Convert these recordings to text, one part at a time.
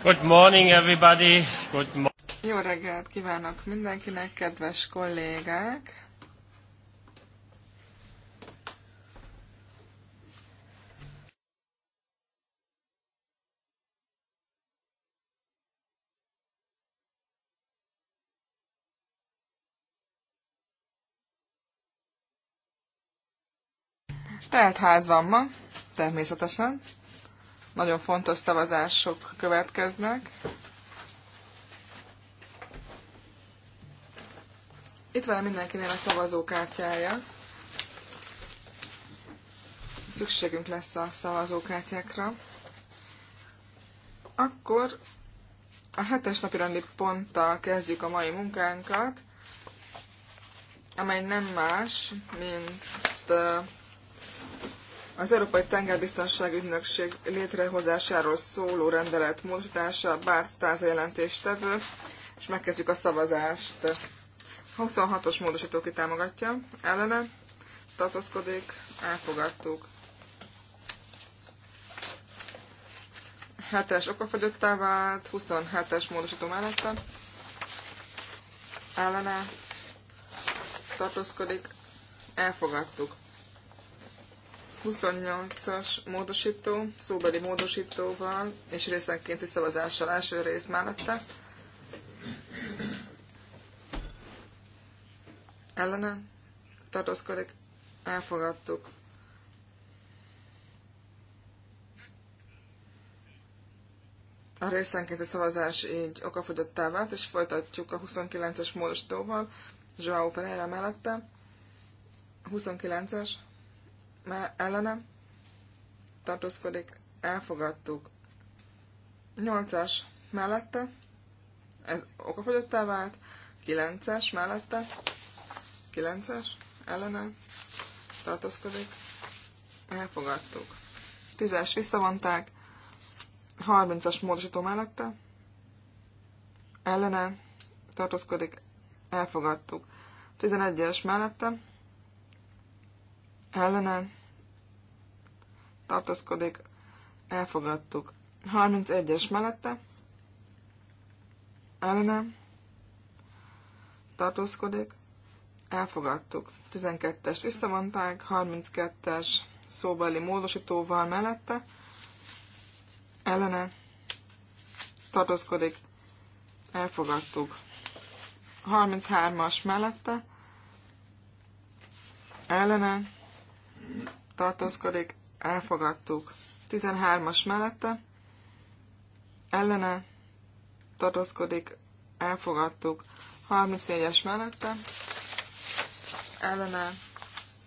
Good morning, everybody. Good mo- Jó reggelt kívánok mindenkinek, kedves kollégák! Telt ház van ma, természetesen. Nagyon fontos szavazások következnek. Itt van mindenkinél a szavazókártyája. Szükségünk lesz a szavazókártyákra. Akkor a hetes napi rendi ponttal kezdjük a mai munkánkat, amely nem más, mint az Európai Tengerbiztonság Ügynökség létrehozásáról szóló rendelet módosítása, Bárc Táza jelentéstevő, és megkezdjük a szavazást. 26-os módosító ki támogatja, ellene tartózkodik, elfogadtuk. 7-es okafogyottá vált, 27-es módosító mellette, ellene tartózkodik, elfogadtuk. 28-as módosító, szóbeli módosítóval és részenkénti szavazással első rész mellette. Ellene tartózkodik, elfogadtuk. A részenkénti szavazás így okafogyottá vált, és folytatjuk a 29-es módosítóval, Joao Ferreira mellette. 29-es ellene tartózkodik, elfogadtuk. 8-as mellette, ez okafogyottá vált, 9-es mellette, 9-es ellene tartózkodik, elfogadtuk. 10-es visszavonták, 30-as módosító mellette, ellene tartózkodik, elfogadtuk. 11-es mellette, ellene tartózkodik, elfogadtuk. 31-es mellette, ellene, tartózkodik, elfogadtuk. 12-es visszavonták, 32-es szóbeli módosítóval mellette, ellene, tartózkodik, elfogadtuk. 33-as mellette, ellene, tartózkodik, elfogadtuk. 13-as mellette ellene tartózkodik, elfogadtuk. 34-es mellette ellene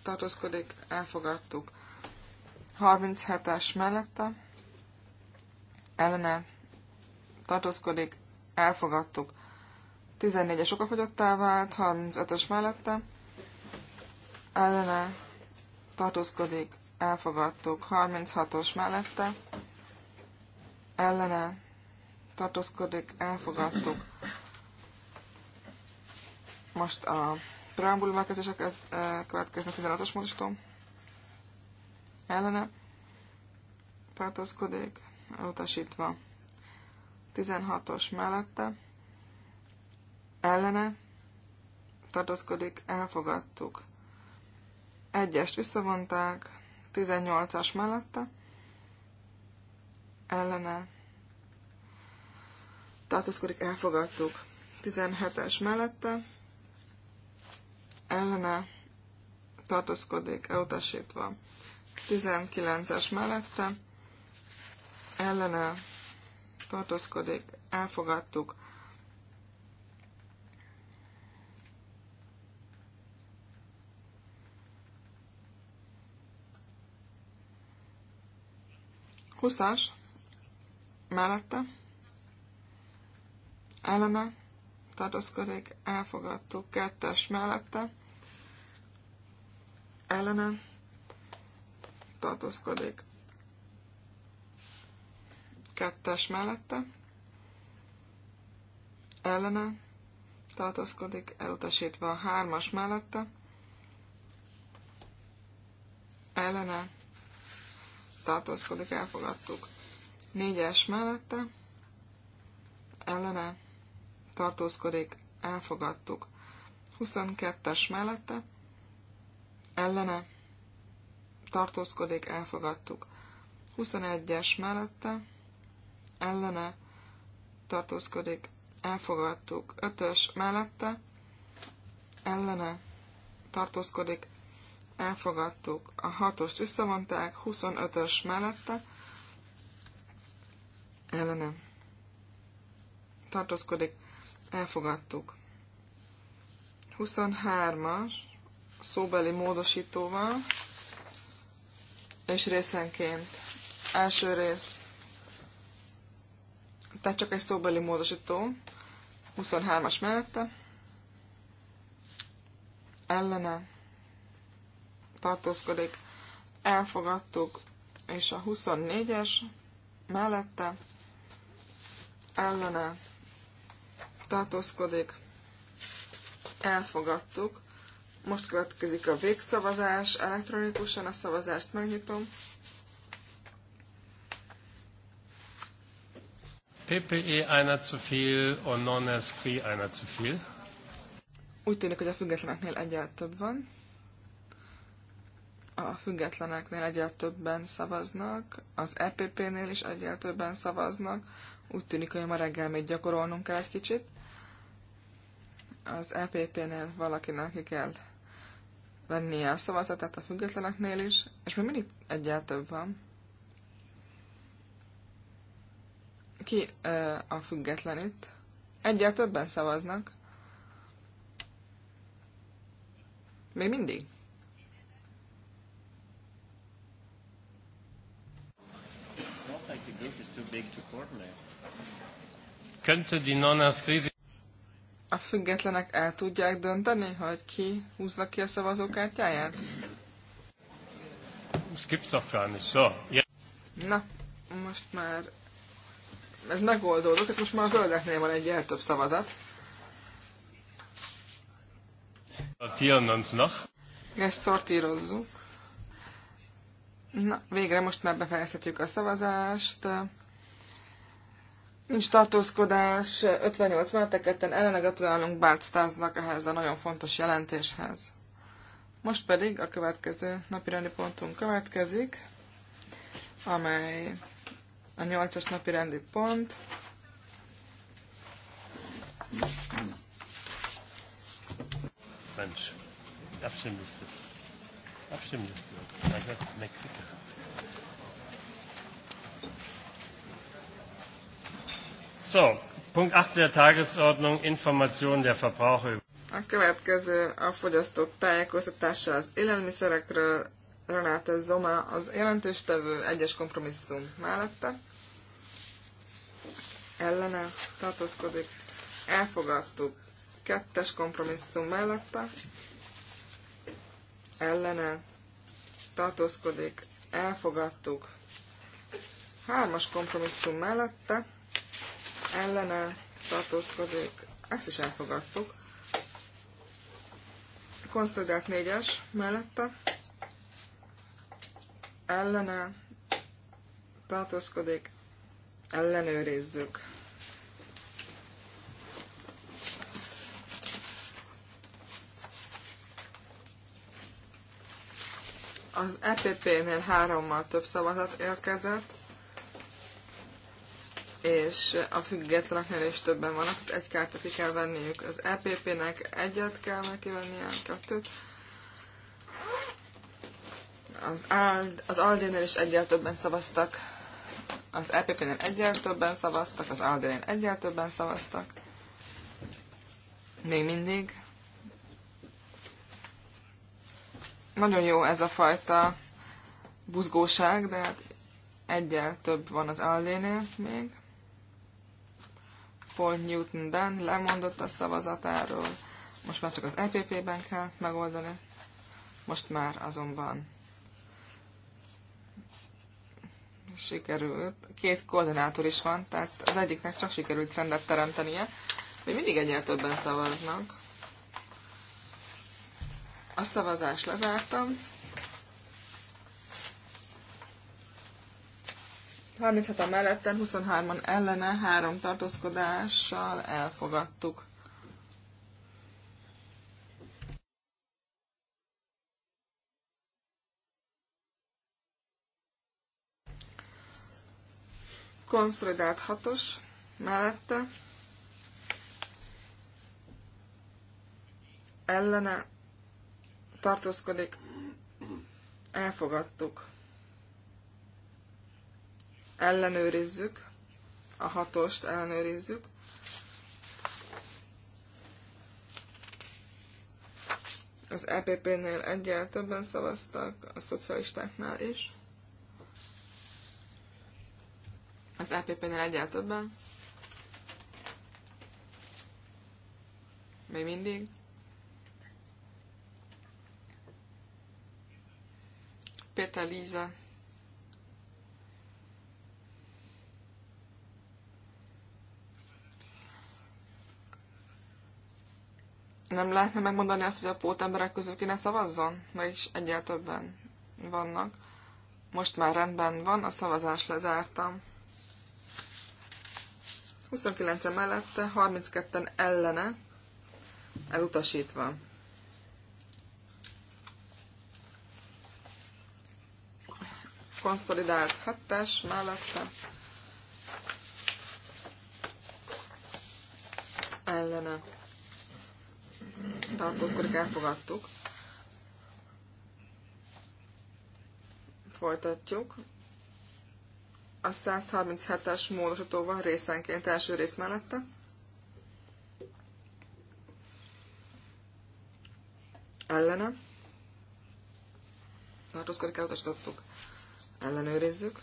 tartózkodik, elfogadtuk. 37-es mellette ellene tartózkodik, elfogadtuk. 14-es okafogyottá vált, 35-ös mellette ellene tartózkodik, elfogadtuk. 36-os mellette ellene tartózkodik, elfogadtuk. Most a preambulum elkezdések következnek 16-os módosító. Ellene tartózkodik, elutasítva. 16-os mellette ellene tartózkodik, elfogadtuk. Egyest visszavonták, 18-as mellette ellene tartózkodik, elfogadtuk. 17-es mellette ellene tartózkodik, elutasítva. 19-es mellette ellene tartózkodik, elfogadtuk. 20 mellette ellene tartozkodik elfogadtuk. Kettes. mellette ellene tartozkodik Kettes. mellette ellene tartozkodik elutasítva a mellette ellene tartózkodik, elfogadtuk. Négyes mellette, ellene, tartózkodik, elfogadtuk. 22-es mellette, ellene, tartózkodik, elfogadtuk. 21-es mellette, ellene, tartózkodik, elfogadtuk. 5-ös mellette, ellene, tartózkodik, elfogadtuk, a hatost visszavonták, 25-ös mellette, ellene tartózkodik, elfogadtuk. 23-as szóbeli módosítóval, és részenként első rész, tehát csak egy szóbeli módosító, 23-as mellette, ellene tartózkodik, elfogadtuk, és a 24-es mellette ellene tartózkodik, elfogadtuk. Most következik a végszavazás, elektronikusan a szavazást megnyitom. PPE einer zu viel und non-SQ einer zu viel. Úgy tűnik, hogy a függetleneknél egyáltalán több van a függetleneknél egyre többen szavaznak, az EPP-nél is egyre többen szavaznak, úgy tűnik, hogy ma reggel még gyakorolnunk kell egy kicsit. Az EPP-nél valakinek ki kell vennie a szavazatát a függetleneknél is, és még mindig egyre több van. Ki ö, a független itt? Egyre többen szavaznak. Még mindig? A függetlenek el tudják dönteni, hogy ki húzza ki a szavazókártyáját? Na, most már ez megoldódok, ez most már a zöldeknél van egy el több szavazat. Ezt szortírozzuk. Na, végre most már befejezhetjük a szavazást. Nincs tartózkodás, 58 melletteketten ellene állunk Bart ehhez a nagyon fontos jelentéshez. Most pedig a következő napirendi pontunk következik, amely a 8-as napirendi pont. Mensch, Abstimmliste. Abstimmliste. Mein Gott, mein So, Punkt 8 der Tagesordnung, Information der Verbraucher. A következő a fogyasztók tájékoztatása az élelmiszerekről. Renate Zoma az jelentéstevő egyes kompromisszum mellette. Ellene tartózkodik. Elfogadtuk. Kettes kompromisszum mellette. Ellene tartózkodik. Elfogadtuk. Hármas kompromisszum mellette ellene tartózkodik, ezt is elfogadtuk. Konszolidált négyes mellette ellene tartózkodik, ellenőrizzük. Az EPP-nél hárommal több szavazat érkezett, és a függetleneknél is többen vannak, egy kártya ki kell venniük. Az EPP-nek egyet kell a kettőt. Az, Ald, az Aldénél is egyel többen szavaztak. Az EPP-nél egyel többen szavaztak, az Aldénél egyel többen szavaztak. Még mindig. Nagyon jó ez a fajta buzgóság, de hát egyel több van az Aldénél még. Paul Newton Dunn lemondott a szavazatáról, most már csak az EPP-ben kell megoldani, most már azonban sikerült, két koordinátor is van, tehát az egyiknek csak sikerült rendet teremtenie, hogy mindig egyel többen szavaznak. A szavazást lezártam. 36-a melletten, 23-an ellene, három tartózkodással elfogadtuk. Konszolidált 6-os mellette, ellene tartózkodik, elfogadtuk ellenőrizzük, a hatost ellenőrizzük. Az EPP-nél egyel többen szavaztak, a szocialistáknál is. Az EPP-nél egyel többen. Még mindig. Péter Líza nem lehetne megmondani azt, hogy a pótemberek közül kéne szavazzon? Meg is egyel többen vannak. Most már rendben van, a szavazás lezártam. 29 mellette, 32-en ellene, elutasítva. Konszolidált 7-es mellette, ellene tartózkodik, elfogadtuk. Folytatjuk. A 137-es módosítóval részenként első rész mellette. Ellene. Tartózkodik, elutasítottuk. Ellenőrizzük.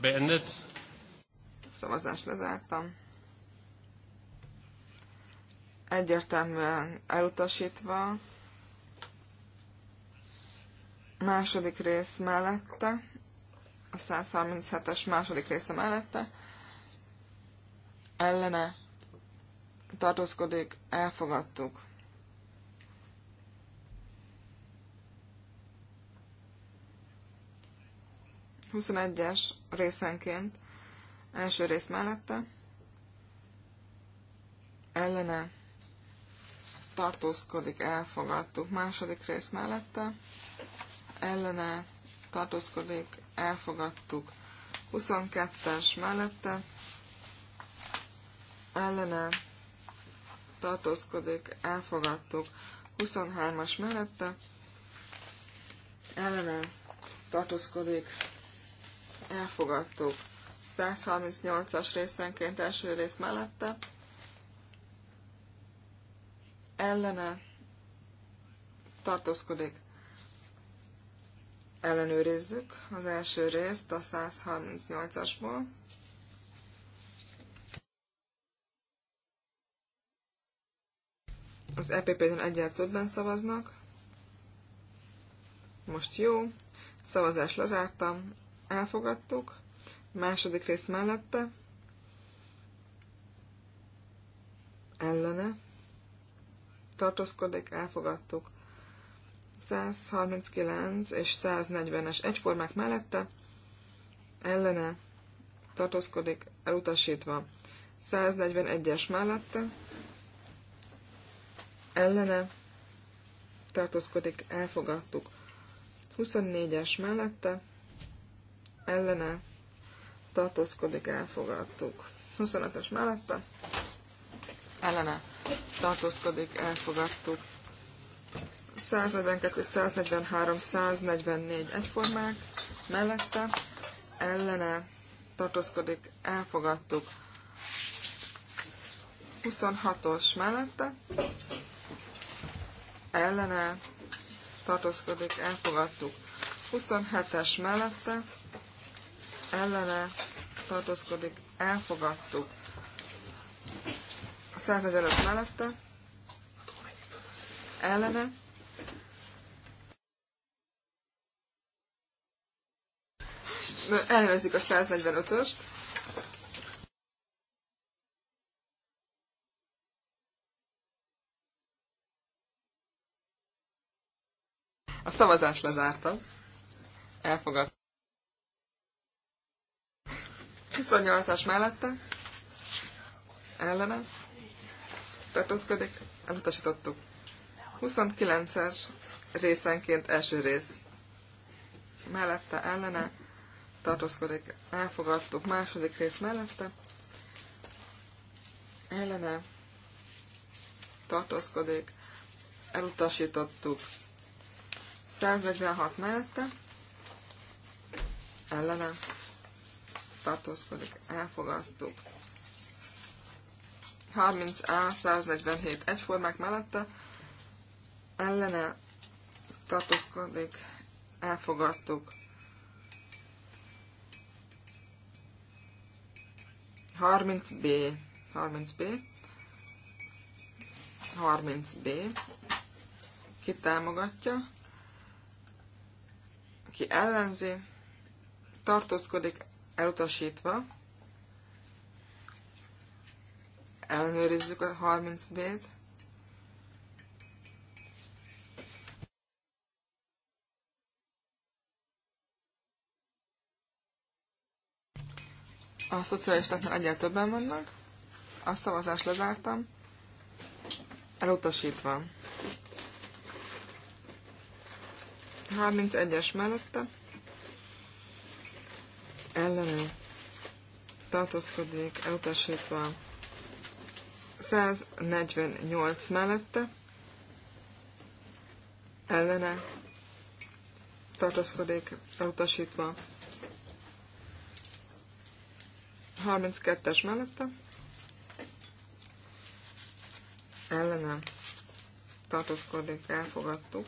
beendet. Szavazást lezártam. Egyértelműen elutasítva. Második rész mellette. A 137-es második része mellette. Ellene tartózkodik, elfogadtuk. 21-es részenként első rész mellette ellene tartózkodik, elfogadtuk. Második rész mellette ellene tartózkodik, elfogadtuk. 22-es mellette ellene tartózkodik, elfogadtuk. 23-as mellette ellene tartózkodik, elfogadtuk. 138-as részenként első rész mellette, ellene tartózkodik. Ellenőrizzük az első részt a 138-asból. Az EPP-n egyel többen szavaznak. Most jó. Szavazás lezártam elfogadtuk, második rész mellette, ellene, tartózkodik, elfogadtuk, 139 és 140-es egyformák mellette, ellene, tartózkodik, elutasítva, 141-es mellette, ellene, tartózkodik, elfogadtuk, 24-es mellette, ellene tartózkodik, elfogadtuk. 25-ös mellette ellene tartózkodik, elfogadtuk. 142, 143, 144 egyformák, mellette ellene tartózkodik, elfogadtuk. 26-os mellette ellene tartózkodik, elfogadtuk. 27-es mellette ellene tartózkodik, elfogadtuk. A előtt mellette, ellene, elnevezzük a 145-öst, A szavazás lezártam. Elfogadt. 28-as mellette ellene tartózkodik, elutasítottuk. 29-es részenként első rész mellette ellene tartózkodik, elfogadtuk. Második rész mellette ellene tartózkodik, elutasítottuk. 146 mellette ellene tartózkodik, elfogadtuk. 30A, 147 egyformák mellette ellene tartózkodik, elfogadtuk. 30B, 30B, 30B, ki támogatja, ki ellenzi, tartózkodik, elutasítva. Ellenőrizzük a 30B-t. A szocialistáknál egyel többen vannak. A szavazást lezártam. Elutasítva. 31-es mellette ellene tartózkodik, elutasítva 148 mellette, ellene tartózkodik, elutasítva 32-es mellette, ellene tartózkodik, elfogadtuk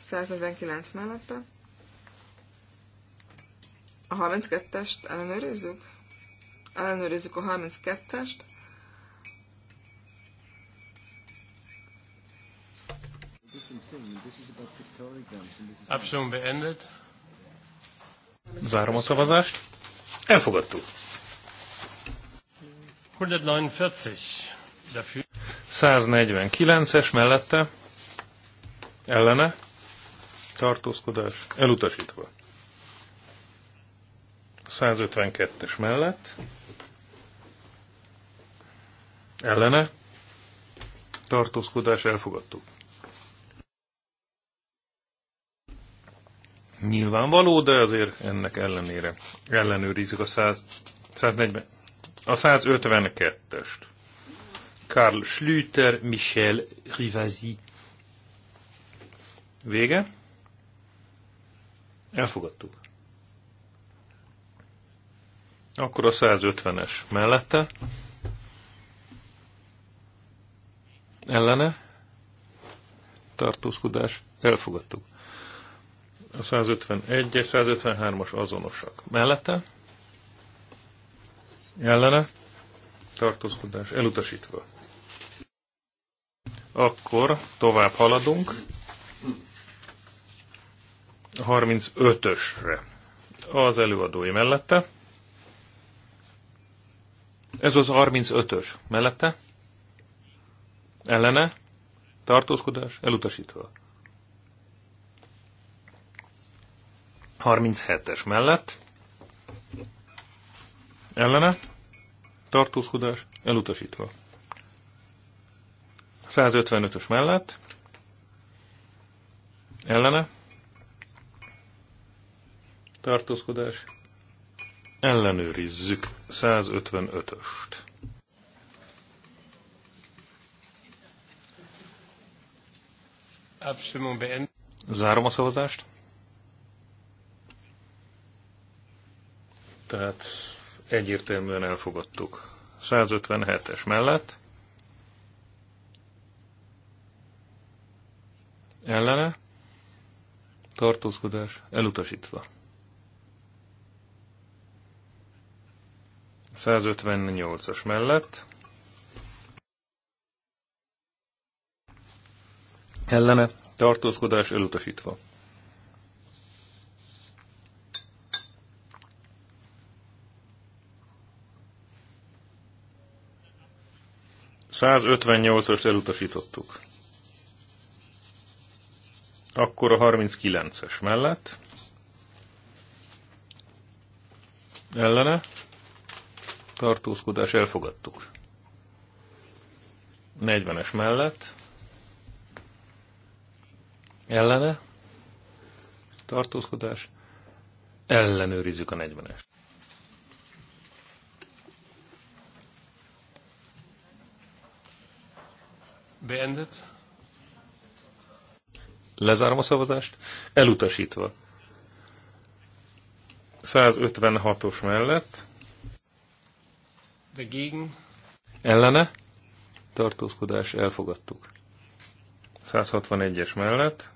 149 mellette, a 32-est ellenőrizzük? Ellenőrizzük a 32-est. Abstimmung beendet. Zárom a szavazást. Elfogadtuk. 149-es mellette ellene tartózkodás elutasítva. 152-es mellett ellene tartózkodás elfogadtuk. Nyilvánvaló, de azért ennek ellenére ellenőrizzük a 100, 140, a 152-est. Karl Schlüter, Michel Rivasi. Vége? Elfogadtuk. Akkor a 150-es mellette. Ellene. Tartózkodás. Elfogadtuk. A 151-es, 153-as azonosak. Mellette. Ellene. Tartózkodás. Elutasítva. Akkor tovább haladunk. A 35-ösre. Az előadói mellette ez az 35-ös. Mellette? Ellene? Tartózkodás? Elutasítva. 37-es mellett. Ellene? Tartózkodás? Elutasítva. 155-ös mellett. Ellene? Tartózkodás? ellenőrizzük 155-öst. Zárom a szavazást. Tehát egyértelműen elfogadtuk. 157-es mellett. Ellene. Tartózkodás elutasítva. 158-as mellett. Ellene tartózkodás elutasítva. Százötvennyolcast elutasítottuk. Akkor a 39-es mellett. Ellene tartózkodás elfogadtuk. 40-es mellett ellene tartózkodás ellenőrizzük a 40-es. Beendet. Lezárom a szavazást. Elutasítva. 156-os mellett Dagegen. Ellene. Tartózkodás elfogadtuk. 161-es mellett.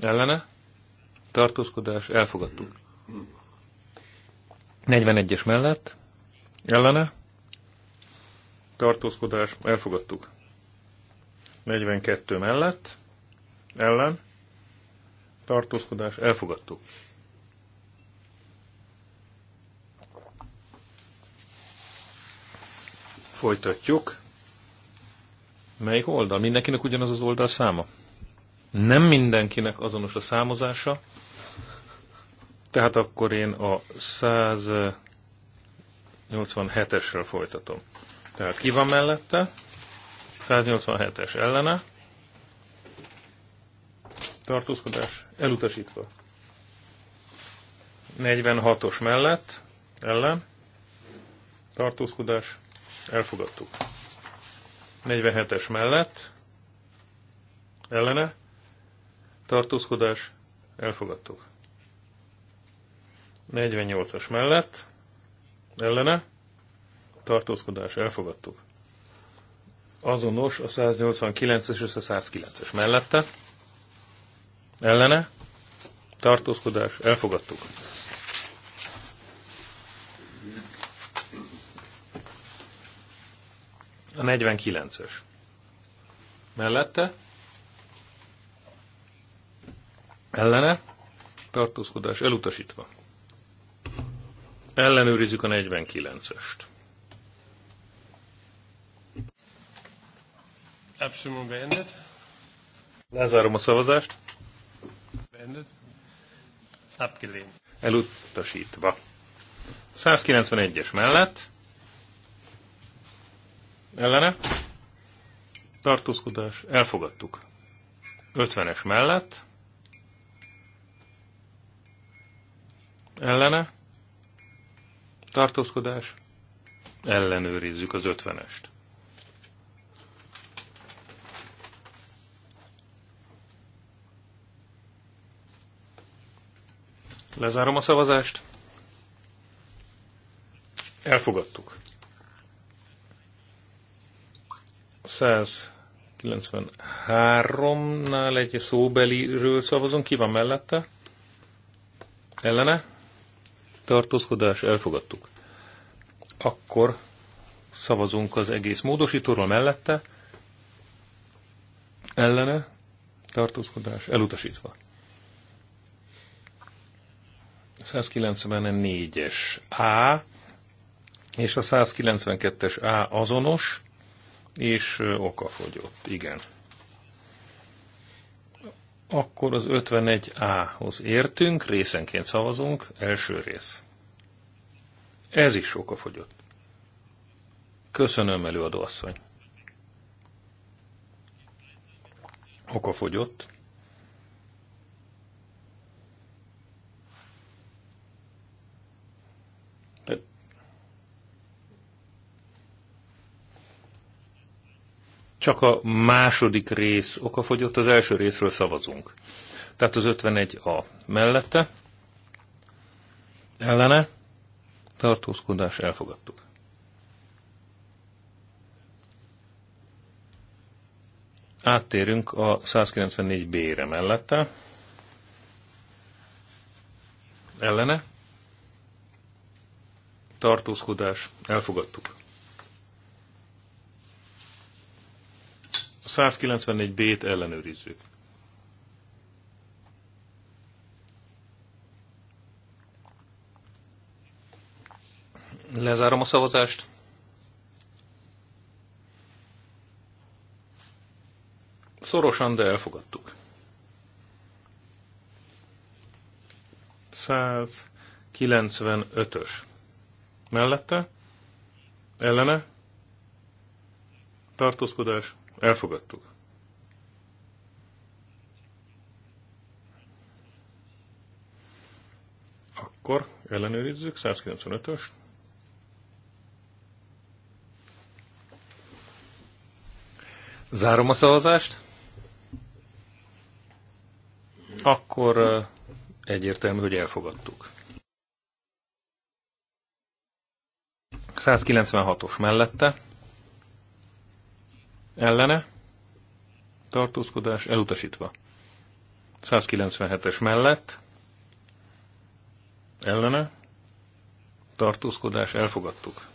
Ellene. Tartózkodás elfogadtuk. 41-es mellett. Ellene. Tartózkodás elfogadtuk. 42 mellett. Ellen. Tartózkodás elfogadtuk. Folytatjuk. Melyik oldal? Mindenkinek ugyanaz az oldal száma? Nem mindenkinek azonos a számozása. Tehát akkor én a 187-esről folytatom. Tehát ki van mellette? 187-es ellene. Tartózkodás elutasítva. 46-os mellett ellen. Tartózkodás Elfogadtuk. 47-es mellett. Ellene. Tartózkodás. Elfogadtuk. 48-as mellett. Ellene. Tartózkodás. Elfogadtuk. Azonos a 189-es és a 109-es mellette. Ellene. Tartózkodás. Elfogadtuk. A 49-es. Mellette. Ellene. Tartózkodás elutasítva. Ellenőrizzük a 49-est. Abszolút beendet. Lezárom a szavazást. Beendet. Abgelehnt. Elutasítva. 191-es mellett ellene, tartózkodás, elfogadtuk. 50-es mellett, ellene, tartózkodás, ellenőrizzük az 50-est. Lezárom a szavazást. Elfogadtuk. 193-nál egy szóbeliről szavazunk. Ki van mellette? Ellene? Tartózkodás, elfogadtuk. Akkor szavazunk az egész módosítóról mellette. Ellene? Tartózkodás, elutasítva. 194-es A és a 192-es A azonos és okafogyott, igen. Akkor az 51A-hoz értünk, részenként szavazunk, első rész. Ez is okafogyott. Köszönöm, előadó asszony. Okafogyott. Csak a második rész okafogyott, az első részről szavazunk. Tehát az 51A mellette, ellene, tartózkodás elfogadtuk. Áttérünk a 194B-re mellette. Ellene. Tartózkodás. Elfogadtuk. 194B-t ellenőrizzük. Lezárom a szavazást. Szorosan, de elfogadtuk. 195-ös. Mellette? Ellene? Tartózkodás? Elfogadtuk. Akkor ellenőrizzük, 195-ös. Zárom a szavazást. Akkor egyértelmű, hogy elfogadtuk. 196-os mellette ellene, tartózkodás elutasítva. 197-es mellett, ellene, tartózkodás elfogadtuk.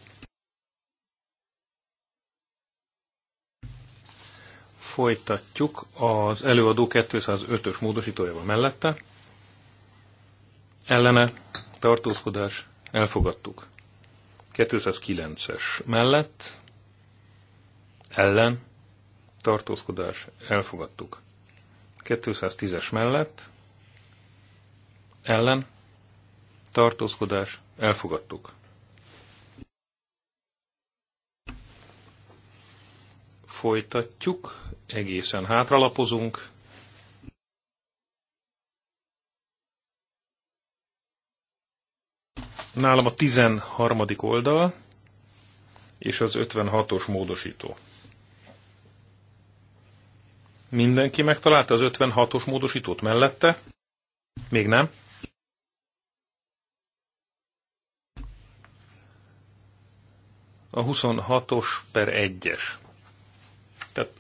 Folytatjuk az előadó 205-ös módosítójával mellette, ellene, tartózkodás elfogadtuk. 209-es mellett, ellen, tartózkodás, elfogadtuk. 210-es mellett, ellen, tartózkodás, elfogadtuk. Folytatjuk, egészen hátralapozunk. Nálam a 13. oldal és az 56-os módosító. Mindenki megtalálta az 56-os módosítót mellette? Még nem? A 26-os per 1-es. Tehát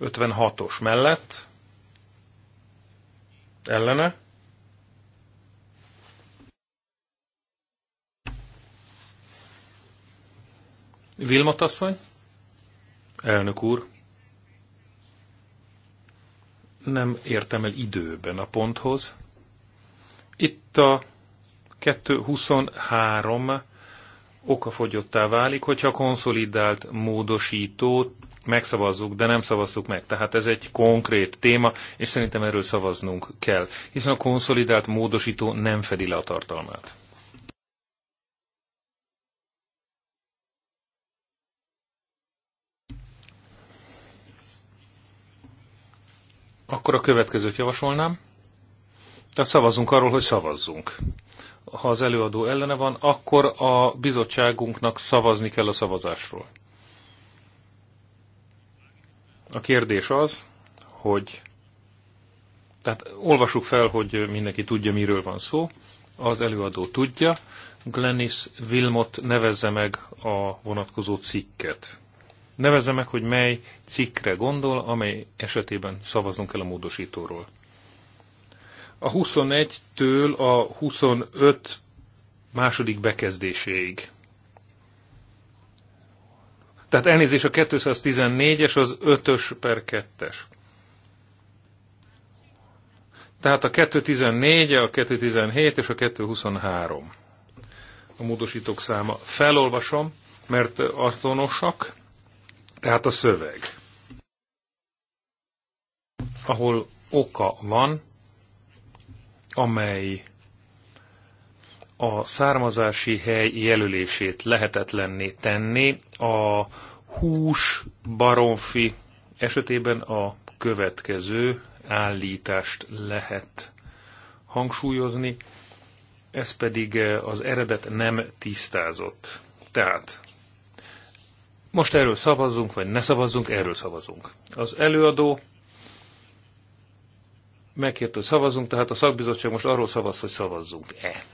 56-os mellett ellene. Vilmatasszony? Elnök úr nem értem el időben a ponthoz. Itt a 223 okafogyottá válik, hogyha a konszolidált módosítót megszavazzuk, de nem szavazzuk meg. Tehát ez egy konkrét téma, és szerintem erről szavaznunk kell, hiszen a konszolidált módosító nem fedi le a tartalmát. Akkor a következőt javasolnám. Tehát szavazunk arról, hogy szavazzunk. Ha az előadó ellene van, akkor a bizottságunknak szavazni kell a szavazásról. A kérdés az, hogy tehát olvassuk fel, hogy mindenki tudja, miről van szó. Az előadó tudja. Glenis Wilmot nevezze meg a vonatkozó cikket nevezze meg, hogy mely cikkre gondol, amely esetében szavaznunk kell a módosítóról. A 21-től a 25 második bekezdéséig. Tehát elnézés a 214-es, az 5-ös per 2-es. Tehát a 214, a 217 és a 223 a módosítók száma. Felolvasom, mert azonosak, tehát a szöveg, ahol oka van, amely a származási hely jelölését lehetetlenné tenni, a hús baromfi esetében a következő állítást lehet hangsúlyozni, ez pedig eh, az eredet nem tisztázott. Tehát most erről szavazzunk, vagy ne szavazzunk, erről szavazunk. Az előadó megkért, hogy szavazzunk, tehát a szakbizottság most arról szavaz, hogy szavazzunk-e.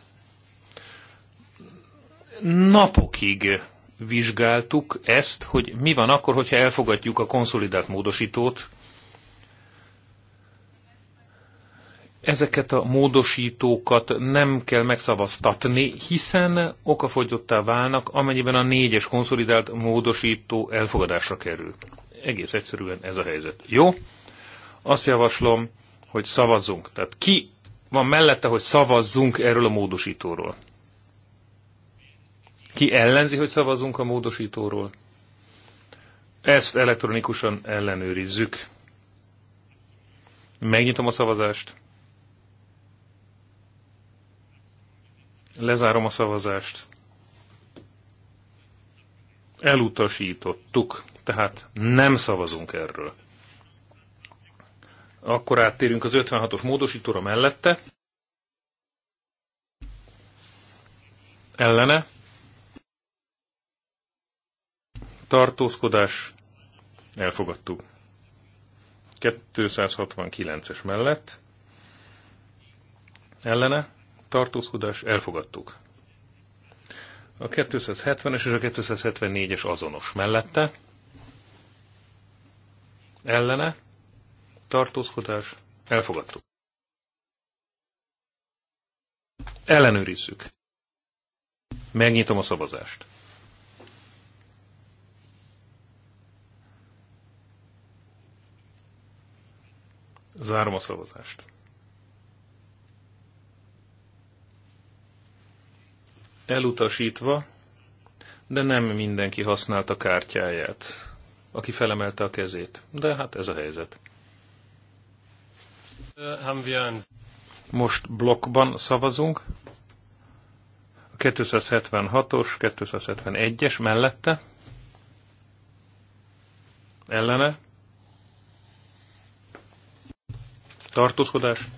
Napokig vizsgáltuk ezt, hogy mi van akkor, hogyha elfogadjuk a konszolidált módosítót, ezeket a módosítókat nem kell megszavaztatni, hiszen okafogyottá válnak, amennyiben a négyes konszolidált módosító elfogadásra kerül. Egész egyszerűen ez a helyzet. Jó? Azt javaslom, hogy szavazzunk. Tehát ki van mellette, hogy szavazzunk erről a módosítóról? Ki ellenzi, hogy szavazzunk a módosítóról? Ezt elektronikusan ellenőrizzük. Megnyitom a szavazást. Lezárom a szavazást. Elutasítottuk, tehát nem szavazunk erről. Akkor áttérünk az 56-os módosítóra mellette. Ellene. Tartózkodás. Elfogadtuk. 269-es mellett. Ellene tartózkodás, elfogadtuk. A 270-es és a 274-es azonos mellette, ellene, tartózkodás, elfogadtuk. Ellenőrizzük. Megnyitom a szavazást. Zárom a szavazást. elutasítva, de nem mindenki használta kártyáját, aki felemelte a kezét. De hát ez a helyzet. Most blokkban szavazunk. A 276-os, 271-es mellette. Ellene. Tartózkodás.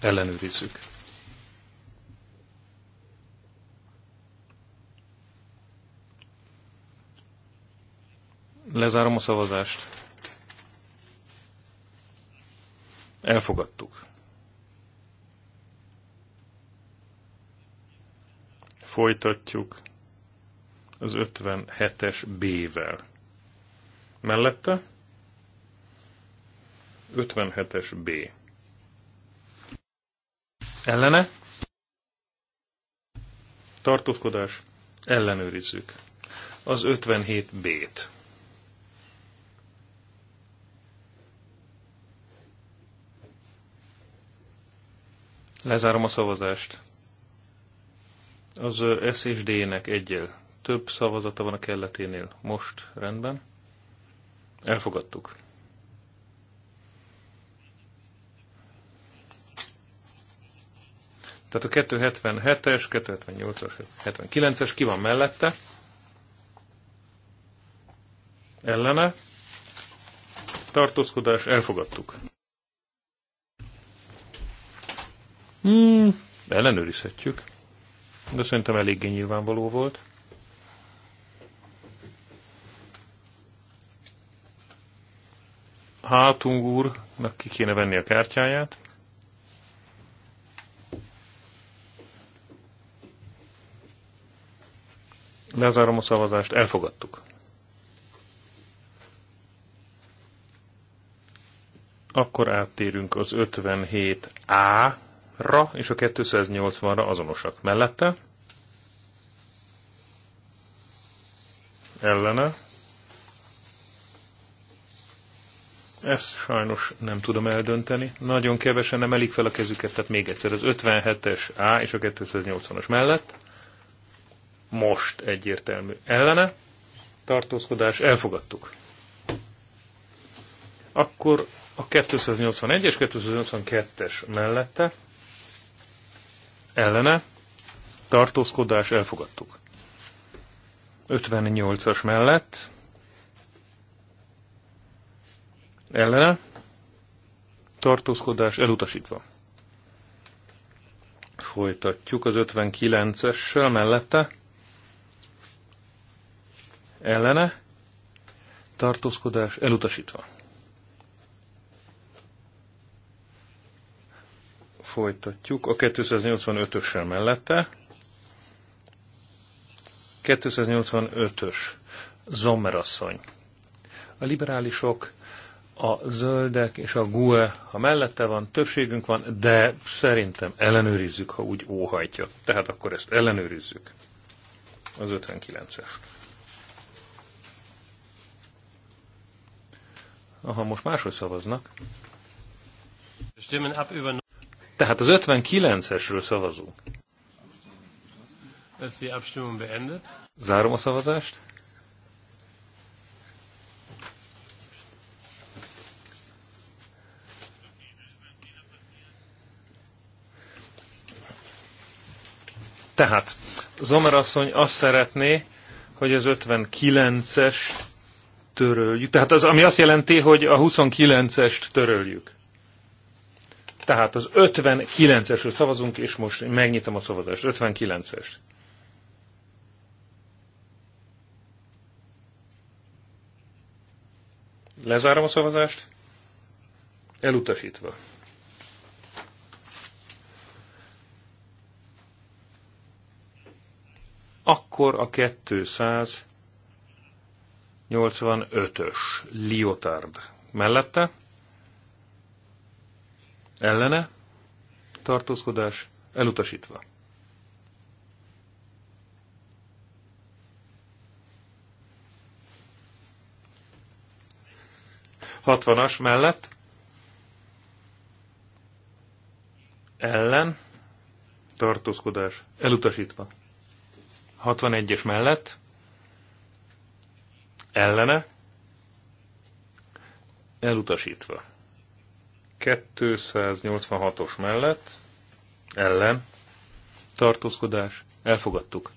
Ellenőrizzük. Lezárom a szavazást. Elfogadtuk. Folytatjuk az 57-es B-vel. Mellette 57-es B. Ellene tartózkodás, ellenőrizzük. Az 57B-t. Lezárom a szavazást. Az S és D-nek egyel több szavazata van a kelleténél. Most rendben. Elfogadtuk. Tehát a 277-es, 278-as, 79-es ki van mellette. Ellene. Tartózkodás, elfogadtuk. Hmm, ellenőrizhetjük. De szerintem eléggé nyilvánvaló volt. Hátung úrnak ki kéne venni a kártyáját. Lezárom a szavazást, elfogadtuk. Akkor áttérünk az 57A ra és a 280-ra azonosak. Mellette ellene. Ezt sajnos nem tudom eldönteni. Nagyon kevesen emelik fel a kezüket, tehát még egyszer az 57-es A és a 280-as mellett. Most egyértelmű ellene. Tartózkodás, elfogadtuk. Akkor a 281 és 282-es mellette ellene, tartózkodás elfogadtuk. 58-as mellett, ellene, tartózkodás elutasítva. Folytatjuk az 59-essel mellette, ellene, tartózkodás elutasítva. folytatjuk a 285-össel mellette. 285-ös Zommerasszony. A liberálisok, a zöldek és a GUE, ha mellette van, többségünk van, de szerintem ellenőrizzük, ha úgy óhajtja. Tehát akkor ezt ellenőrizzük. Az 59-es. Aha, most máshogy szavaznak. Stimmen ab über tehát az 59-esről szavazunk. Ez die Abstimmung beendet. Zárom a szavazást. Tehát Zomer asszony azt szeretné, hogy az 59-est töröljük. Tehát az, ami azt jelenti, hogy a 29-est töröljük. Tehát az 59-esről szavazunk, és most megnyitom a szavazást. 59-es. Lezárom a szavazást. Elutasítva. Akkor a 285-ös Liotard mellette Ellene. Tartózkodás elutasítva. Hatvanas mellett. Ellen. Tartózkodás elutasítva. 61-es mellett. Ellene. Elutasítva. 286-os mellett ellen tartózkodás elfogadtuk.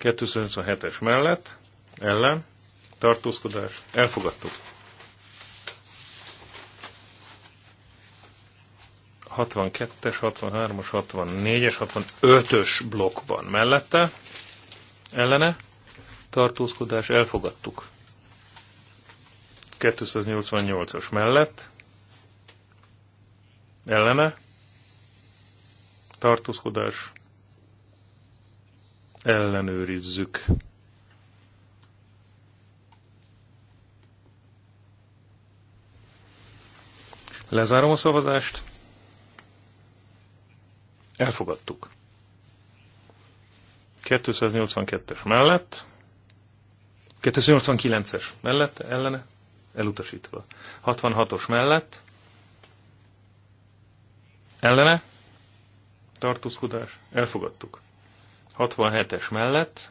257-es mellett ellen tartózkodás elfogadtuk. 62-es, 63-as, 64-es, 65-ös blokkban mellette ellene tartózkodás elfogadtuk. 288-as mellett ellene, tartózkodás, ellenőrizzük. Lezárom a szavazást. Elfogadtuk. 282-es mellett, 289-es mellett, ellene, elutasítva. 66-os mellett, Ellene? Tartózkodás. Elfogadtuk. 67-es mellett.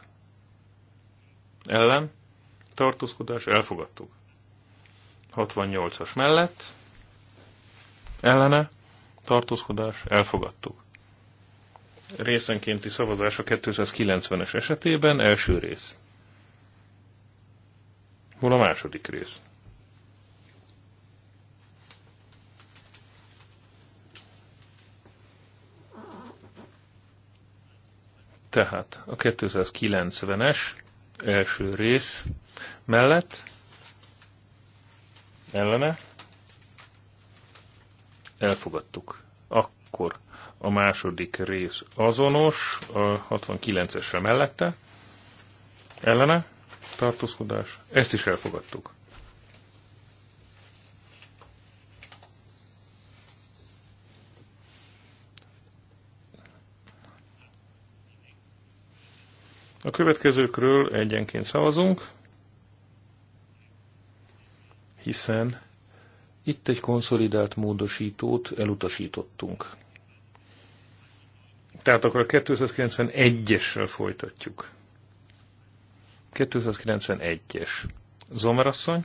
Ellen? Tartózkodás. Elfogadtuk. 68-as mellett. Ellene? Tartózkodás. Elfogadtuk. Részenkénti szavazás a 290-es esetében. Első rész. Hol a második rész? Tehát a 290-es első rész mellett ellene elfogadtuk. Akkor a második rész azonos, a 69-esre mellette ellene tartózkodás, ezt is elfogadtuk. A következőkről egyenként szavazunk, hiszen itt egy konszolidált módosítót elutasítottunk. Tehát akkor a 291-essel folytatjuk. 291-es. Zomerasszony?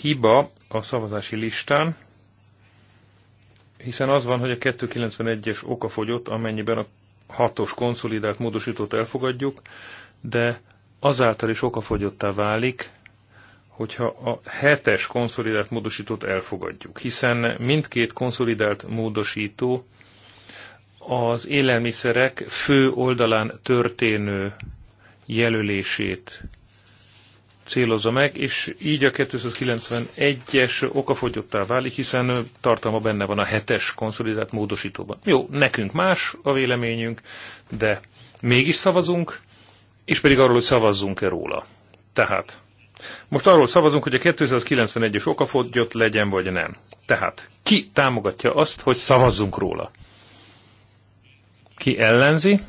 Hiba a szavazási listán hiszen az van, hogy a 291-es oka fogyott, amennyiben a hatos konszolidált módosítót elfogadjuk, de azáltal is fogyottá válik, hogyha a hetes konszolidált módosítót elfogadjuk, hiszen mindkét konszolidált módosító az élelmiszerek fő oldalán történő jelölését célozza meg, és így a 291-es okafogyottá válik, hiszen tartalma benne van a hetes konszolidált módosítóban. Jó, nekünk más a véleményünk, de mégis szavazunk, és pedig arról, hogy szavazzunk-e róla. Tehát, most arról szavazunk, hogy a 291-es okafogyott legyen, vagy nem. Tehát, ki támogatja azt, hogy szavazzunk róla? Ki ellenzi?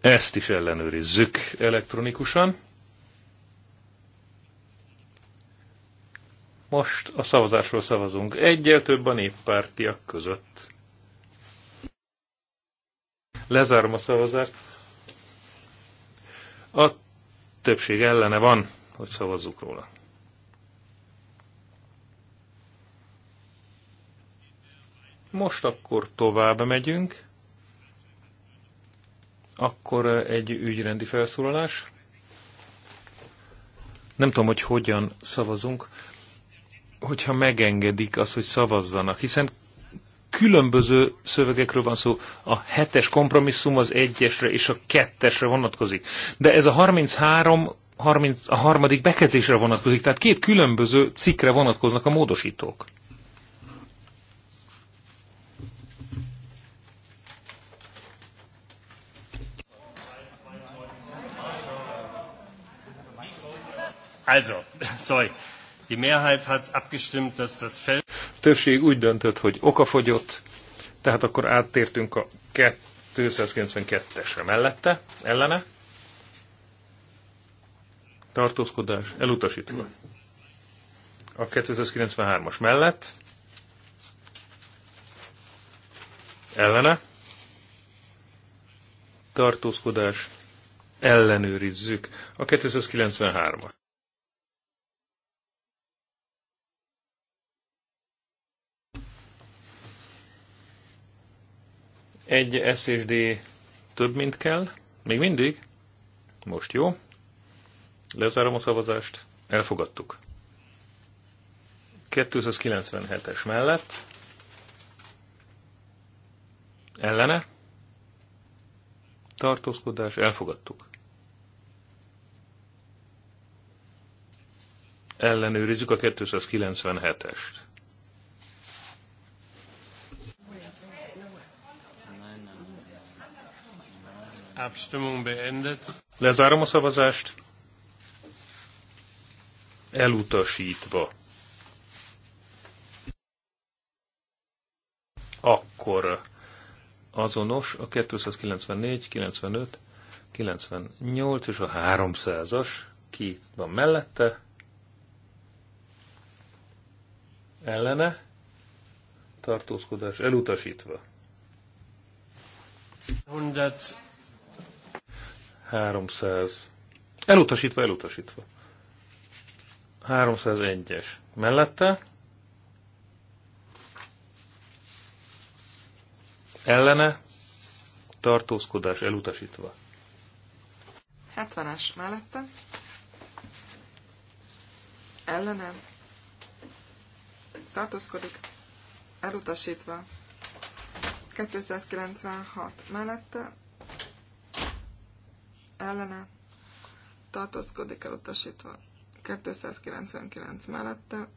Ezt is ellenőrizzük elektronikusan. Most a szavazásról szavazunk. Egyel több a néppártiak között. Lezárom a szavazást. A többség ellene van, hogy szavazzuk róla. Most akkor tovább megyünk. Akkor egy ügyrendi felszólalás. Nem tudom, hogy hogyan szavazunk, hogyha megengedik az, hogy szavazzanak, hiszen különböző szövegekről van szó. A hetes kompromisszum az egyesre és a kettesre vonatkozik. De ez a 33 30, a harmadik bekezdésre vonatkozik, tehát két különböző cikkre vonatkoznak a módosítók. Also, sorry. Die Mehrheit hat abgestimmt, dass das Feld... Többség úgy döntött, hogy okafogyott, tehát akkor áttértünk a 292-esre mellette, ellene. Tartózkodás elutasítva. A 293-as mellett. Ellene. Tartózkodás ellenőrizzük. A 293-as. Egy SSD több, mint kell. Még mindig? Most jó. Lezárom a szavazást. Elfogadtuk. 297-es mellett. Ellene. Tartózkodás. Elfogadtuk. Ellenőrizzük a 297-est. Abstimmung beendet. Lezárom a szavazást. Elutasítva. Akkor azonos a 294, 95, 98 és a 300-as. Ki van mellette? Ellene? Tartózkodás elutasítva. 100 300. Elutasítva, elutasítva. 301-es. Mellette. Ellene. Tartózkodás elutasítva. 70-es mellette. Ellene. Tartózkodik. Elutasítva. 296 mellette ellene tartózkodik elutasítva. 299 mellette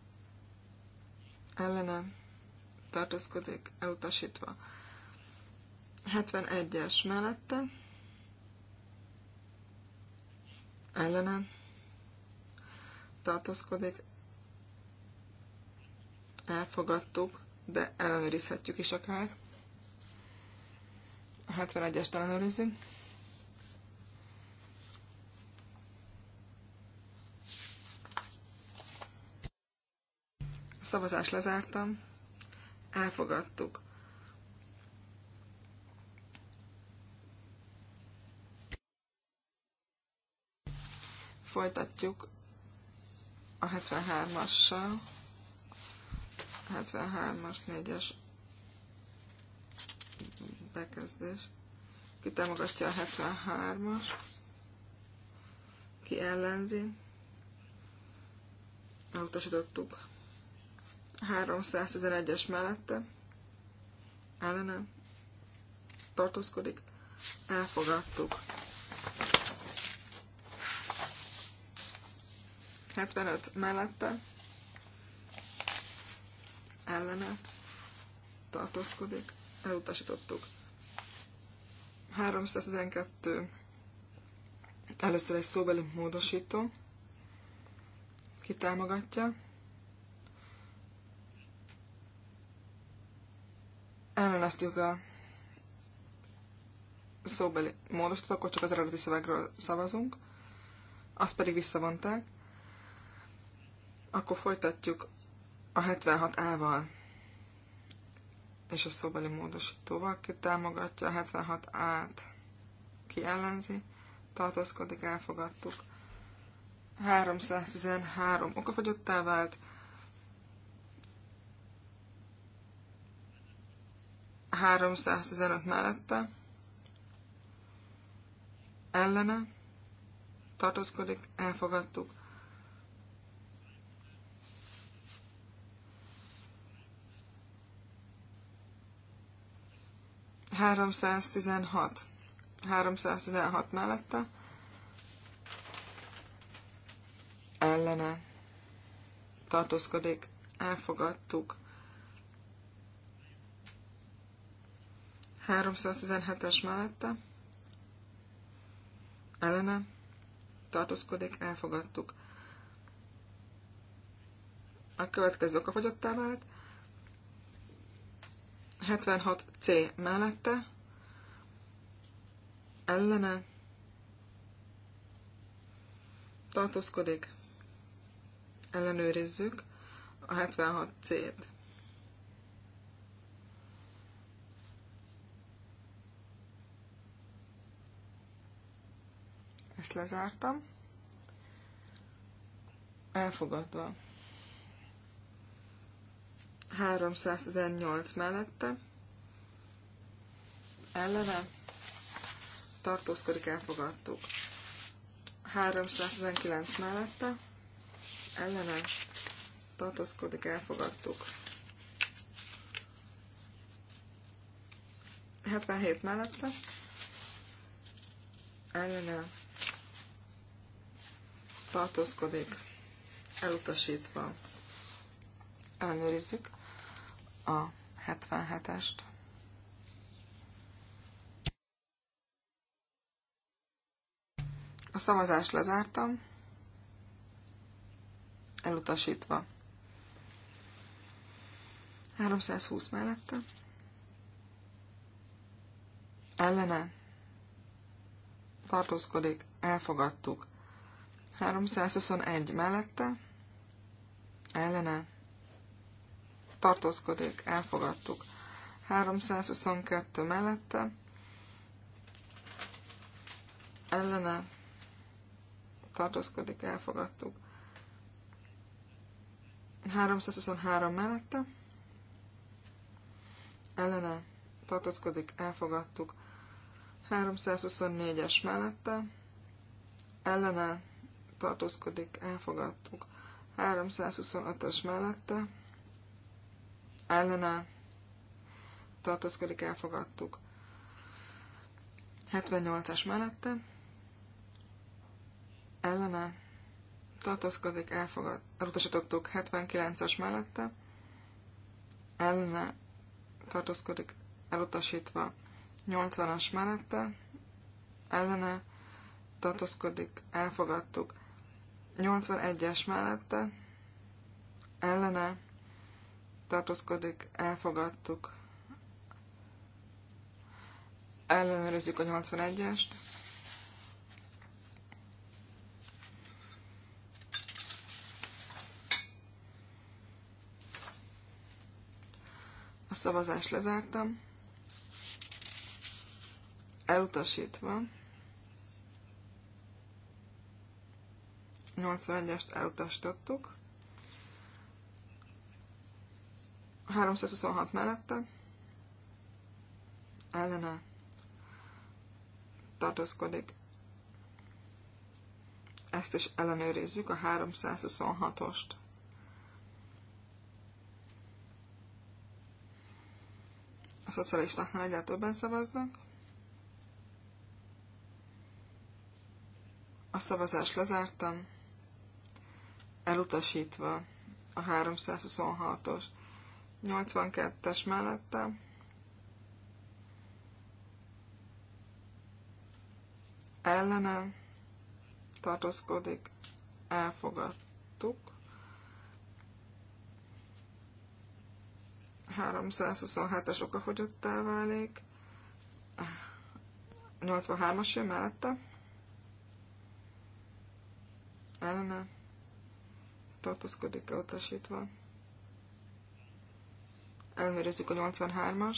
ellene tartózkodik elutasítva. 71-es mellette ellene tartózkodik elfogadtuk, de ellenőrizhetjük is akár. A 71-est ellenőrizzük. Szavazás lezártam. Elfogadtuk. Folytatjuk a 73-assal. 73-as, 4-es bekezdés. Ki támogatja a 73-as? Ki ellenzi? Elutasítottuk. 311-es mellette ellene tartózkodik. Elfogadtuk. 75 mellette ellene tartózkodik. Elutasítottuk. 312 először egy szóbeli módosító kitámogatja elleneztük a szóbeli módosítót, akkor csak az eredeti szövegről szavazunk, azt pedig visszavonták, akkor folytatjuk a 76A-val és a szóbeli módosítóval, ki támogatja a 76A-t, ki ellenzi, tartózkodik, elfogadtuk. 313 okafogyottá vált, 315 mellette ellene tartózkodik, elfogadtuk. Háromszáztizenhat. 316 mellette ellene tartózkodik, elfogadtuk. 317-es mellette ellene tartózkodik, elfogadtuk. A következő fogyottá vált. 76C mellette ellene tartózkodik, ellenőrizzük a 76C-t. Ezt lezártam. Elfogadva. 318 mellette. Ellene. Tartózkodik, elfogadtuk. 319 mellette. Ellene. Tartózkodik, elfogadtuk. 77 mellette. Ellene tartózkodik, elutasítva. Ellenőrizzük a 77-est. A szavazást lezártam, elutasítva. 320 mellette. Ellene tartózkodik, elfogadtuk. 321 mellette, ellene, tartózkodik, elfogadtuk. 322 mellette, ellene, tartózkodik, elfogadtuk. 323 mellette, ellene, tartózkodik, elfogadtuk. 324-es mellette, ellene, tartózkodik, elfogadtuk. 325-ös mellette, ellene tartózkodik, elfogadtuk. 78-as mellette, ellene tartózkodik, elfogad, elutasítottuk 79-as mellette, ellene tartózkodik, elutasítva 80-as mellette, ellene tartózkodik, elfogadtuk 81-es mellette ellene tartózkodik, elfogadtuk. Ellenőrizzük a 81-est. A szavazást lezártam. Elutasítva. 81-est elutasítottuk. 326 mellette ellene tartózkodik. Ezt is ellenőrizzük, a 326-ost. A szocialistáknál egyáltalán többen szavaznak. A szavazást lezártam elutasítva a 326-os 82-es mellette. Ellene tartózkodik, elfogadtuk. 327-es okafogyottá válik. 83-as jön mellette. Ellene tartózkodik utasítva. Ellenőrizzük a 83-ast.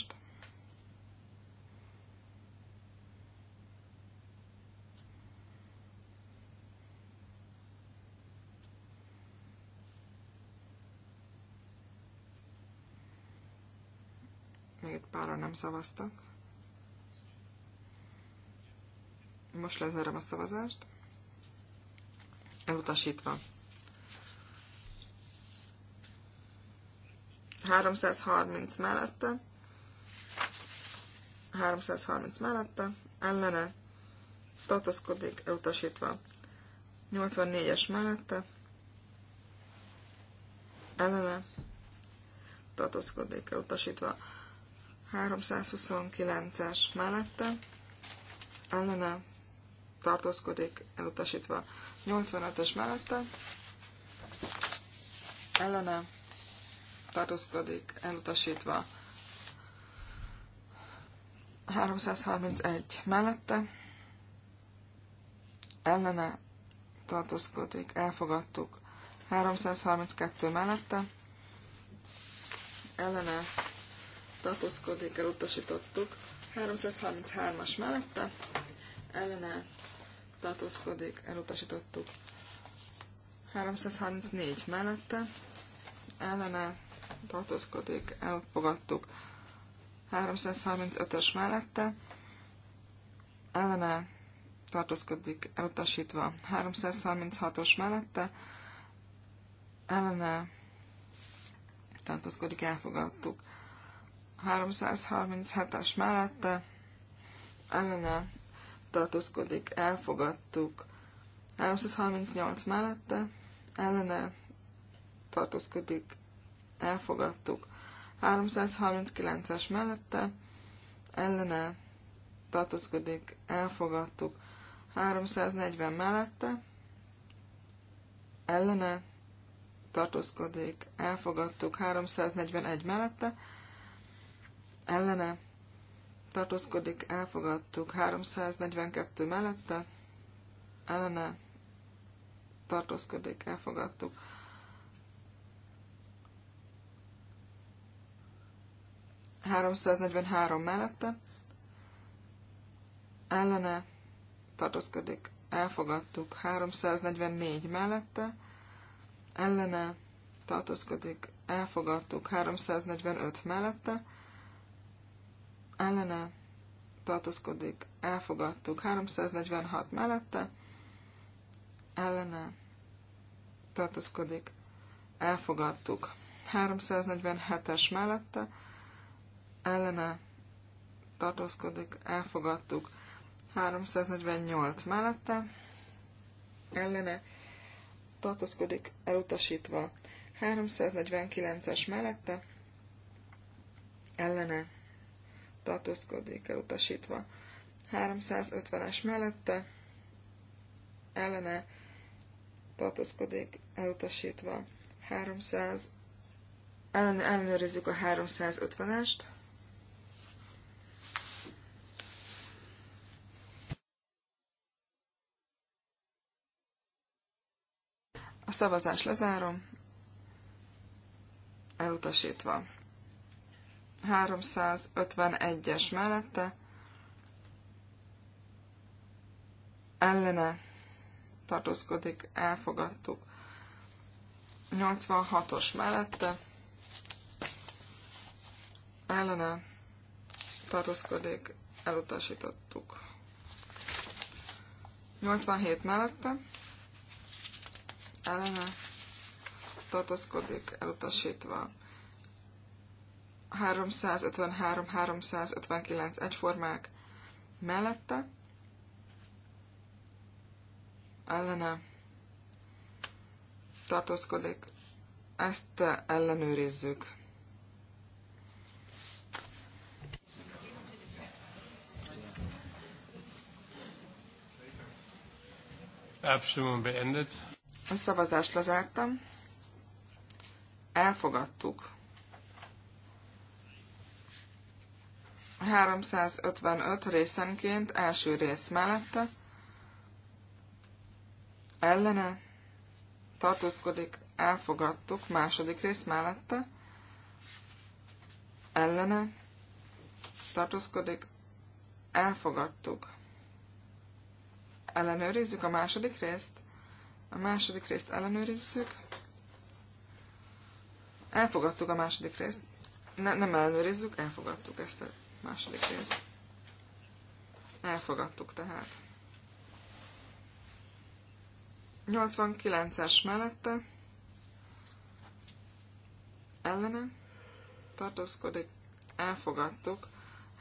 Még egy pára nem szavaztak. Most lezárom a szavazást. Elutasítva. 330 mellette, 330 mellette, ellene, tartozkodik, elutasítva. 84-es mellette, ellene, tartozkodik, elutasítva. 329-es mellette, ellene, tartózkodik, elutasítva. 85-ös mellette, ellene, tartózkodik elutasítva. 331 mellette ellene tartózkodik, elfogadtuk. 332 mellette ellene tartózkodik, elutasítottuk. 333-as mellette ellene tartózkodik, elutasítottuk. 334 mellette ellene tartózkodik, elfogadtuk. 335-ös mellette ellene tartózkodik, elutasítva. 336-os mellette ellene tartózkodik, elfogadtuk. 337-es mellette ellene tartózkodik, elfogadtuk. 338 mellette ellene tartózkodik, elfogadtuk. 339-es mellette ellene tartózkodik, elfogadtuk. 340 mellette ellene tartózkodik, elfogadtuk. 341 mellette ellene tartózkodik, elfogadtuk. 342 mellette ellene tartózkodik, elfogadtuk. 343 mellette, ellene tartózkodik, elfogadtuk 344 mellette, ellene tartózkodik, elfogadtuk 345 mellette, ellene tartózkodik, elfogadtuk 346 mellette, ellene tartózkodik, elfogadtuk 347-es mellette, ellene tartózkodik, elfogadtuk. 348 mellette ellene tartózkodik, elutasítva. 349-es mellette ellene tartózkodik, elutasítva. 350-es mellette ellene tartózkodik, elutasítva. 300 ellen, ellenőrizzük a 350-est. szavazás lezárom. Elutasítva. 351-es mellette. Ellene tartózkodik, elfogadtuk. 86-os mellette. Ellene tartózkodik, elutasítottuk. 87 mellette ellene tartozkodik elutasítva. 353-359 egyformák mellette, ellene tartózkodik, ezt ellenőrizzük. Abstimmung beendet. A szavazást lezártam. Elfogadtuk. 355 részenként első rész mellette. Ellene tartózkodik, elfogadtuk második rész mellette. Ellene tartózkodik, elfogadtuk. Ellenőrizzük a második részt. A második részt ellenőrizzük. Elfogadtuk a második részt. Ne, nem ellenőrizzük, elfogadtuk ezt a második részt. Elfogadtuk tehát. 89-es mellette ellene tartózkodik, elfogadtuk,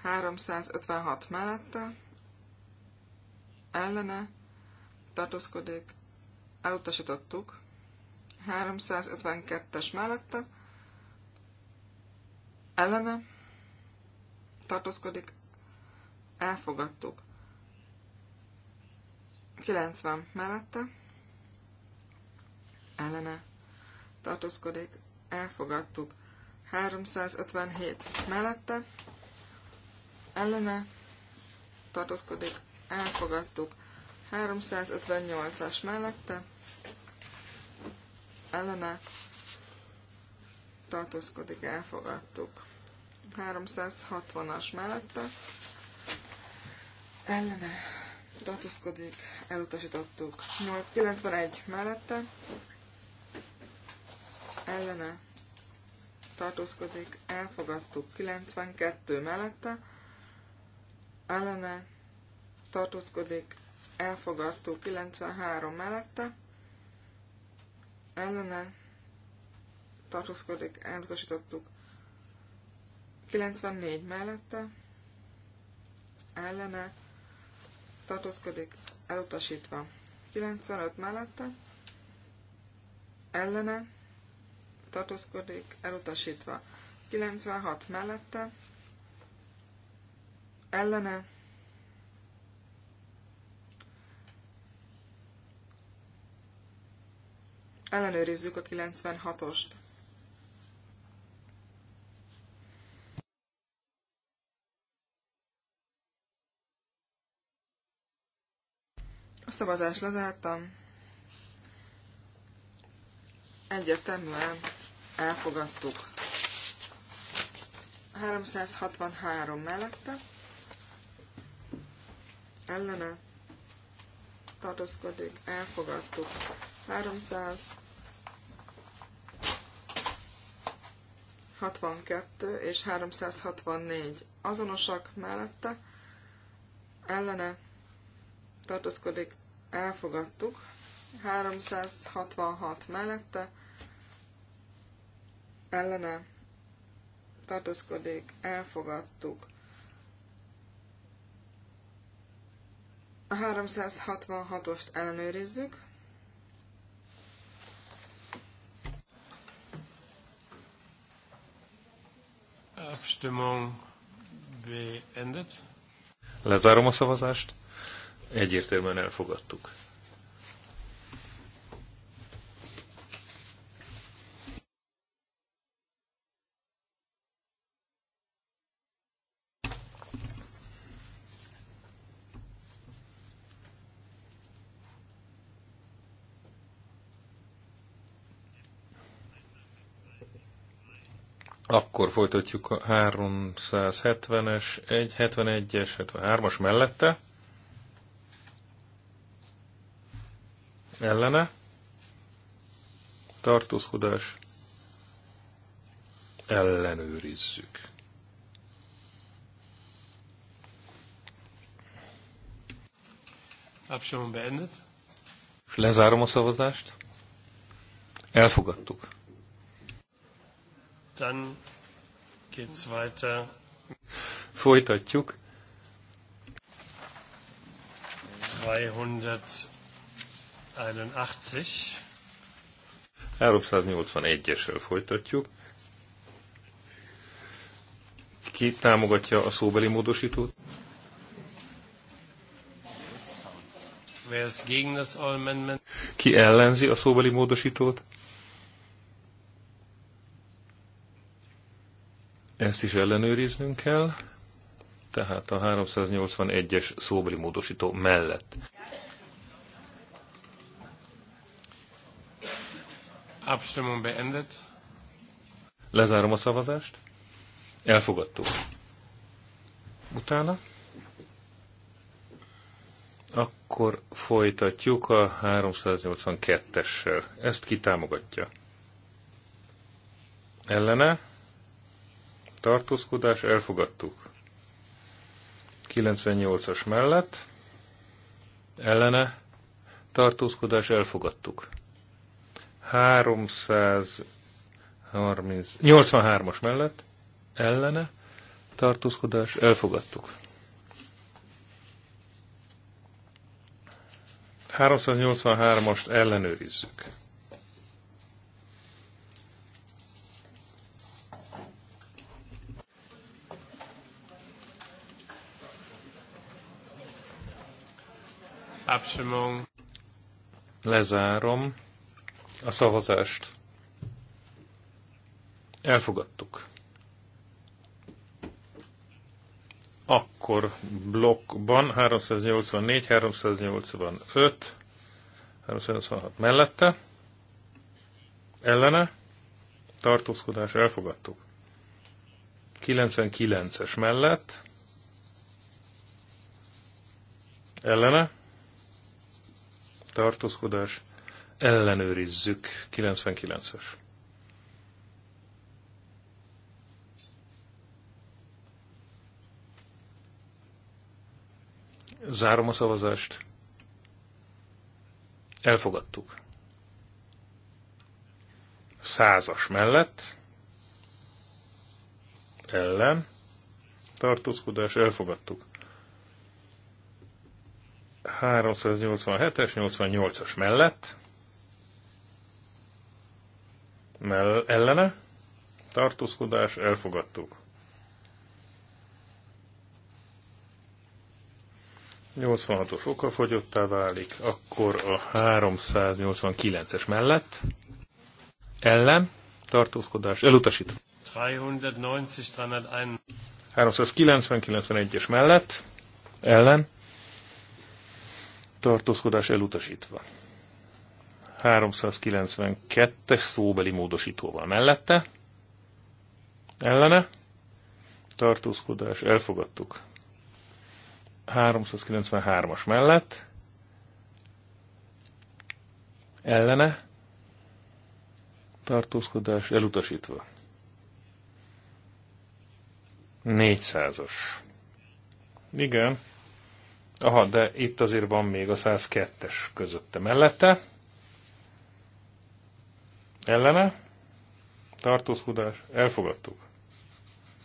356 mellette ellene tartózkodik, elutasítottuk. 352-es mellette ellene tartózkodik, elfogadtuk. 90 mellette ellene tartózkodik, elfogadtuk. 357 mellette ellene tartózkodik, elfogadtuk. 358-as mellette ellene tartózkodik, elfogadtuk. 360-as mellette ellene tartózkodik, elutasítottuk. 91 mellette ellene tartózkodik, elfogadtuk. 92 mellette ellene tartózkodik, elfogadtuk. 93 mellette ellene tartózkodik, elutasítottuk. 94 mellette ellene tartózkodik, elutasítva. 95 mellette ellene tartózkodik, elutasítva. 96 mellette ellene ellenőrizzük a 96-ost. A szavazást lezártam. Egyértelműen elfogadtuk. 363 mellette ellene tartózkodik, elfogadtuk. 300 62 és 364 azonosak mellette, ellene tartózkodik, elfogadtuk, 366 mellette, ellene tartózkodik, elfogadtuk. A 366-ost ellenőrizzük. Abstimmung beendet. Lezárom a szavazást. Egyértelműen elfogadtuk. Akkor folytatjuk a 370-es, 171-es, 73-as mellette. Ellene. Tartózkodás. Ellenőrizzük. Abszolom beendet. És lezárom a szavazást. Elfogadtuk. Dann geht's weiter. Folytatjuk. 381. 381-esről folytatjuk. Ki támogatja a szóbeli módosítót? Ki ellenzi a szóbeli módosítót? Ezt is ellenőriznünk kell, tehát a 381-es szóbeli módosító mellett. Abstimmung beendet. Lezárom a szavazást. Elfogadtuk. Utána? Akkor folytatjuk a 382-essel. Ezt ki támogatja? Ellene? tartózkodás, elfogadtuk. 98-as mellett, ellene, tartózkodás, elfogadtuk. 83 as mellett, ellene, tartózkodás, elfogadtuk. 383-ast ellenőrizzük. Abstimmung. Lezárom a szavazást. Elfogadtuk. Akkor blokkban 384, 385, 386 mellette, ellene, tartózkodás elfogadtuk. 99-es mellett, ellene, tartózkodás, ellenőrizzük, 99-es. Zárom a szavazást. Elfogadtuk. Százas mellett. Ellen. Tartózkodás. Elfogadtuk. 387-es, 88-as mellett, mell ellene, tartózkodás, elfogadtuk. 86-os okafogyottá válik, akkor a 389-es mellett ellen tartózkodás elutasít. 390-91-es mellett ellen tartózkodás elutasítva. 392-es szóbeli módosítóval mellette, ellene, tartózkodás, elfogadtuk. 393-as mellett, ellene, tartózkodás, elutasítva. 400-as. Igen, Aha, de itt azért van még a 102-es közötte mellette. Ellene? Tartózkodás? Elfogadtuk.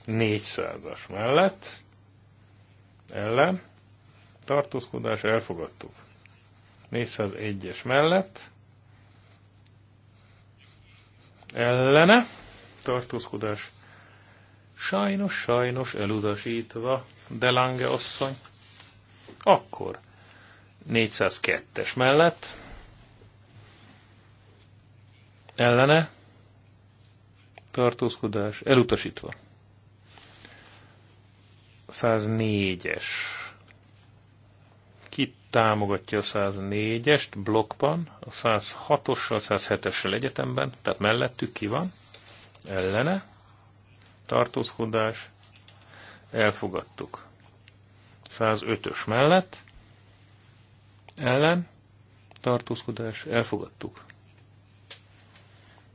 400-as mellett. Ellen? Tartózkodás? Elfogadtuk. 401-es mellett. Ellene? Tartózkodás? Sajnos, sajnos elutasítva, de lange asszony. Akkor 402-es mellett ellene tartózkodás elutasítva. 104-es. Ki támogatja a 104-est blokkban, a 106-ossal, 107-essel egyetemben, tehát mellettük ki van, ellene, tartózkodás, elfogadtuk. 105-ös mellett ellen tartózkodás elfogadtuk.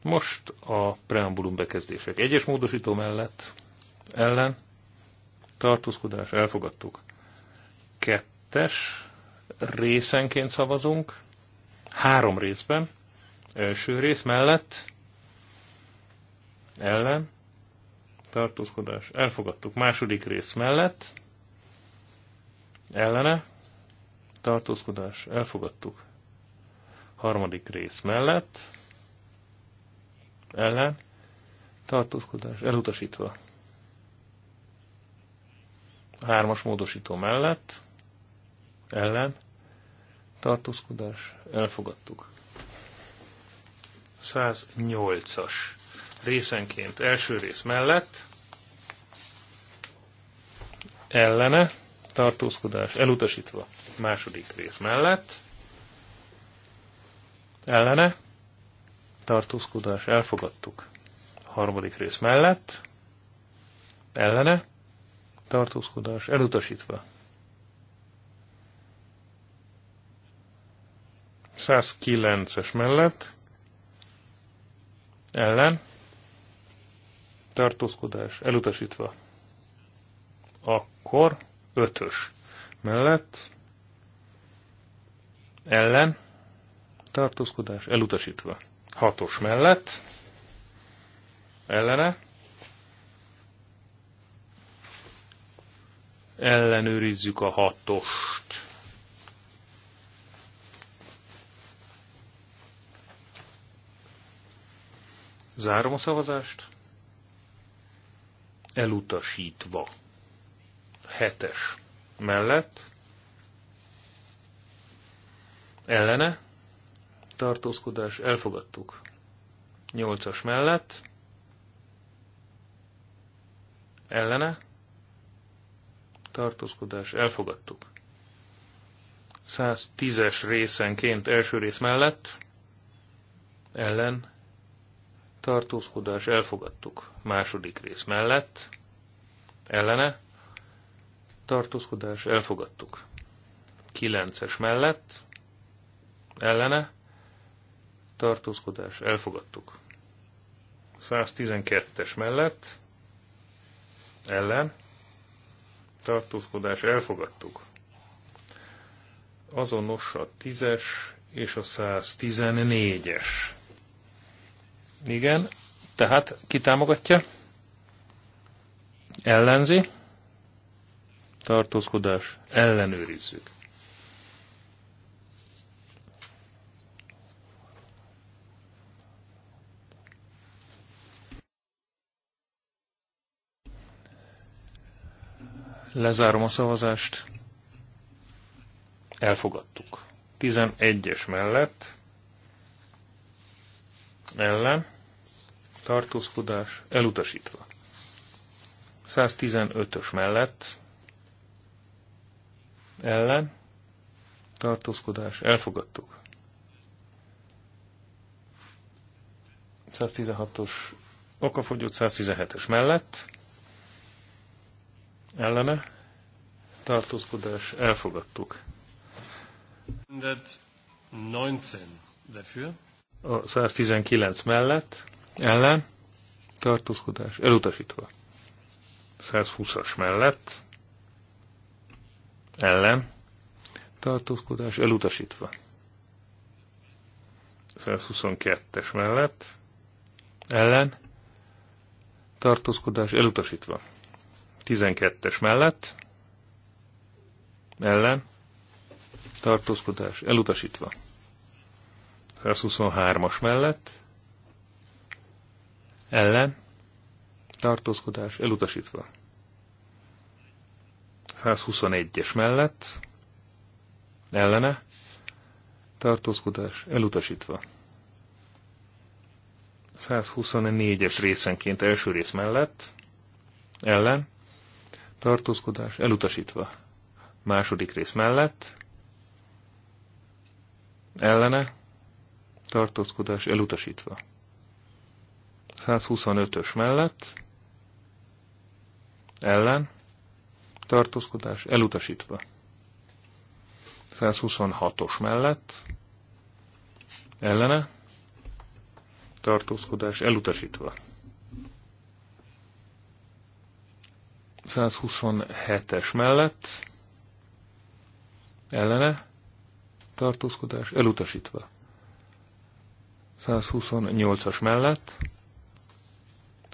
Most a preambulum bekezdések. Egyes módosító mellett ellen tartózkodás elfogadtuk. Kettes részenként szavazunk, három részben, első rész mellett ellen tartózkodás elfogadtuk. Második rész mellett ellene, tartózkodás, elfogadtuk. Harmadik rész mellett, ellen, tartózkodás, elutasítva. Hármas módosító mellett, ellen, tartózkodás, elfogadtuk. 108-as részenként első rész mellett, ellene, tartózkodás elutasítva második rész mellett, ellene, tartózkodás elfogadtuk harmadik rész mellett, ellene, tartózkodás elutasítva. 109-es mellett, ellen, tartózkodás elutasítva. Akkor ötös mellett ellen tartózkodás elutasítva. Hatos mellett ellene ellenőrizzük a hatost. Zárom a szavazást. Elutasítva hetes mellett ellene tartózkodás elfogadtuk. Nyolcas mellett ellene tartózkodás elfogadtuk. 110-es részenként első rész mellett ellen tartózkodás elfogadtuk. Második rész mellett ellene tartózkodás, elfogadtuk. Kilences mellett, ellene, tartózkodás, elfogadtuk. 112-es mellett, ellen, tartózkodás, elfogadtuk. Azonos a 10-es és a 114-es. Igen, tehát kitámogatja, ellenzi, tartózkodás, ellenőrizzük. Lezárom a szavazást. Elfogadtuk. 11-es mellett ellen tartózkodás elutasítva. 115-ös mellett ellen tartózkodás elfogadtuk. 116-os okafogyott 117-es mellett ellene tartózkodás elfogadtuk. 119 dafür. A 119 mellett ellen tartózkodás elutasítva. 120-as mellett ellen tartózkodás elutasítva. 122-es mellett ellen tartózkodás elutasítva. 12-es mellett ellen tartózkodás elutasítva. 123-as mellett ellen tartózkodás elutasítva. 121-es mellett ellene tartózkodás elutasítva. 124-es részenként első rész mellett ellen tartózkodás elutasítva. Második rész mellett ellene tartózkodás elutasítva. 125-ös mellett ellen tartózkodás elutasítva. 126-os mellett ellene tartózkodás elutasítva. 127-es mellett ellene tartózkodás elutasítva. 128-as mellett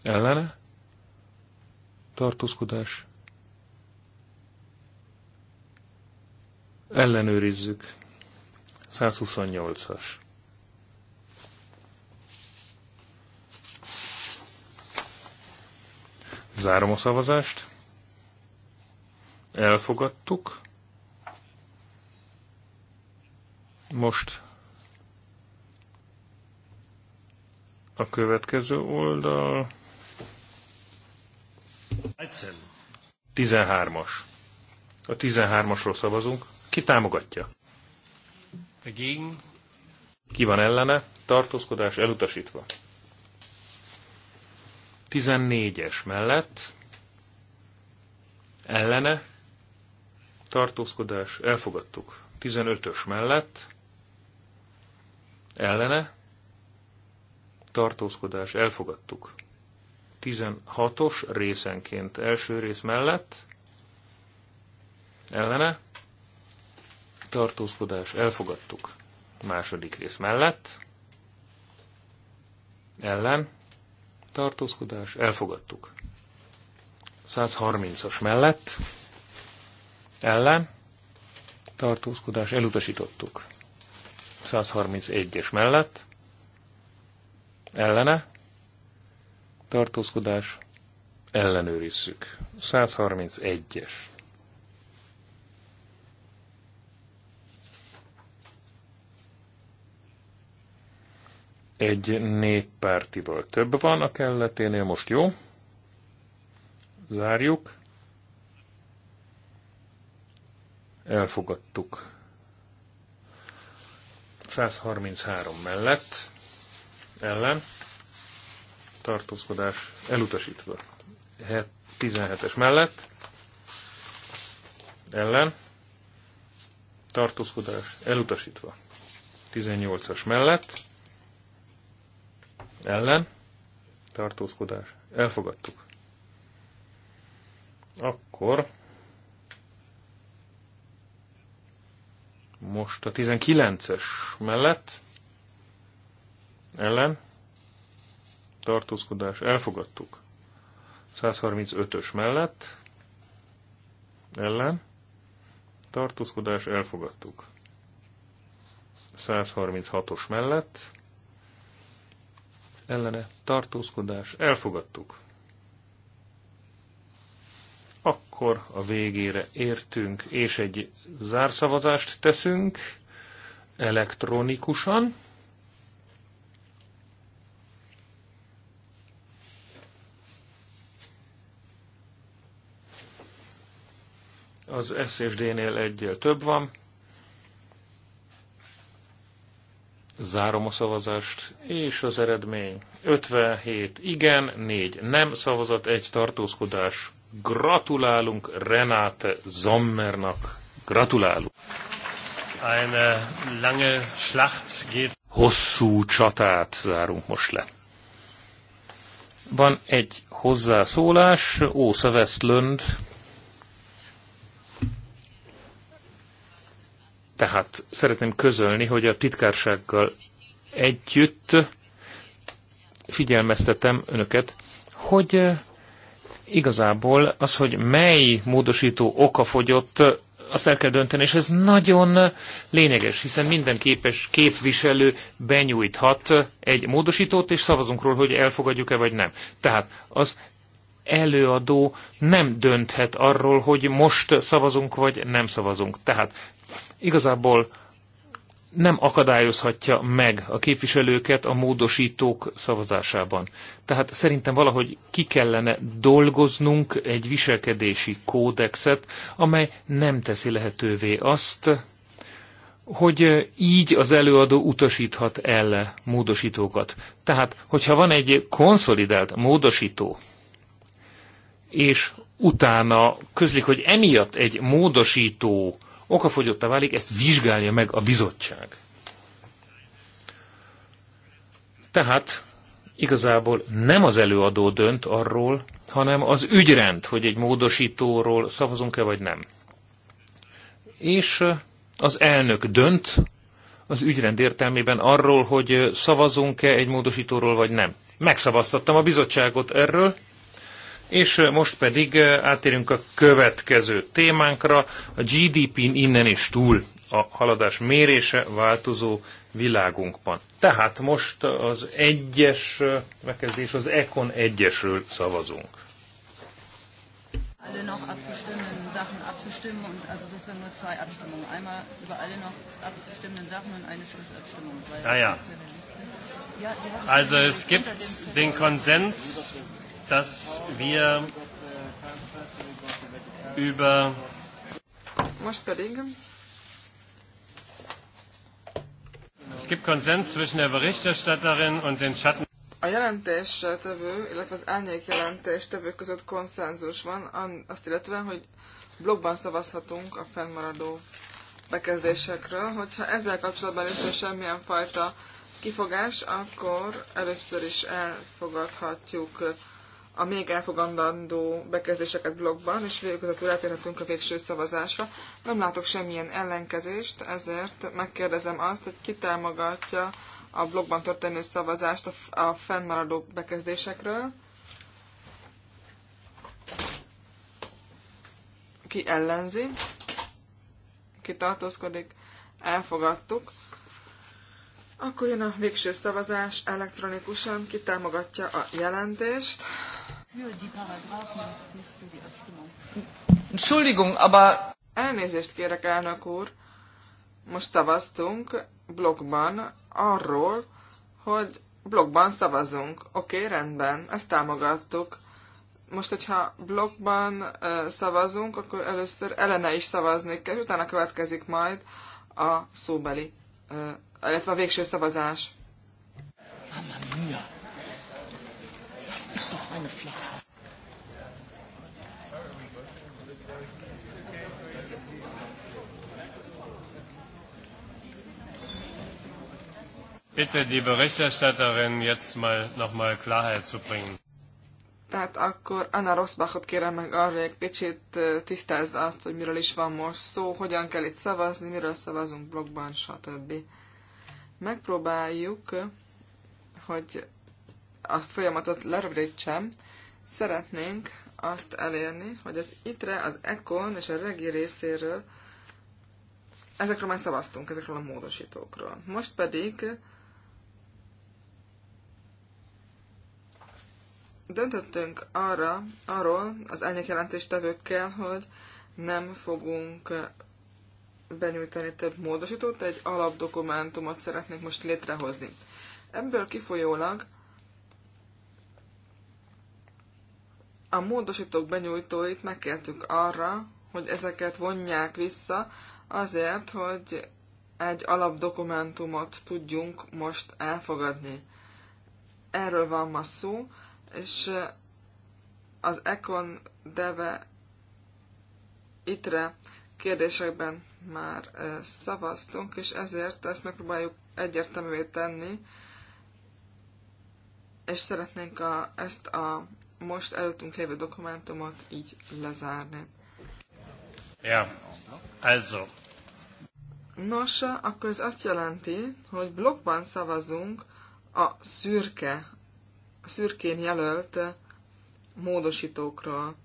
ellene tartózkodás Ellenőrizzük. 128-as. Zárom a szavazást. Elfogadtuk. Most a következő oldal. 13-as. A 13-asról szavazunk. Ki támogatja? Dagegen. Ki van ellene? Tartózkodás elutasítva. 14-es mellett ellene tartózkodás elfogadtuk. 15-ös mellett ellene tartózkodás elfogadtuk. 16-os részenként első rész mellett ellene tartózkodás, elfogadtuk. Második rész mellett, ellen, tartózkodás, elfogadtuk. 130-as mellett, ellen, tartózkodás, elutasítottuk. 131-es mellett, ellene, tartózkodás, ellenőrizzük. 131-es. Egy néppártival több van a kelleténél, most jó. Zárjuk. Elfogadtuk. 133 mellett ellen tartózkodás elutasítva. 17-es mellett ellen tartózkodás elutasítva. 18-as mellett ellen, tartózkodás, elfogadtuk. Akkor most a 19-es mellett ellen tartózkodás elfogadtuk. 135-ös mellett ellen tartózkodás elfogadtuk. 136-os mellett ellene tartózkodás, elfogadtuk. Akkor a végére értünk, és egy zárszavazást teszünk elektronikusan. Az SSD-nél egyel több van. Zárom a szavazást, és az eredmény 57 igen, 4 nem szavazat, egy tartózkodás. Gratulálunk Renate Zammernak. Gratulálunk. Eine lange Schlacht geht. Hosszú csatát zárunk most le. Van egy hozzászólás, Ósa Westlund Tehát szeretném közölni, hogy a titkársággal együtt figyelmeztetem önöket, hogy eh, igazából az, hogy mely módosító oka fogyott, azt el kell dönteni, és ez nagyon lényeges, hiszen minden képes képviselő benyújthat egy módosítót, és szavazunk róla, hogy elfogadjuk-e vagy nem. Tehát az előadó nem dönthet arról, hogy most szavazunk vagy nem szavazunk. Tehát igazából nem akadályozhatja meg a képviselőket a módosítók szavazásában. Tehát szerintem valahogy ki kellene dolgoznunk egy viselkedési kódexet, amely nem teszi lehetővé azt, hogy így az előadó utasíthat el módosítókat. Tehát, hogyha van egy konszolidált módosító, és utána közlik, hogy emiatt egy módosító okafogyottá válik, ezt vizsgálja meg a bizottság. Tehát igazából nem az előadó dönt arról, hanem az ügyrend, hogy egy módosítóról szavazunk-e vagy nem. És az elnök dönt az ügyrend értelmében arról, hogy szavazunk-e egy módosítóról vagy nem. Megszavaztattam a bizottságot erről, és most pedig átérünk a következő témánkra, a GDP-n innen és túl a haladás mérése változó világunkban. Tehát most az egyes megkezdés, az Econ egyesről szavazunk. Alle noch abzustimmenden Sachen abzustimmen und also sozusagen nur zwei Abstimmungen. Einmal über alle noch abzustimmenden Sachen und eine Schlussabstimmung. Weil ah ja. ja also es gibt den Konsens dass wir über Es gibt Konsens zwischen der Berichterstatterin und den Schatten. A jelentéstevő, illetve az árnyék jelentéstevő között konszenzus van, azt illetően, hogy blogban szavazhatunk a fennmaradó bekezdésekről. Hogyha ezzel kapcsolatban is semmilyen fajta kifogás, akkor először is elfogadhatjuk a még elfogadandó bekezdéseket blogban, és végül eltérhetünk a végső szavazásra. Nem látok semmilyen ellenkezést, ezért megkérdezem azt, hogy ki támogatja a blogban történő szavazást a fennmaradó bekezdésekről. Ki ellenzi? Ki tartózkodik? Elfogadtuk. Akkor jön a végső szavazás elektronikusan, ki támogatja a jelentést. Entschuldigung, aber... Elnézést kérek, elnök úr. Most szavaztunk blogban arról, hogy blogban szavazunk. Oké, okay, rendben, ezt támogattuk. Most, hogyha blogban uh, szavazunk, akkor először ellene is szavazni kell, utána következik majd a szóbeli, uh, illetve a végső szavazás. Mamma mia! Ez eine Flasche. Bitte die Berichterstatterin jetzt mal nochmal Klarheit zu bringen. Tehát akkor Anna Rosbachot kérem meg arra, hogy egy kicsit tisztázza azt, hogy miről is van most szó, hogyan kell itt szavazni, miről szavazunk blogban, stb. Megpróbáljuk, hogy a folyamatot lerövidítsem, szeretnénk azt elérni, hogy az ITRE, az ECON és a REGI részéről ezekről már szavaztunk, ezekről a módosítókról. Most pedig döntöttünk arra, arról az elnyekjelentéstevőkkel, hogy nem fogunk benyújtani több módosítót, egy alapdokumentumot szeretnénk most létrehozni. Ebből kifolyólag a módosítók benyújtóit megkértük arra, hogy ezeket vonják vissza, azért, hogy egy alapdokumentumot tudjunk most elfogadni. Erről van ma szó, és az Econ Deve itre kérdésekben már szavaztunk, és ezért ezt megpróbáljuk egyértelművé tenni, és szeretnénk a, ezt a most előttünk lévő dokumentumot így lezárni. Ja, Ez a. Nos, akkor ez azt jelenti, hogy blokkban szavazunk a szürke, a szürkén jelölt módosítókról.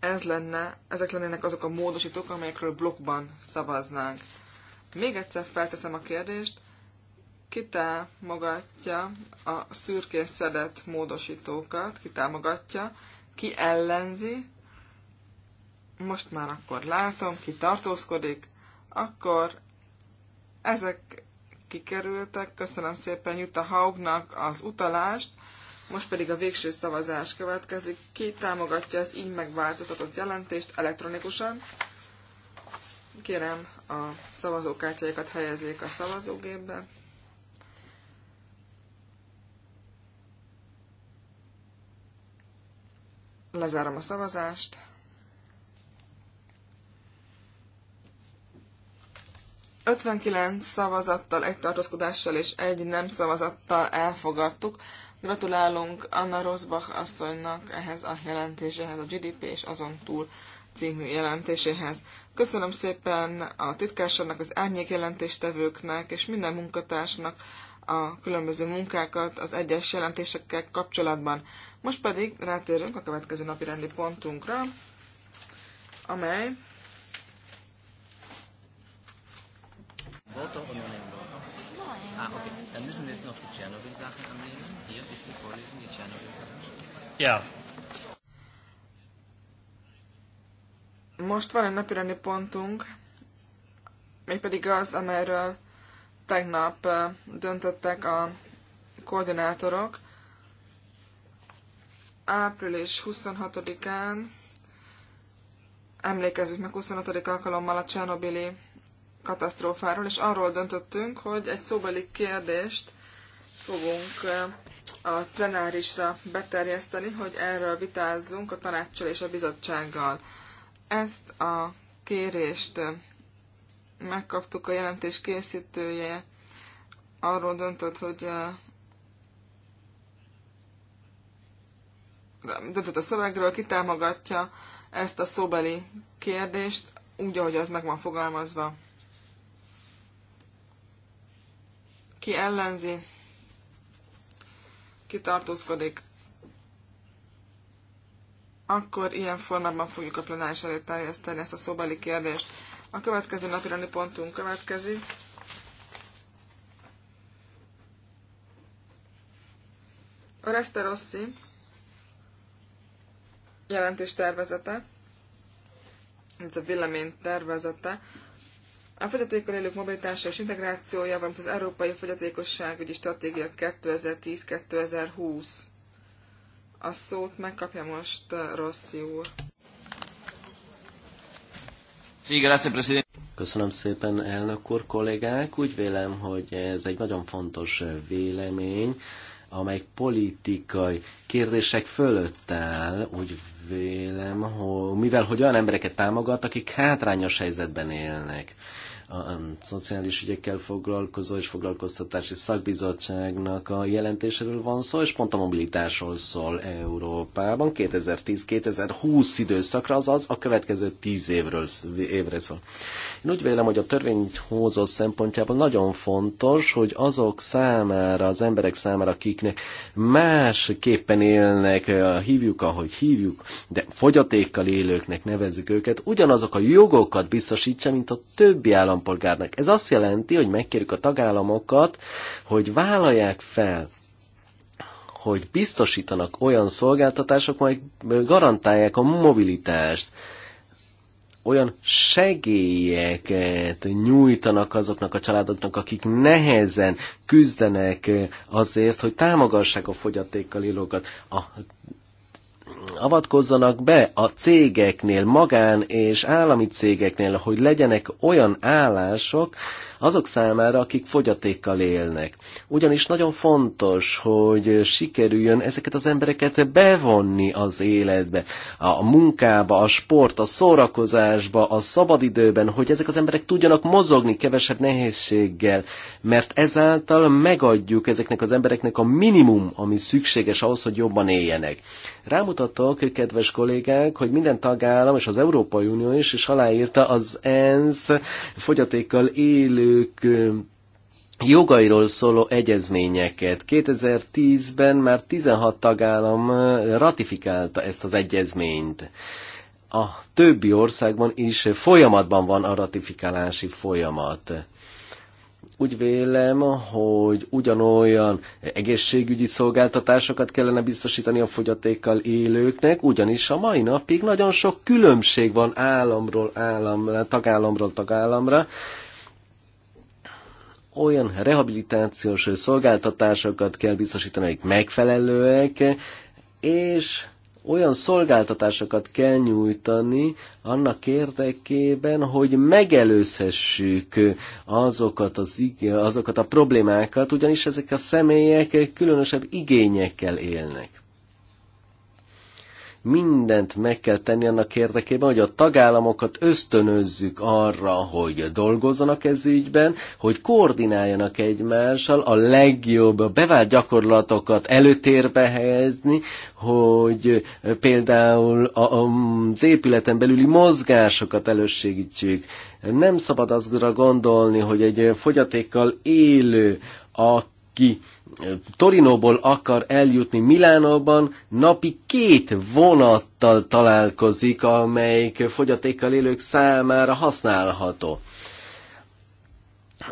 Ez lenne, ezek lennének azok a módosítók, amelyekről blokkban szavaznánk. Még egyszer felteszem a kérdést, kitámogatja a szürkén szedett módosítókat, kitámogatja, ki ellenzi, most már akkor látom, ki tartózkodik, akkor ezek kikerültek. Köszönöm szépen Jutta Haugnak az utalást. Most pedig a végső szavazás következik. Ki támogatja az így megváltoztatott jelentést elektronikusan? Kérem, a szavazókártyáikat helyezzék a szavazógépbe. Lezárom a szavazást. Ötvenkilenc szavazattal, egy tartózkodással és egy nem szavazattal elfogadtuk. Gratulálunk Anna Rosbach asszonynak ehhez a jelentéséhez, a GDP és azon túl című jelentéséhez. Köszönöm szépen a titkársának, az árnyék jelentéstevőknek és minden munkatársnak, a különböző munkákat az egyes jelentésekkel kapcsolatban. Most pedig rátérünk a következő napi rendi pontunkra, amely ah, Ja. Most van egy napirendi pontunk, mégpedig az, amelyről Tegnap döntöttek a koordinátorok. Április 26-án emlékezzük meg 26. alkalommal a Csernobili katasztrófáról, és arról döntöttünk, hogy egy szóbeli kérdést fogunk a plenárisra beterjeszteni, hogy erről vitázzunk a tanácssal és a bizottsággal. Ezt a kérést megkaptuk a jelentés készítője, arról döntött, hogy döntött a szövegről, kitámogatja ezt a szóbeli kérdést, úgy, ahogy az meg van fogalmazva. Ki ellenzi, ki tartózkodik, akkor ilyen formában fogjuk a plenáris előtt terjeszteni ezt a szóbeli kérdést. A következő napirani pontunk következik. A Rossi jelentés tervezete, ez a villamény tervezete, a fogyatékkal élők mobilitása és integrációja, valamint az Európai Fogyatékosságügyi Stratégia 2010-2020. A szót megkapja most Rossi úr. Köszönöm szépen, elnök úr, kollégák. Úgy vélem, hogy ez egy nagyon fontos vélemény, amely politikai kérdések fölött áll, úgy vélem, hogy, mivel hogy olyan embereket támogat, akik hátrányos helyzetben élnek a szociális ügyekkel foglalkozó és foglalkoztatási szakbizottságnak a jelentéséről van szó, és pont a mobilitásról szól Európában 2010-2020 időszakra, azaz a következő 10 évről, évre szól. Én úgy vélem, hogy a törvényhozó szempontjából nagyon fontos, hogy azok számára, az emberek számára, akiknek másképpen élnek, eh, hívjuk, ahogy hívjuk, de fogyatékkal élőknek nevezzük őket, ugyanazok a jogokat biztosítsa, mint a többi állam állampolgárnak. Ez azt jelenti, hogy megkérjük a tagállamokat, hogy vállalják fel hogy biztosítanak olyan szolgáltatások, majd garantálják a mobilitást, olyan segélyeket nyújtanak azoknak a családoknak, akik nehezen küzdenek azért, hogy támogassák a fogyatékkal illókat. A avatkozzanak be a cégeknél, magán és állami cégeknél, hogy legyenek olyan állások azok számára, akik fogyatékkal élnek. Ugyanis nagyon fontos, hogy sikerüljön ezeket az embereket bevonni az életbe, a munkába, a sport, a szórakozásba, a szabadidőben, hogy ezek az emberek tudjanak mozogni kevesebb nehézséggel, mert ezáltal megadjuk ezeknek az embereknek a minimum, ami szükséges ahhoz, hogy jobban éljenek. Rámut mutatok, kedves kollégák, hogy minden tagállam és az Európai Unió is, is aláírta az ENSZ fogyatékkal élők jogairól szóló egyezményeket. 2010-ben már 16 tagállam ratifikálta ezt az egyezményt. A többi országban is folyamatban van a ratifikálási folyamat úgy vélem, hogy ugyanolyan egészségügyi szolgáltatásokat kellene biztosítani a fogyatékkal élőknek, ugyanis a mai napig nagyon sok különbség van államról államra, tagállamról tagállamra, olyan rehabilitációs szolgáltatásokat kell biztosítani, amik megfelelőek, és olyan szolgáltatásokat kell nyújtani annak érdekében, hogy megelőzhessük azokat, az, azokat a problémákat, ugyanis ezek a személyek különösebb igényekkel élnek mindent meg kell tenni annak érdekében, hogy a tagállamokat ösztönözzük arra, hogy dolgozzanak ez ügyben, hogy koordináljanak egymással, a legjobb a bevált gyakorlatokat előtérbe helyezni, hogy például az épületen belüli mozgásokat elősegítsük. Nem szabad azra gondolni, hogy egy fogyatékkal élő, aki Torinóból akar eljutni Milánóban, napi két vonattal találkozik, amelyik fogyatékkal élők számára használható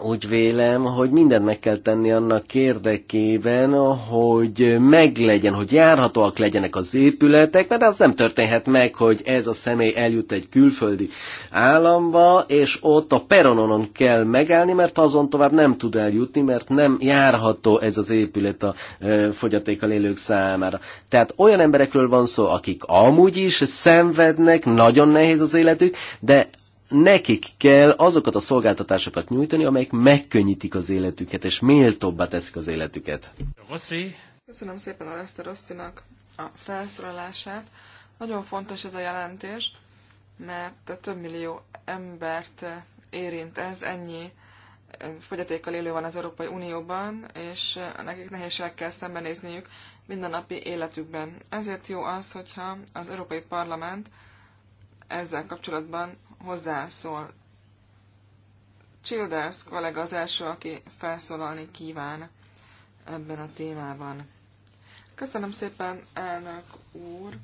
úgy vélem, hogy mindent meg kell tenni annak érdekében, hogy meglegyen, hogy járhatóak legyenek az épületek, mert az nem történhet meg, hogy ez a személy eljut egy külföldi államba, és ott a peronon kell megállni, mert azon tovább nem tud eljutni, mert nem járható ez az épület a fogyatékkal élők számára. Tehát olyan emberekről van szó, akik amúgy is szenvednek, nagyon nehéz az életük, de nekik kell azokat a szolgáltatásokat nyújtani, amelyek megkönnyítik az életüket, és méltóbbá teszik az életüket. Köszönöm szépen a Rosszinak a felszólalását. Nagyon fontos ez a jelentés, mert több millió embert érint ez, ennyi fogyatékkal élő van az Európai Unióban, és nekik nehézségekkel szembenézniük mindennapi életükben. Ezért jó az, hogyha az Európai Parlament ezzel kapcsolatban hozzászól. Childers kollega az első, aki felszólalni kíván ebben a témában. Köszönöm szépen, elnök úr!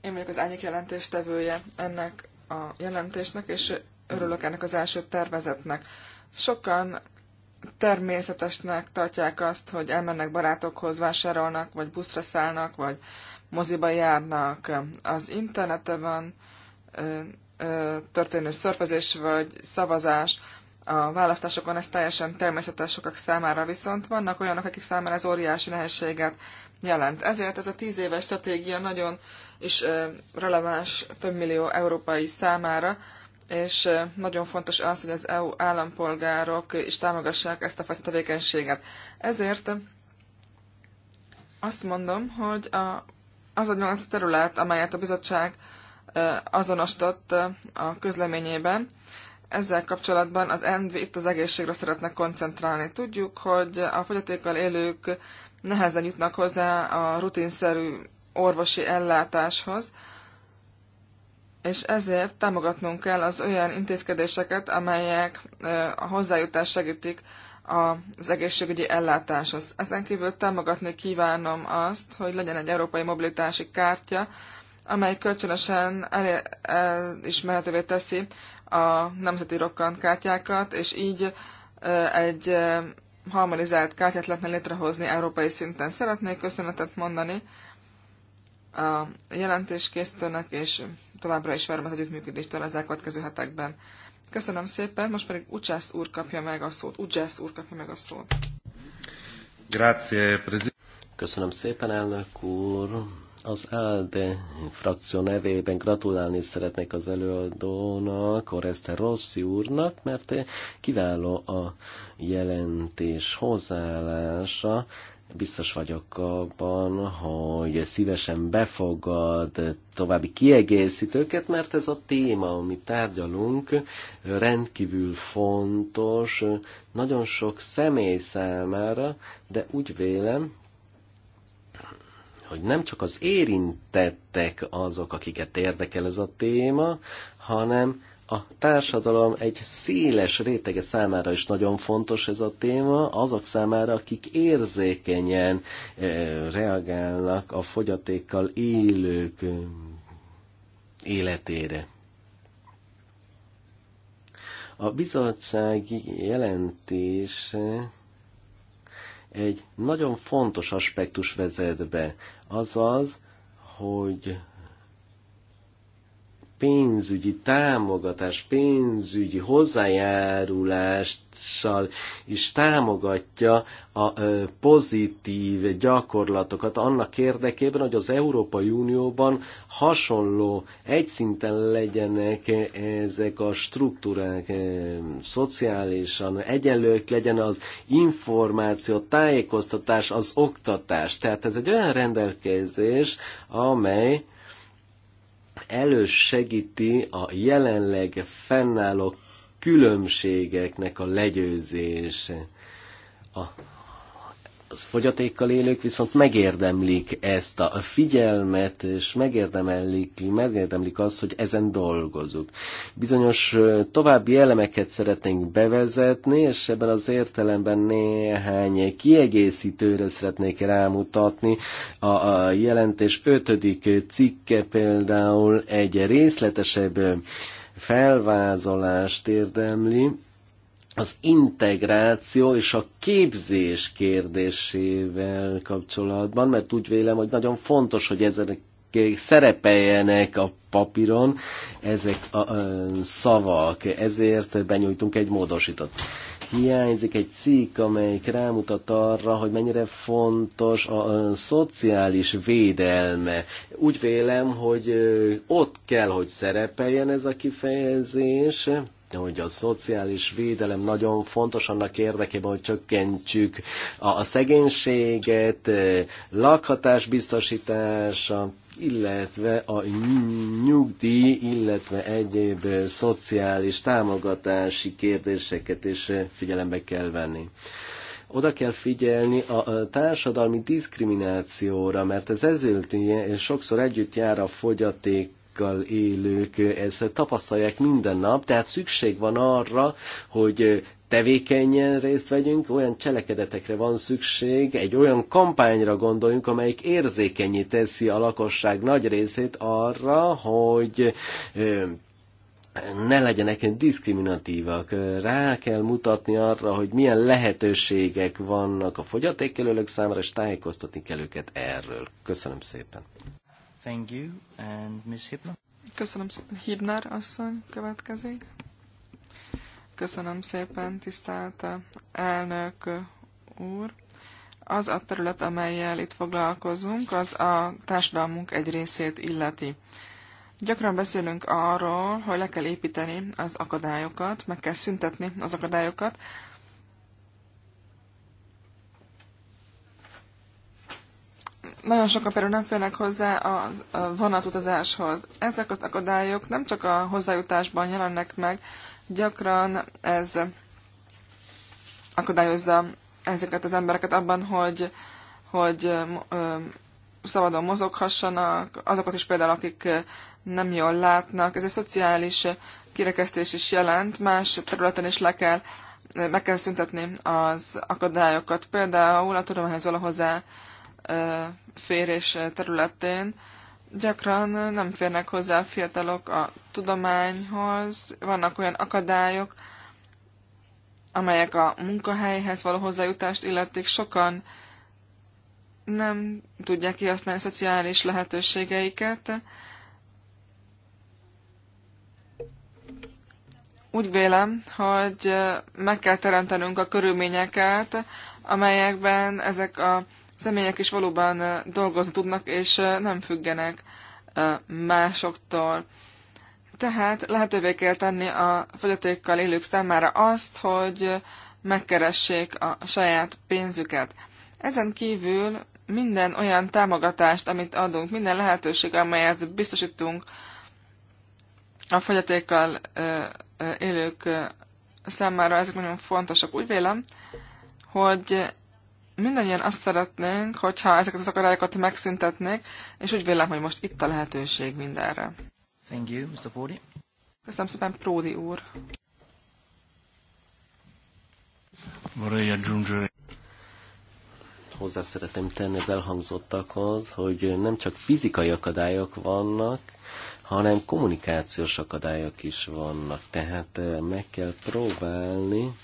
Én vagyok az ányik jelentéstevője ennek a jelentésnek, és örülök ennek az első tervezetnek. Sokan természetesnek tartják azt, hogy elmennek barátokhoz, vásárolnak, vagy buszra szállnak, vagy moziba járnak. Az interneten van történő szörfözés vagy szavazás a választásokon, ez teljesen természetes sokak számára, viszont vannak olyanok, akik számára ez óriási nehézséget jelent. Ezért ez a tíz éves stratégia nagyon is releváns több millió európai számára, és nagyon fontos az, hogy az EU állampolgárok is támogassák ezt a fajta tevékenységet. Ezért azt mondom, hogy a, az a nyolc terület, amelyet a bizottság azonosított a közleményében. Ezzel kapcsolatban az ENV itt az egészségre szeretne koncentrálni. Tudjuk, hogy a fogyatékkal élők nehezen jutnak hozzá a rutinszerű orvosi ellátáshoz, és ezért támogatnunk kell az olyan intézkedéseket, amelyek a hozzájutást segítik az egészségügyi ellátáshoz. Ezen kívül támogatni kívánom azt, hogy legyen egy európai mobilitási kártya, amely kölcsönösen elismerhetővé teszi a nemzeti rokkantkártyákat, és így egy harmonizált kártyát lehetne létrehozni európai szinten. Szeretnék köszönetet mondani a jelentéskészítőnek, és továbbra is várom az együttműködéstől az elkövetkező hetekben. Köszönöm szépen, most pedig Ucsász úr kapja meg a szót. Ucsász úr kapja meg a szót. Grazie, Köszönöm szépen, elnök úr. Az ALDE frakció nevében gratulálni szeretnék az előadónak, Oreste Rossi úrnak, mert kiváló a jelentés hozzáállása. Biztos vagyok abban, hogy szívesen befogad további kiegészítőket, mert ez a téma, amit tárgyalunk, rendkívül fontos, nagyon sok személy számára, de úgy vélem, hogy nem csak az érintettek azok, akiket érdekel ez a téma, hanem a társadalom egy széles rétege számára is nagyon fontos ez a téma, azok számára, akik érzékenyen eh, reagálnak a fogyatékkal élők eh, életére. A bizottsági jelentés egy nagyon fontos aspektus vezet be, azaz, hogy pénzügyi támogatás, pénzügyi hozzájárulással is támogatja a pozitív gyakorlatokat annak érdekében, hogy az Európai Unióban hasonló, egyszinten legyenek ezek a struktúrák szociálisan egyenlők, legyen az információ, tájékoztatás, az oktatás. Tehát ez egy olyan rendelkezés, amely elősegíti a jelenleg fennálló különbségeknek a legyőzése. A az fogyatékkal élők viszont megérdemlik ezt a figyelmet, és megérdemlik, megérdemlik azt, hogy ezen dolgozunk. Bizonyos további elemeket szeretnénk bevezetni, és ebben az értelemben néhány kiegészítőre szeretnék rámutatni. A, a jelentés ötödik cikke például egy részletesebb felvázolást érdemli, az integráció és a képzés kérdésével kapcsolatban, mert úgy vélem, hogy nagyon fontos, hogy ezek szerepeljenek a papíron ezek a ö, szavak, ezért benyújtunk egy módosított. Hiányzik egy cikk, amelyik rámutat arra, hogy mennyire fontos a, a szociális védelme. Úgy vélem, hogy ö, ott kell, hogy szerepeljen ez a kifejezés, hogy a szociális védelem nagyon fontos annak érdekében, hogy csökkentsük a, a szegénységet, e, lakhatás biztosítása, illetve a nyugdíj, illetve egyéb szociális támogatási kérdéseket is figyelembe kell venni oda kell figyelni a társadalmi diszkriminációra, mert ez ezért sokszor együtt jár a fogyaték fogyatékkal élők ezt tapasztalják minden nap, tehát szükség van arra, hogy tevékenyen részt vegyünk, olyan cselekedetekre van szükség, egy olyan kampányra gondoljunk, amelyik érzékenyé teszi a lakosság nagy részét arra, hogy ne legyenek diszkriminatívak. Rá kell mutatni arra, hogy milyen lehetőségek vannak a fogyatékkelőlök számára, és tájékoztatni kell őket erről. Köszönöm szépen. Thank you. And Ms. Hibner? Köszönöm szépen. Hibner asszony következik. Köszönöm szépen, tisztelt elnök úr. Az a terület, amelyel itt foglalkozunk, az a társadalmunk egy részét illeti. Gyakran beszélünk arról, hogy le kell építeni az akadályokat, meg kell szüntetni az akadályokat, Nagyon sokan például nem félnek hozzá a vonatutazáshoz. Ezek az akadályok nem csak a hozzájutásban jelennek meg, gyakran ez akadályozza ezeket az embereket abban, hogy, hogy szabadon mozoghassanak, azokat is például, akik nem jól látnak. Ez egy szociális kirekesztés is jelent, más területen is le kell, meg kell szüntetni az akadályokat. Például a tudományhoz való hozzá férés területén gyakran nem férnek hozzá a fiatalok a tudományhoz, vannak olyan akadályok, amelyek a munkahelyhez való hozzájutást illetik, sokan nem tudják kihasználni a szociális lehetőségeiket. Úgy vélem, hogy meg kell teremtenünk a körülményeket, amelyekben ezek a személyek is valóban dolgozni tudnak, és nem függenek másoktól. Tehát lehetővé kell tenni a fogyatékkal élők számára azt, hogy megkeressék a saját pénzüket. Ezen kívül minden olyan támogatást, amit adunk, minden lehetőség, amelyet biztosítunk a fogyatékkal élők számára, ezek nagyon fontosak. Úgy vélem, hogy mindannyian azt szeretnénk, hogyha ezeket az akadályokat megszüntetnék, és úgy vélem, hogy most itt a lehetőség mindenre. Thank you, Mr. Prodi. Köszönöm szépen, Pródi úr. Hozzá szeretem tenni az elhangzottakhoz, hogy nem csak fizikai akadályok vannak, hanem kommunikációs akadályok is vannak. Tehát eh, meg kell próbálni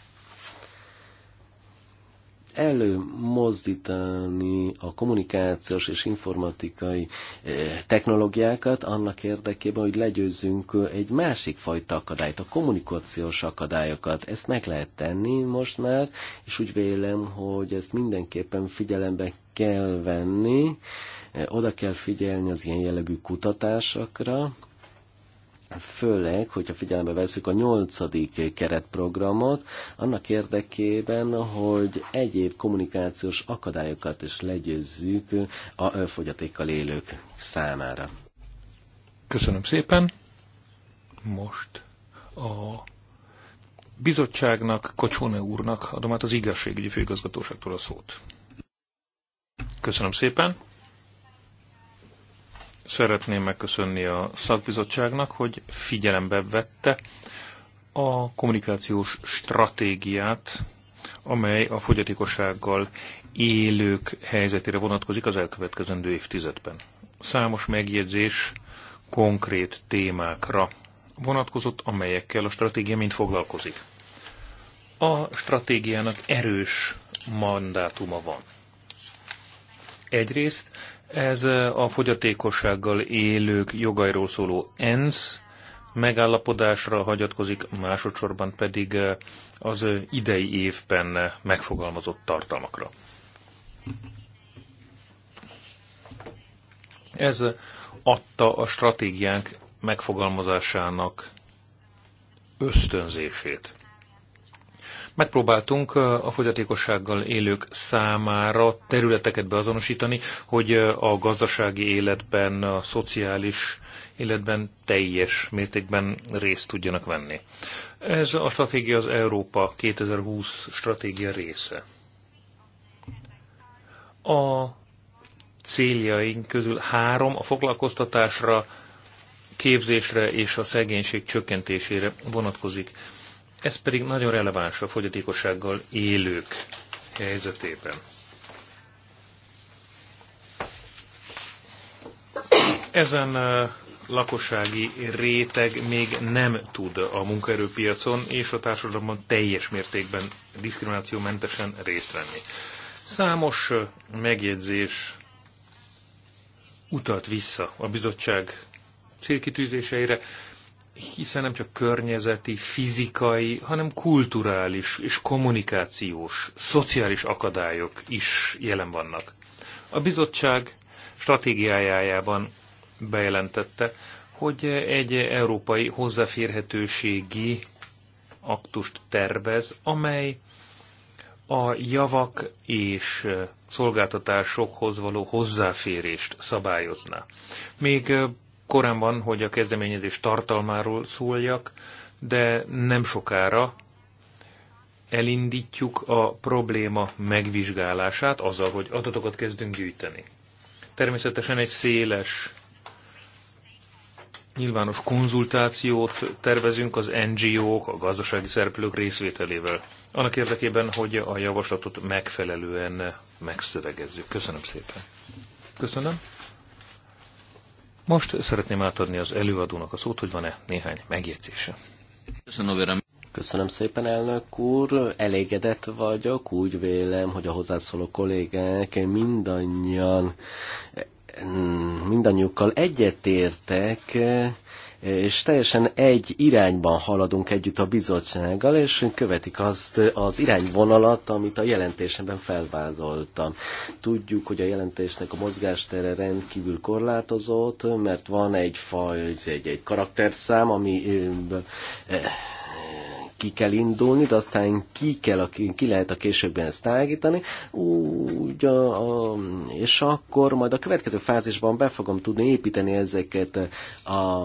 előmozdítani a kommunikációs és informatikai eh, technológiákat annak érdekében, hogy legyőzzünk egy másik fajta akadályt, a kommunikációs akadályokat. Ezt meg lehet tenni most már, és úgy vélem, hogy ezt mindenképpen figyelembe kell venni, eh, oda kell figyelni az ilyen jellegű kutatásokra, főleg, hogyha figyelembe veszük a nyolcadik keretprogramot, annak érdekében, hogy egyéb kommunikációs akadályokat is legyőzzük a fogyatékkal élők számára. Köszönöm szépen. Most a bizottságnak, Kocsone úrnak adom át az igazságügyi főigazgatóságtól a szót. Köszönöm szépen szeretném megköszönni a szakbizottságnak, hogy figyelembe vette a kommunikációs stratégiát, amely a fogyatékossággal élők helyzetére vonatkozik az elkövetkezendő évtizedben. Számos megjegyzés konkrét témákra vonatkozott, amelyekkel a stratégia mind foglalkozik. A stratégiának erős mandátuma van. Egyrészt ez a fogyatékossággal élők jogairól szóló ENSZ megállapodásra hagyatkozik, másodszorban pedig az idei évben megfogalmazott tartalmakra. Ez adta a stratégiánk megfogalmazásának ösztönzését. Megpróbáltunk a fogyatékossággal élők számára területeket beazonosítani, hogy a gazdasági életben, a szociális életben teljes mértékben részt tudjanak venni. Ez a stratégia az Európa 2020 stratégia része. A céljaink közül három a foglalkoztatásra, képzésre és a szegénység csökkentésére vonatkozik. Ez pedig nagyon releváns a fogyatékossággal élők helyzetében. Ezen lakossági réteg még nem tud a munkaerőpiacon és a társadalomban teljes mértékben diszkriminációmentesen részt venni. Számos megjegyzés utalt vissza a bizottság célkitűzéseire, hiszen nem csak környezeti, fizikai, hanem kulturális és kommunikációs, szociális akadályok is jelen vannak. A bizottság stratégiájában bejelentette, hogy egy európai hozzáférhetőségi aktust tervez, amely a javak és szolgáltatásokhoz való hozzáférést szabályozna. Még korán van, hogy a kezdeményezés tartalmáról szóljak, de nem sokára elindítjuk a probléma megvizsgálását azzal, hogy adatokat kezdünk gyűjteni. Természetesen egy széles nyilvános konzultációt tervezünk az NGO-k, a gazdasági szereplők részvételével. Annak érdekében, hogy a javaslatot megfelelően megszövegezzük. Köszönöm szépen. Köszönöm. Most szeretném átadni az előadónak a szót, hogy van-e néhány megjegyzése. Köszönöm, Köszönöm szépen, elnök úr. Elégedett vagyok. Úgy vélem, hogy a hozzászóló kollégák mindannyian mindannyiukkal egyetértek, és teljesen egy irányban haladunk együtt a bizottsággal, és követik azt az irányvonalat, amit a jelentésemben felvázoltam. Tudjuk, hogy a jelentésnek a mozgástere rendkívül korlátozott, mert van egy faj, egy, egy karakterszám, ami ki kell indulni, de aztán ki, kell, ki lehet a későbben ezt tágítani, úgy, a, a, és akkor majd a következő fázisban be fogom tudni építeni ezeket a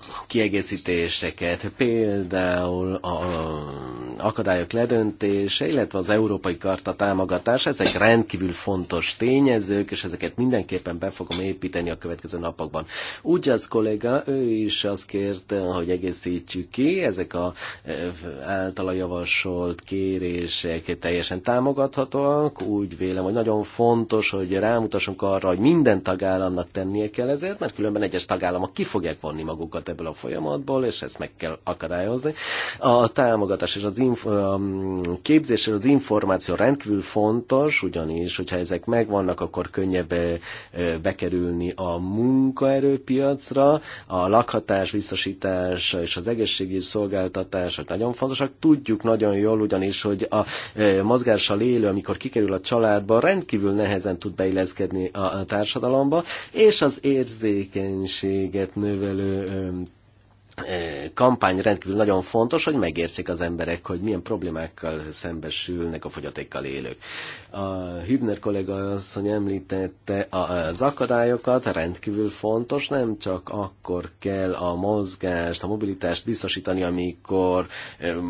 kiegészítéseket, például a akadályok ledöntése, illetve az Európai Karta támogatása, ezek rendkívül fontos tényezők, és ezeket mindenképpen be fogom építeni a következő napokban. Úgy az kollega, ő is azt kérte, hogy egészítsük ki, ezek a e, általa javasolt kérések teljesen támogathatóak, úgy vélem, hogy nagyon fontos, hogy rámutassunk arra, hogy minden tagállamnak tennie kell ezért, mert különben egyes tagállamok ki fogják vonni magukat ebből a folyamatból, és ezt meg kell akadályozni. A támogatás és az inf- a mm, képzés és az információ rendkívül fontos, ugyanis, hogyha ezek megvannak, akkor könnyebb bekerülni a munkaerőpiacra, a lakhatás, biztosítás és az egészségügyi szolgáltatások nagyon fontosak. Tudjuk nagyon jól ugyanis, hogy a mozgással élő, amikor kikerül a családba, rendkívül nehezen tud beilleszkedni a társadalomba, és az érzékenységet növelő E, kampány rendkívül nagyon fontos, hogy megértsék az emberek, hogy milyen problémákkal szembesülnek a fogyatékkal élők. A Hübner kollega asszony említette az akadályokat, rendkívül fontos, nem csak akkor kell a mozgást, a mobilitást biztosítani, amikor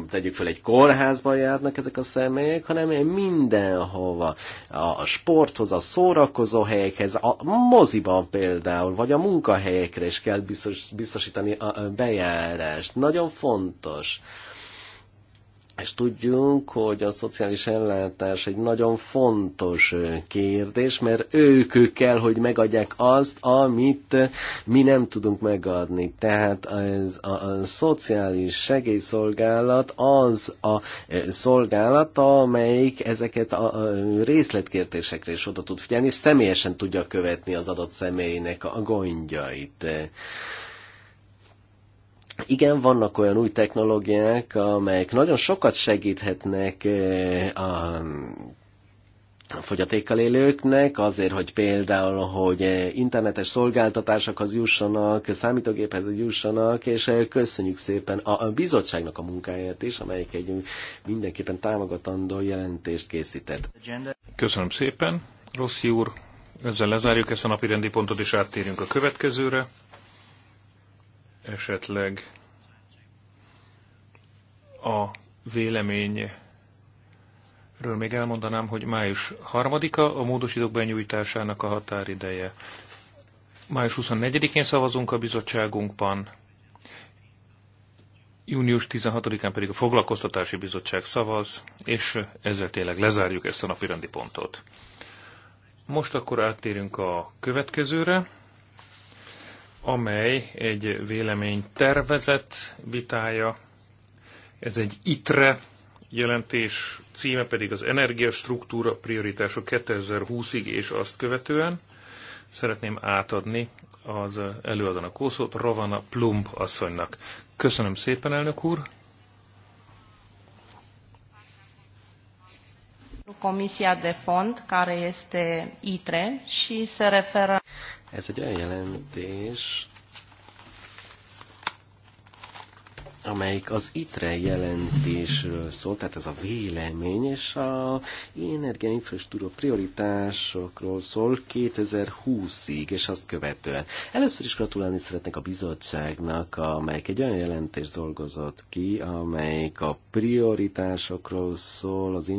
tegyük fel egy kórházba járnak ezek a személyek, hanem mindenhova. A sporthoz, a szórakozó helyekhez, a moziban például, vagy a munkahelyekre is kell biztos, biztosítani a bejárást. Nagyon fontos és tudjunk, hogy a szociális ellátás egy nagyon fontos kérdés, mert ők, ők kell, hogy megadják azt, amit mi nem tudunk megadni. Tehát ez a, a szociális segélyszolgálat az a szolgálat, amelyik ezeket a, részletkértésekre részletkérdésekre is oda tud figyelni, és személyesen tudja követni az adott személynek a gondjait igen, vannak olyan új technológiák, amelyek nagyon sokat segíthetnek eh, a fogyatékkal élőknek, azért, hogy például, hogy eh, internetes szolgáltatásokhoz jussanak, számítógéphez jussanak, és eh, köszönjük szépen a bizottságnak a munkáját is, amelyik egy mindenképpen támogatandó jelentést készített. Köszönöm szépen, Rossi úr. Ezzel lezárjuk ezt a napi rendi pontot, és áttérünk a következőre esetleg a véleményről még elmondanám, hogy május 3-a a módosítók benyújtásának a határideje. Május 24-én szavazunk a bizottságunkban, június 16-án pedig a Foglalkoztatási Bizottság szavaz, és ezzel tényleg lezárjuk ezt a napirendi pontot. Most akkor áttérünk a következőre amely egy vélemény tervezett vitája. Ez egy ITRE jelentés, címe pedig az energiastruktúra prioritások 2020-ig és azt követően. Szeretném átadni az előadónak kószót Ravana Plumb asszonynak. Köszönöm szépen, elnök úr! Comisia de Fond, care este ITRE, și se referă... Ez egy olyan jelentés, amelyik az ITRE jelentésről szól, tehát ez a vélemény, és a energiainfrastruktúra prioritásokról szól 2020-ig, és azt követően. Először is gratulálni szeretnék a bizottságnak, amelyik egy olyan jelentés dolgozott ki, amelyik a prioritásokról szól az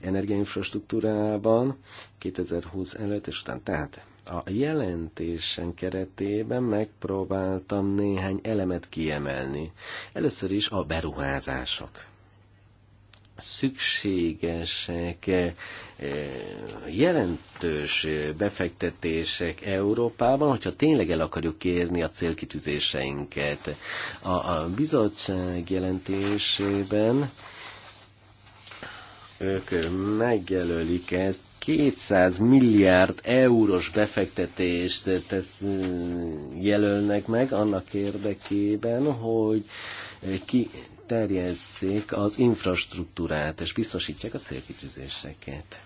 energiainfrastruktúrában 2020 előtt és után. Tehát a jelentésen keretében megpróbáltam néhány elemet kiemelni. Először is a beruházások szükségesek, eh, jelentős befektetések Európában, hogyha tényleg el akarjuk érni a célkitűzéseinket. A, a bizottság jelentésében ők megjelölik ezt 200 milliárd eurós befektetést tesz, jelölnek meg annak érdekében, hogy ki terjesszék az infrastruktúrát, és biztosítják a célkitűzéseket.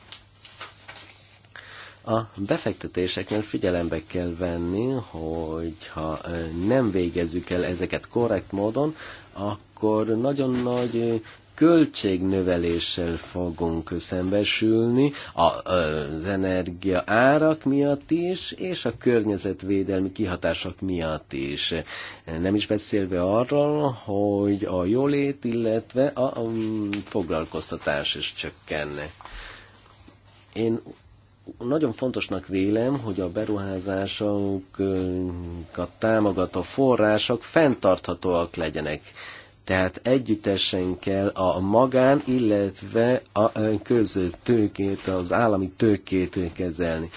A befektetéseknél figyelembe kell venni, hogy ha nem végezzük el ezeket korrekt módon, akkor nagyon nagy költségnöveléssel fogunk szembesülni az energia árak miatt is, és a környezetvédelmi kihatások miatt is. Nem is beszélve arról, hogy a jólét, illetve a foglalkoztatás is csökkenne. Én nagyon fontosnak vélem, hogy a beruházásokat támogató források fenntarthatóak legyenek tehát együttesen kell a magán, illetve a tőkét, az állami tőkét kezelni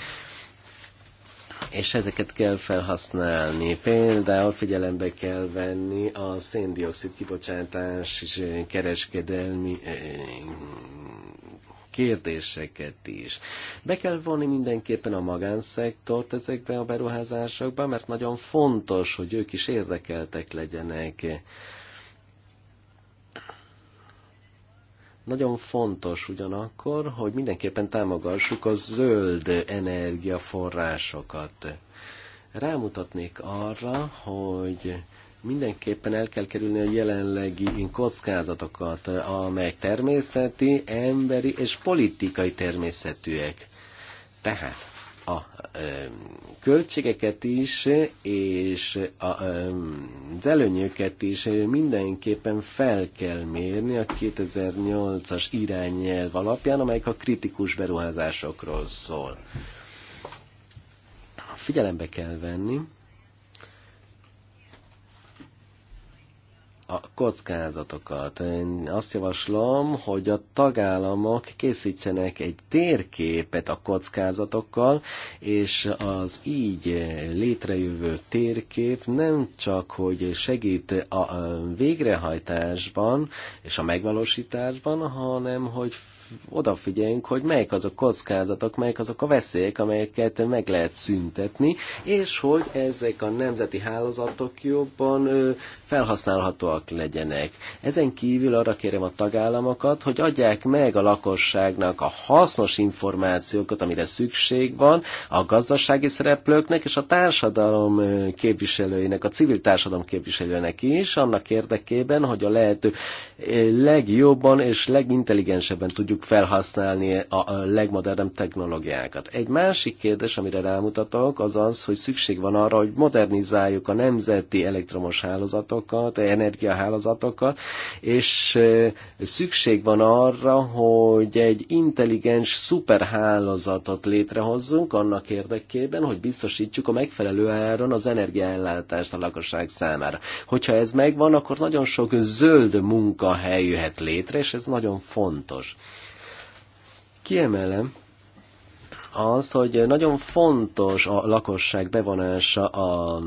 és ezeket kell felhasználni. Például figyelembe kell venni a széndiokszid kibocsátás és eh, kereskedelmi eh, kérdéseket is. Be kell vonni mindenképpen a magánszektort ezekbe a beruházásokba, mert nagyon fontos, hogy ők is érdekeltek legyenek Nagyon fontos ugyanakkor, hogy mindenképpen támogassuk a zöld energiaforrásokat. Rámutatnék arra, hogy mindenképpen el kell kerülni a jelenlegi kockázatokat, amelyek természeti, emberi és politikai természetűek. Tehát a költségeket is, és a, az előnyöket is mindenképpen fel kell mérni a 2008-as irányelv alapján, amelyik a kritikus beruházásokról szól. Figyelembe kell venni, a kockázatokat. Én azt javaslom, hogy a tagállamok készítsenek egy térképet a kockázatokkal, és az így létrejövő térkép nem csak, hogy segít a végrehajtásban és a megvalósításban, hanem hogy odafigyeljünk, hogy melyik azok a kockázatok, melyik azok a veszélyek, amelyeket meg lehet szüntetni, és hogy ezek a nemzeti hálózatok jobban felhasználhatóak legyenek. Ezen kívül arra kérem a tagállamokat, hogy adják meg a lakosságnak a hasznos információkat, amire szükség van, a gazdasági szereplőknek és a társadalom képviselőinek, a civil társadalom képviselőinek is, annak érdekében, hogy a lehető legjobban és legintelligensebben tudjuk tudjuk felhasználni a legmodernebb technológiákat. Egy másik kérdés, amire rámutatok, az az, hogy szükség van arra, hogy modernizáljuk a nemzeti elektromos hálózatokat, energiahálózatokat, és szükség van arra, hogy egy intelligens szuperhálózatot létrehozzunk annak érdekében, hogy biztosítsuk a megfelelő áron az energiaellátást a lakosság számára. Hogyha ez megvan, akkor nagyon sok zöld munkahely jöhet létre, és ez nagyon fontos. Kiemelem azt, hogy nagyon fontos a lakosság bevonása a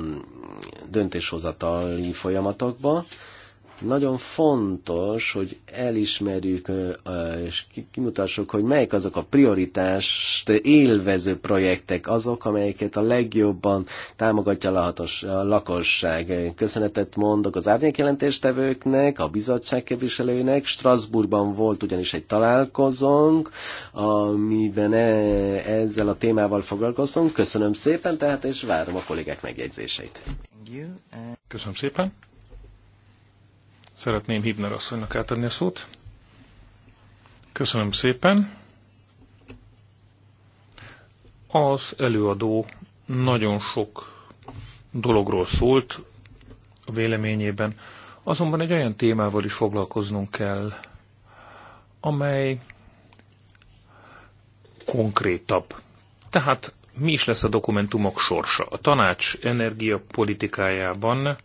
döntéshozatali folyamatokba, nagyon fontos, hogy elismerjük és kimutassuk, hogy melyik azok a prioritást élvező projektek, azok, amelyeket a legjobban támogatja a, hatos, a lakosság. Köszönetet mondok az árnyékjelentéstevőknek, a bizottság képviselőinek. Strasbourgban volt ugyanis egy találkozónk, amiben e, ezzel a témával foglalkoztunk. Köszönöm szépen, tehát és várom a kollégák megjegyzéseit. Köszönöm szépen. Szeretném Hibner asszonynak átadni a szót. Köszönöm szépen. Az előadó nagyon sok dologról szólt a véleményében, azonban egy olyan témával is foglalkoznunk kell, amely konkrétabb. Tehát mi is lesz a dokumentumok sorsa? A tanács energiapolitikájában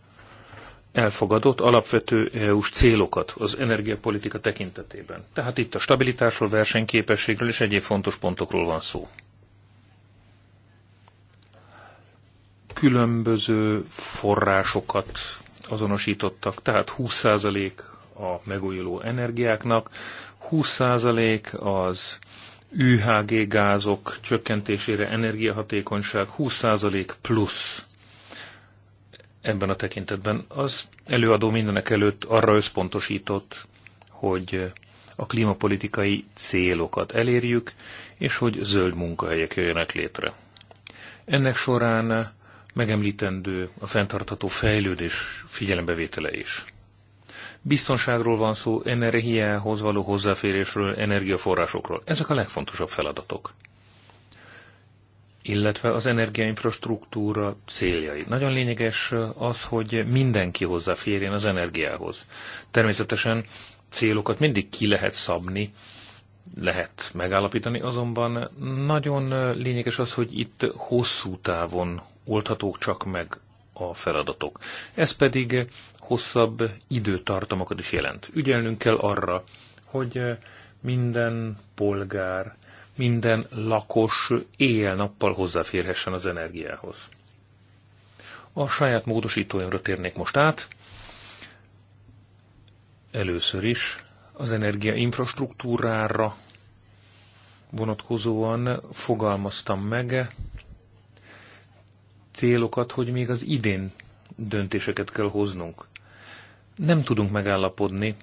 elfogadott alapvető EU-s célokat az energiapolitika tekintetében. Tehát itt a stabilitásról, versenyképességről és egyéb fontos pontokról van szó. Különböző forrásokat azonosítottak, tehát 20% a megújuló energiáknak, 20% az UHG gázok csökkentésére, energiahatékonyság, 20% plusz ebben a tekintetben. Az előadó mindenek előtt arra összpontosított, hogy a klímapolitikai célokat elérjük, és hogy zöld munkahelyek jöjjenek létre. Ennek során megemlítendő a fenntartható fejlődés figyelembevétele is. Biztonságról van szó, energiához való hozzáférésről, energiaforrásokról. Ezek a legfontosabb feladatok illetve az energiainfrastruktúra céljai. Nagyon lényeges az, hogy mindenki hozzáférjen az energiához. Természetesen célokat mindig ki lehet szabni, lehet megállapítani, azonban nagyon lényeges az, hogy itt hosszú távon oldhatók csak meg a feladatok. Ez pedig hosszabb időtartamokat is jelent. Ügyelnünk kell arra, hogy minden polgár minden lakos éjjel-nappal hozzáférhessen az energiához. A saját módosítóimra térnék most át. Először is az energiainfrastruktúrára vonatkozóan fogalmaztam meg célokat, hogy még az idén döntéseket kell hoznunk. Nem tudunk megállapodni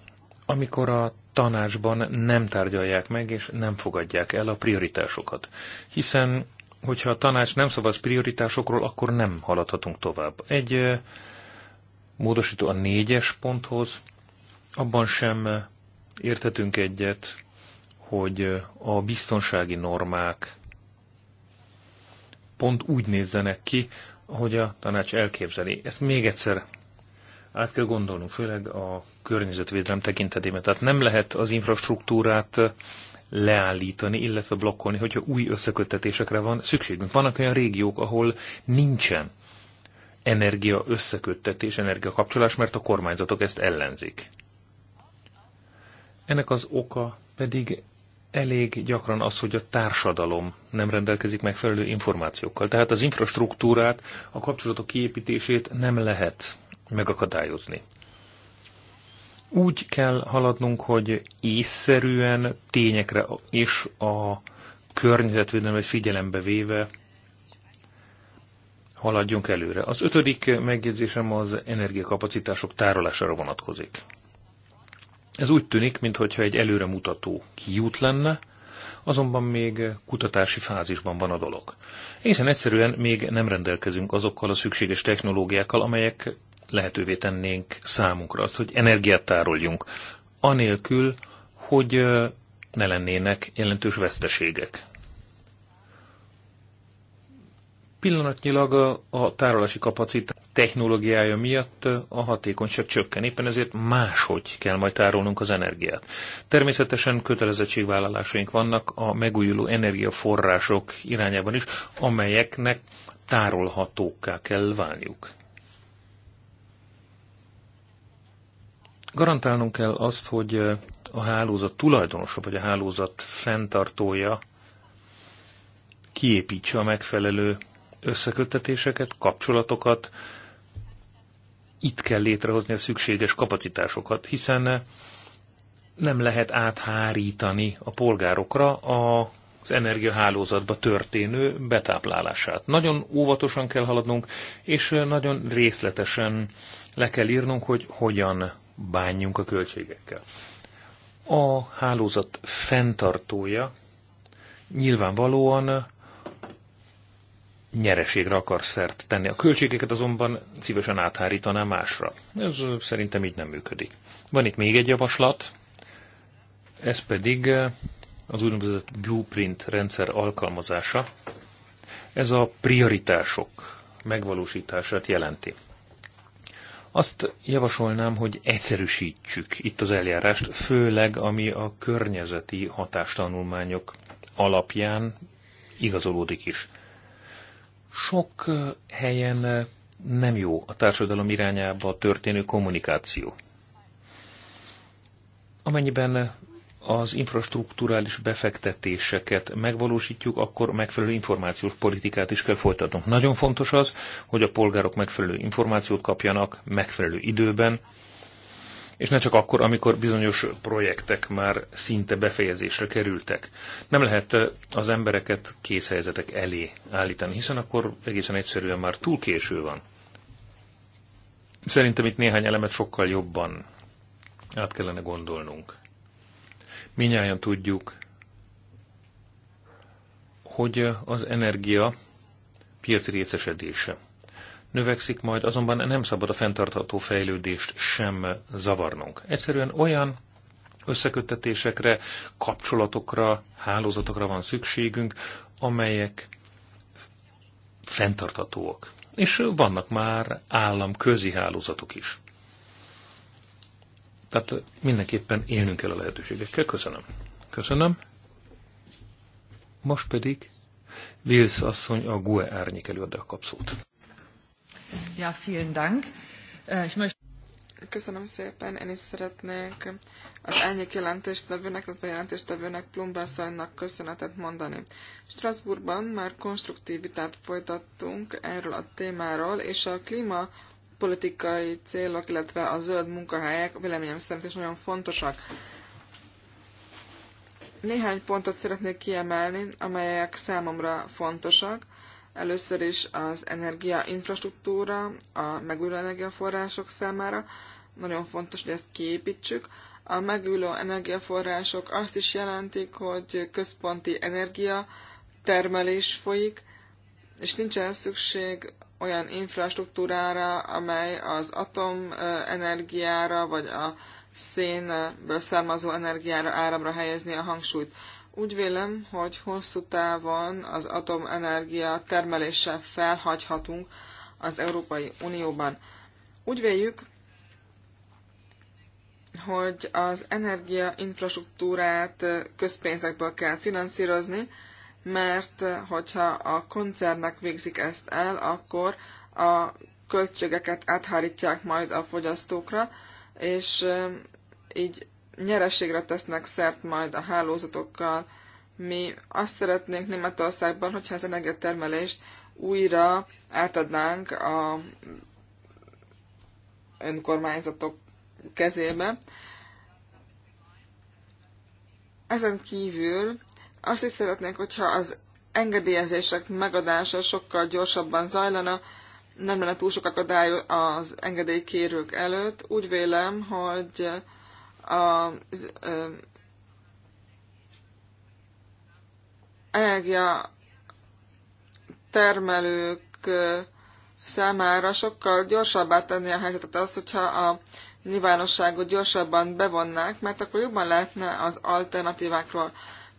amikor a tanácsban nem tárgyalják meg és nem fogadják el a prioritásokat. Hiszen, hogyha a tanács nem szavaz prioritásokról, akkor nem haladhatunk tovább. Egy módosító a négyes ponthoz, abban sem érthetünk egyet, hogy a biztonsági normák pont úgy nézzenek ki, ahogy a tanács elképzeli. Ezt még egyszer át kell gondolnunk, főleg a környezetvédelem tekintetében. Tehát nem lehet az infrastruktúrát leállítani, illetve blokkolni, hogyha új összeköttetésekre van szükségünk. Vannak olyan régiók, ahol nincsen energia összeköttetés, energia kapcsolás, mert a kormányzatok ezt ellenzik. Ennek az oka pedig elég gyakran az, hogy a társadalom nem rendelkezik megfelelő információkkal. Tehát az infrastruktúrát, a kapcsolatok kiépítését nem lehet megakadályozni. Úgy kell haladnunk, hogy észszerűen tényekre és a környezetvédelmet figyelembe véve haladjunk előre. Az ötödik megjegyzésem az energiakapacitások tárolására vonatkozik. Ez úgy tűnik, mintha egy előremutató kiút lenne, azonban még kutatási fázisban van a dolog. Hiszen egyszerűen még nem rendelkezünk azokkal a szükséges technológiákkal, amelyek lehetővé tennénk számunkra azt, hogy energiát tároljunk, anélkül, hogy ne lennének jelentős veszteségek. Pillanatnyilag a, tárolási kapacitás technológiája miatt a hatékonyság csökken, éppen ezért máshogy kell majd tárolnunk az energiát. Természetesen kötelezettségvállalásaink vannak a megújuló energiaforrások irányában is, amelyeknek tárolhatókká kell válniuk. Garantálnunk kell azt, hogy a hálózat tulajdonosa vagy a hálózat fenntartója kiépítse a megfelelő összeköttetéseket, kapcsolatokat, itt kell létrehozni a szükséges kapacitásokat, hiszen nem lehet áthárítani a polgárokra a az energiahálózatba történő betáplálását. Nagyon óvatosan kell haladnunk, és nagyon részletesen le kell írnunk, hogy hogyan bánjunk a költségekkel. A hálózat fenntartója nyilvánvalóan nyereségre akar szert tenni. A költségeket azonban szívesen áthárítaná másra. Ez szerintem így nem működik. Van itt még egy javaslat, ez pedig az úgynevezett blueprint rendszer alkalmazása. Ez a prioritások megvalósítását jelenti. Azt javasolnám, hogy egyszerűsítsük itt az eljárást, főleg ami a környezeti hatástanulmányok alapján igazolódik is. Sok helyen nem jó a társadalom irányába történő kommunikáció. Amennyiben az infrastruktúrális befektetéseket megvalósítjuk, akkor megfelelő információs politikát is kell folytatnunk. Nagyon fontos az, hogy a polgárok megfelelő információt kapjanak megfelelő időben, és ne csak akkor, amikor bizonyos projektek már szinte befejezésre kerültek. Nem lehet eh, az embereket készhelyzetek elé állítani, hiszen akkor egészen egyszerűen már túl késő van. Szerintem itt néhány elemet sokkal jobban át kellene gondolnunk. Minnyáján tudjuk, hogy az energia piaci részesedése növekszik majd, azonban nem szabad a fenntartható fejlődést sem zavarnunk. Egyszerűen olyan összeköttetésekre, kapcsolatokra, hálózatokra van szükségünk, amelyek fenntarthatóak. És vannak már államközi hálózatok is. Tehát mindenképpen élnünk kell a lehetőségekkel. Köszönöm. Köszönöm. Most pedig Wills asszony a GUE árnyék előadja a kapszót. Ja, vielen Dank. Äh, ich möchte... Köszönöm szépen, én is szeretnék az elnyék jelentéstevőnek, a jelentéstevőnek Plumbászajnak köszönetet mondani. Strasbourgban már konstruktív vitát folytattunk erről a témáról, és a klíma politikai célok, illetve a zöld munkahelyek véleményem szerint is nagyon fontosak. Néhány pontot szeretnék kiemelni, amelyek számomra fontosak. Először is az energia infrastruktúra, a megújuló energiaforrások számára. Nagyon fontos, hogy ezt kiépítsük. A megújuló energiaforrások azt is jelentik, hogy központi energia termelés folyik, és nincsen szükség olyan infrastruktúrára, amely az atomenergiára vagy a szénből származó energiára áramra helyezni a hangsúlyt. Úgy vélem, hogy hosszú távon az atomenergia termeléssel felhagyhatunk az Európai Unióban. Úgy véljük, hogy az energiainfrastruktúrát közpénzekből kell finanszírozni, mert eh, hogyha a koncernek végzik ezt el, akkor a költségeket áthárítják majd a fogyasztókra, és eh, így nyereségre tesznek szert majd a hálózatokkal. Mi azt szeretnénk Németországban, hogyha az energiatermelést újra átadnánk a önkormányzatok kezébe. Ezen kívül azt is szeretnék, hogyha az engedélyezések megadása sokkal gyorsabban zajlana, nem lenne túl sok akadály az engedélykérők előtt. Úgy vélem, hogy a energia termelők számára sokkal gyorsabbá tenni a helyzetet az, hogyha a nyilvánosságot gyorsabban bevonnák, mert akkor jobban lehetne az alternatívákról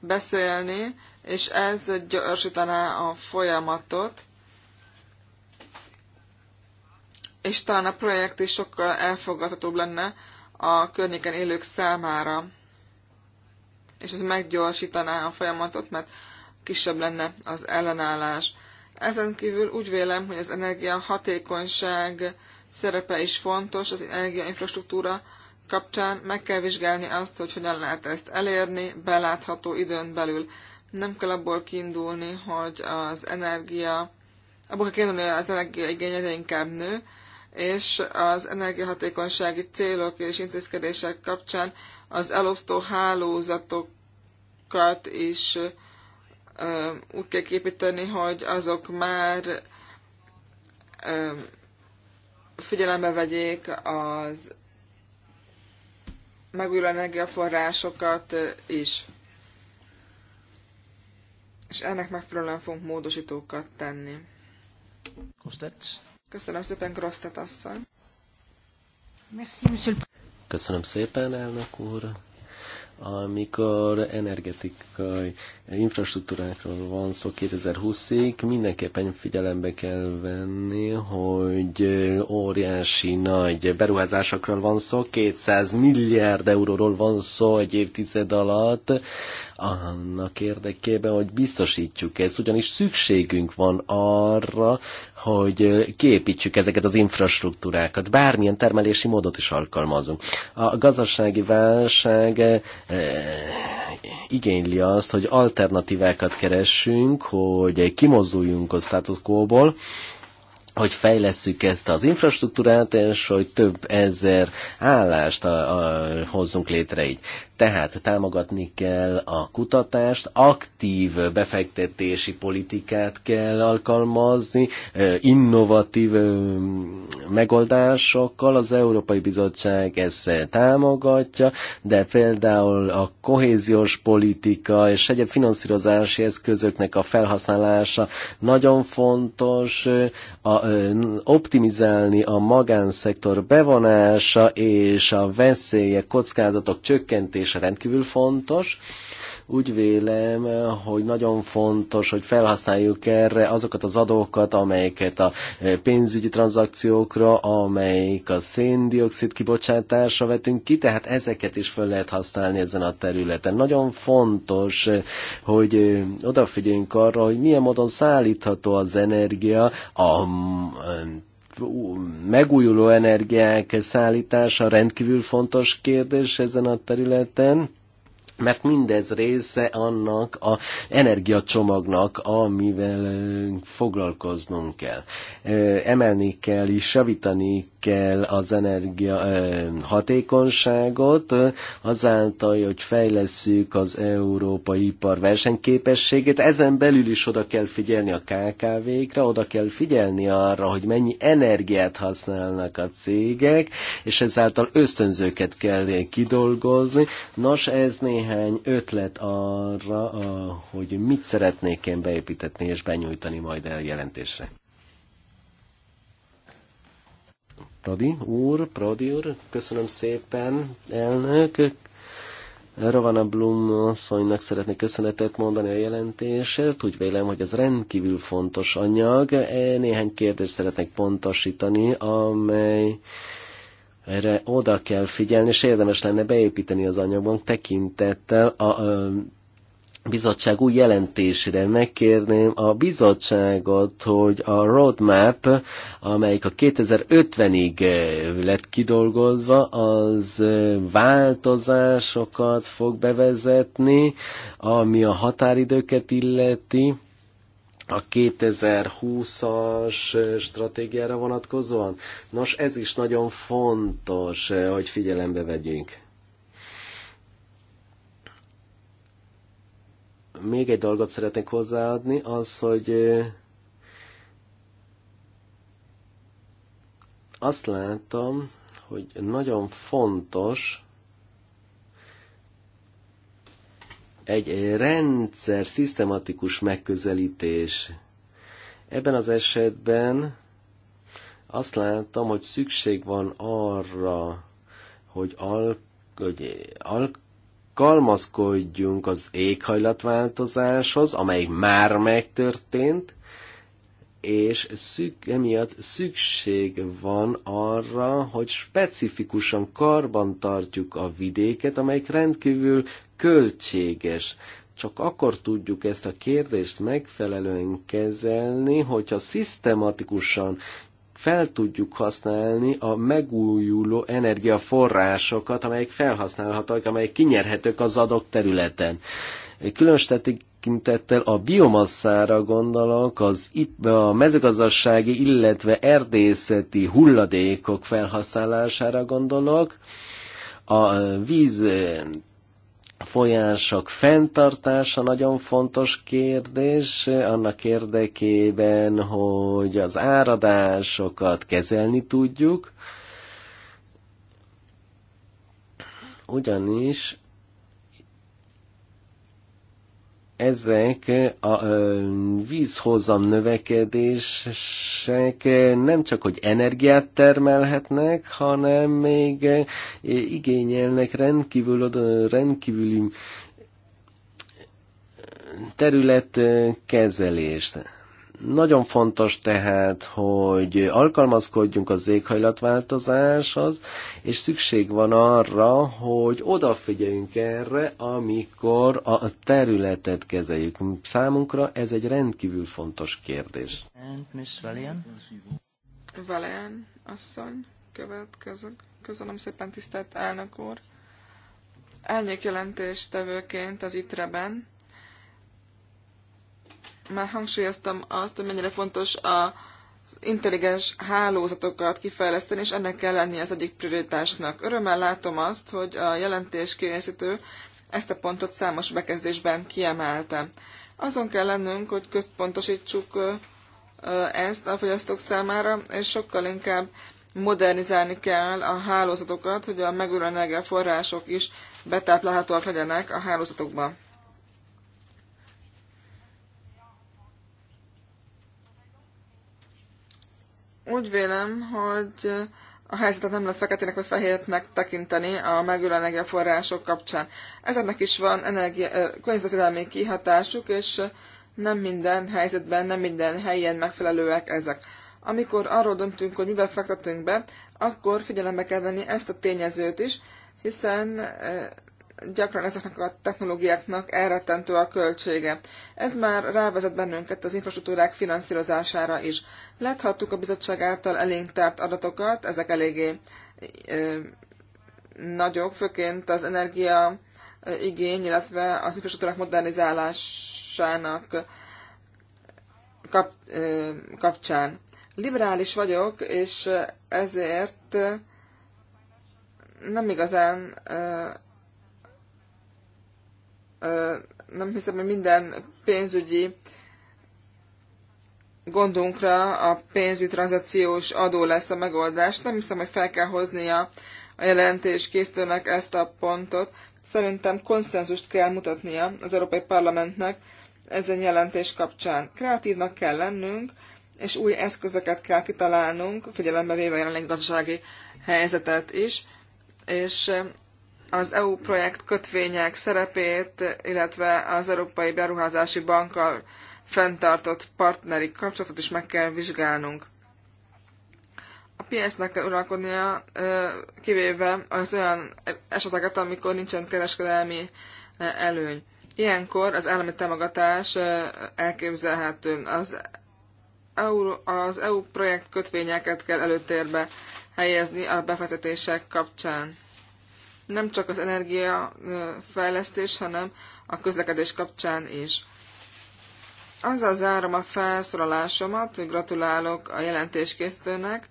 beszélni, és ez gyorsítaná a folyamatot, és talán a projekt is sokkal elfogadhatóbb lenne a környéken élők számára. És ez meggyorsítaná a folyamatot, mert kisebb lenne az ellenállás. Ezen kívül úgy vélem, hogy az energia hatékonyság szerepe is fontos, az energiainfrastruktúra infrastruktúra kapcsán meg kell vizsgálni azt, hogy hogyan lehet ezt elérni belátható időn belül. Nem kell abból kiindulni, hogy az energia, abból kell kiindulni, hogy az energia igényre inkább nő, és az energiahatékonysági célok és intézkedések kapcsán az elosztó hálózatokat is ö, úgy kell képíteni, hogy azok már ö, figyelembe vegyék az megújuló energiaforrásokat is. És ennek megfelelően fogunk módosítókat tenni. Kostet. Köszönöm szépen, Grosztet asszony. Köszönöm szépen, elnök úr amikor energetikai infrastruktúrákról van szó 2020-ig, mindenképpen figyelembe kell venni, hogy óriási nagy beruházásokról van szó, 200 milliárd euróról van szó egy évtized alatt, annak érdekében, hogy biztosítjuk ezt, ugyanis szükségünk van arra, hogy képítsük ezeket az infrastruktúrákat, bármilyen termelési módot is alkalmazunk. A gazdasági válság e, igényli azt, hogy alternatívákat keressünk, hogy kimozduljunk a status quo-ból, hogy fejlesszük ezt az infrastruktúrát, és hogy több ezer állást a, a, hozzunk létre így. Tehát támogatni kell a kutatást, aktív befektetési politikát kell alkalmazni, innovatív megoldásokkal az Európai Bizottság ezt támogatja, de például a kohéziós politika és egyéb finanszírozási eszközöknek a felhasználása nagyon fontos, a, optimizálni a magánszektor bevonása és a veszélyek, kockázatok csökkentése és rendkívül fontos. Úgy vélem, hogy nagyon fontos, hogy felhasználjuk erre azokat az adókat, amelyeket a pénzügyi tranzakciókra, amelyik a széndiokszid kibocsátásra vetünk ki, tehát ezeket is fel lehet használni ezen a területen. Nagyon fontos, hogy odafigyeljünk arra, hogy milyen módon szállítható az energia a megújuló energiák szállítása rendkívül fontos kérdés ezen a területen, mert mindez része annak a energiacsomagnak, amivel foglalkoznunk kell. Emelni kell és javítani kell az energia ö, hatékonyságot, azáltal, hogy fejleszünk az európai ipar versenyképességét. Ezen belül is oda kell figyelni a kkv kre oda kell figyelni arra, hogy mennyi energiát használnak a cégek, és ezáltal ösztönzőket kell kidolgozni. Nos, ez néhány ötlet arra, hogy mit szeretnék én beépítetni és benyújtani majd a jelentésre. Pradi úr, Pradi úr, köszönöm szépen, elnök. Ravana Blum asszonynak szeretnék köszönetet mondani a jelentésért. Úgy vélem, hogy ez rendkívül fontos anyag. E, néhány kérdést szeretnék pontosítani, amely erre oda kell figyelni, és érdemes lenne beépíteni az anyagban tekintettel a, a bizottság új jelentésére megkérném a bizottságot, hogy a roadmap, amelyik a 2050-ig eh, lett kidolgozva, az eh, változásokat fog bevezetni, ami a határidőket illeti, a 2020-as eh, stratégiára vonatkozóan. Nos, ez is nagyon fontos, hogy figyelembe vegyünk. Még egy dolgot szeretnék hozzáadni, az, hogy azt látom, hogy nagyon fontos egy rendszer, szisztematikus megközelítés. Ebben az esetben azt látom, hogy szükség van arra, hogy, al, hogy al, kalmazkodjunk az éghajlatváltozáshoz, amely már megtörtént, és szük, emiatt szükség van arra, hogy specifikusan karban tartjuk a vidéket, amelyik rendkívül költséges. Csak akkor tudjuk ezt a kérdést megfelelően kezelni, hogyha szisztematikusan fel tudjuk használni a megújuló energiaforrásokat, amelyek felhasználhatók, amelyek kinyerhetők az adott területen. Különös tekintettel a biomasszára gondolok, az, a mezőgazdasági, illetve erdészeti hulladékok felhasználására gondolok, a víz a folyások fenntartása nagyon fontos kérdés, annak érdekében, hogy az áradásokat kezelni tudjuk, ugyanis ezek a vízhozam növekedések nem csak, hogy energiát termelhetnek, hanem még igényelnek rendkívül, rendkívüli területkezelést nagyon fontos tehát, hogy alkalmazkodjunk az éghajlatváltozáshoz, és szükség van arra, hogy odafigyeljünk erre, amikor a területet kezeljük. Számunkra ez egy rendkívül fontos kérdés. And Miss Valian? Valian asszony, következők. Köszönöm szépen, tisztelt elnök úr. Elnyék jelentéstevőként az ITRE-ben már hangsúlyoztam azt, hogy mennyire fontos a az intelligens hálózatokat kifejleszteni, és ennek kell lenni az egyik prioritásnak. Örömmel látom azt, hogy a jelentés készítő ezt a pontot számos bekezdésben kiemelte. Azon kell lennünk, hogy központosítsuk ezt a fogyasztók számára, és sokkal inkább modernizálni kell a hálózatokat, hogy a megújuló energiaforrások is betáplálhatóak legyenek a hálózatokban. Úgy vélem, hogy a helyzetet nem lehet feketének vagy fehérnek tekinteni a megülő energiaforrások kapcsán. Ezeknek is van energia, környezetvédelmi kihatásuk, és nem minden helyzetben, nem minden helyen megfelelőek ezek. Amikor arról döntünk, hogy mivel fektetünk be, akkor figyelembe kell venni ezt a tényezőt is, hiszen gyakran ezeknek a technológiáknak elrettentő a költsége. Ez már rávezet bennünket az infrastruktúrák finanszírozására is. Láthattuk a bizottság által elénk tárt adatokat, ezek eléggé ö, nagyok, főként az energia igény, illetve az infrastruktúrák modernizálásának kap, ö, kapcsán. Liberális vagyok, és ezért nem igazán ö, nem hiszem, hogy minden pénzügyi gondunkra a pénzügyi tranzakciós adó lesz a megoldás. Nem hiszem, hogy fel kell hoznia a jelentés készítőnek ezt a pontot. Szerintem konszenzust kell mutatnia az Európai Parlamentnek ezen jelentés kapcsán. Kreatívnak kell lennünk, és új eszközöket kell kitalálnunk, figyelembe véve jelenlegi gazdasági helyzetet is, és az EU projekt kötvények szerepét, illetve az Európai Beruházási Bankkal fenntartott partneri kapcsolatot is meg kell vizsgálnunk. A piacnak kell uralkodnia, kivéve az olyan eseteket, amikor nincsen kereskedelmi előny. Ilyenkor az állami támogatás elképzelhető. Az EU, az EU projekt kötvényeket kell előtérbe helyezni a befektetések kapcsán nem csak az energiafejlesztés, hanem a közlekedés kapcsán is. Azzal zárom a felszólalásomat, hogy gratulálok a jelentéskészítőnek,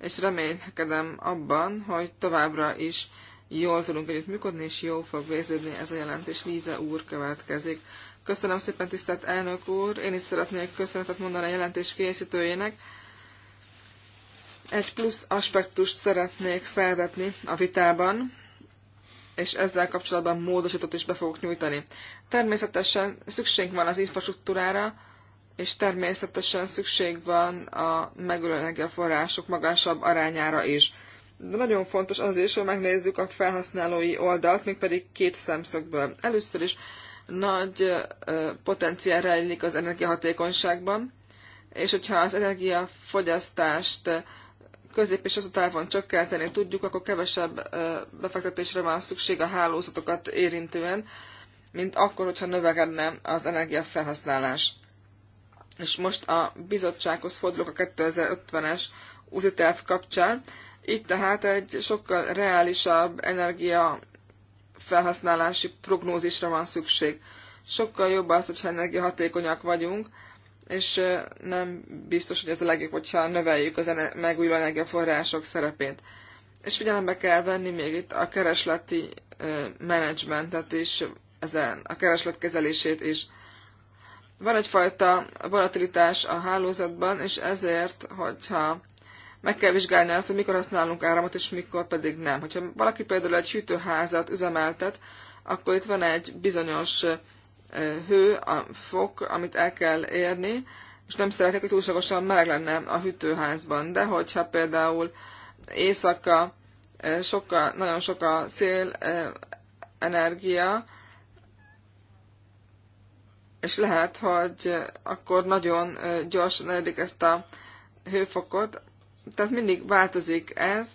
és reménykedem abban, hogy továbbra is jól tudunk együtt működni, és jó fog végződni ez a jelentés. Líze úr következik. Köszönöm szépen, tisztelt elnök úr! Én is szeretnék köszönetet mondani a jelentés készítőjének. Egy plusz aspektust szeretnék felvetni a vitában és ezzel kapcsolatban módosított is be fogok nyújtani. Természetesen szükség van az infrastruktúrára, és természetesen szükség van a megülő energiaforrások magasabb arányára is. De nagyon fontos az is, hogy megnézzük a felhasználói oldalt, mégpedig két szemszögből. Először is nagy potenciál rejlik az energiahatékonyságban, és hogyha az energiafogyasztást közép és hosszú távon csökkenteni tudjuk, akkor kevesebb befektetésre van szükség a hálózatokat érintően, mint akkor, hogyha növekedne az energiafelhasználás. És most a bizottsághoz fordulok a 2050-es úti terv kapcsán. Itt tehát egy sokkal reálisabb energia felhasználási prognózisra van szükség. Sokkal jobb az, hogyha energiahatékonyak vagyunk, és nem biztos, hogy ez a legjobb, hogyha növeljük az megújuló energiaforrások szerepét. És figyelembe kell venni még itt a keresleti menedzsmentet is, ezen a kereslet kezelését is. Van egyfajta volatilitás a hálózatban, és ezért, hogyha meg kell vizsgálni azt, hogy mikor használunk áramot, és mikor pedig nem. Hogyha valaki például egy hűtőházat üzemeltet, akkor itt van egy bizonyos hő, a fok, amit el kell érni, és nem szeretek, hogy túlságosan meleg lenne a hűtőházban. De hogyha például éjszaka e, soka, nagyon sok a szél e, energia, és lehet, hogy akkor nagyon e, gyorsan erik ezt a hőfokot, tehát mindig változik ez,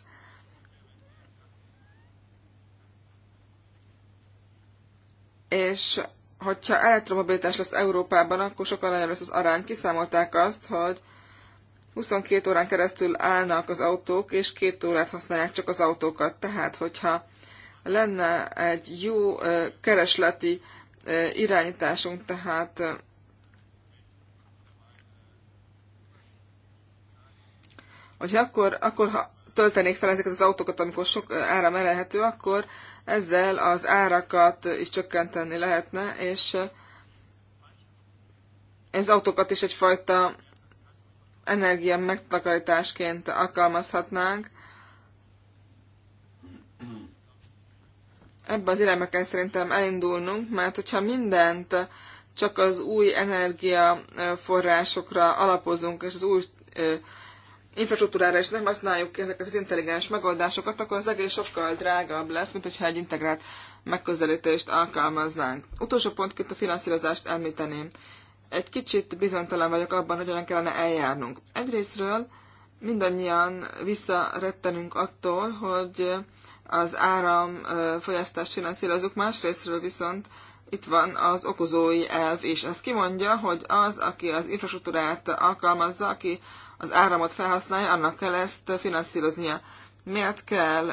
és hogyha elektromobilitás lesz Európában, akkor sokkal nagyobb lesz az arány. Kiszámolták azt, hogy 22 órán keresztül állnak az autók, és két órát használják csak az autókat. Tehát, hogyha lenne egy jó keresleti irányításunk, tehát hogy akkor, akkor ha töltenék fel ezeket az autókat, amikor sok áram elérhető, akkor ezzel az árakat is csökkenteni lehetne, és az autókat is egyfajta energia megtakarításként alkalmazhatnánk. Ebben az irányba szerintem elindulnunk, mert hogyha mindent csak az új energiaforrásokra alapozunk, és az új infrastruktúrára is nem használjuk ezeket az intelligens megoldásokat, akkor az egész sokkal drágább lesz, mint hogyha egy integrált megközelítést alkalmaznánk. Utolsó pontként a finanszírozást említeném. Egy kicsit bizonytalan vagyok abban, hogy olyan kellene eljárnunk. Egyrésztről mindannyian visszarettenünk attól, hogy az áramfogyasztást finanszírozunk, másrésztről viszont itt van az okozói elv és Ez kimondja, hogy az, aki az infrastruktúrát alkalmazza, aki az áramot felhasználja, annak kell ezt finanszíroznia. Miért kell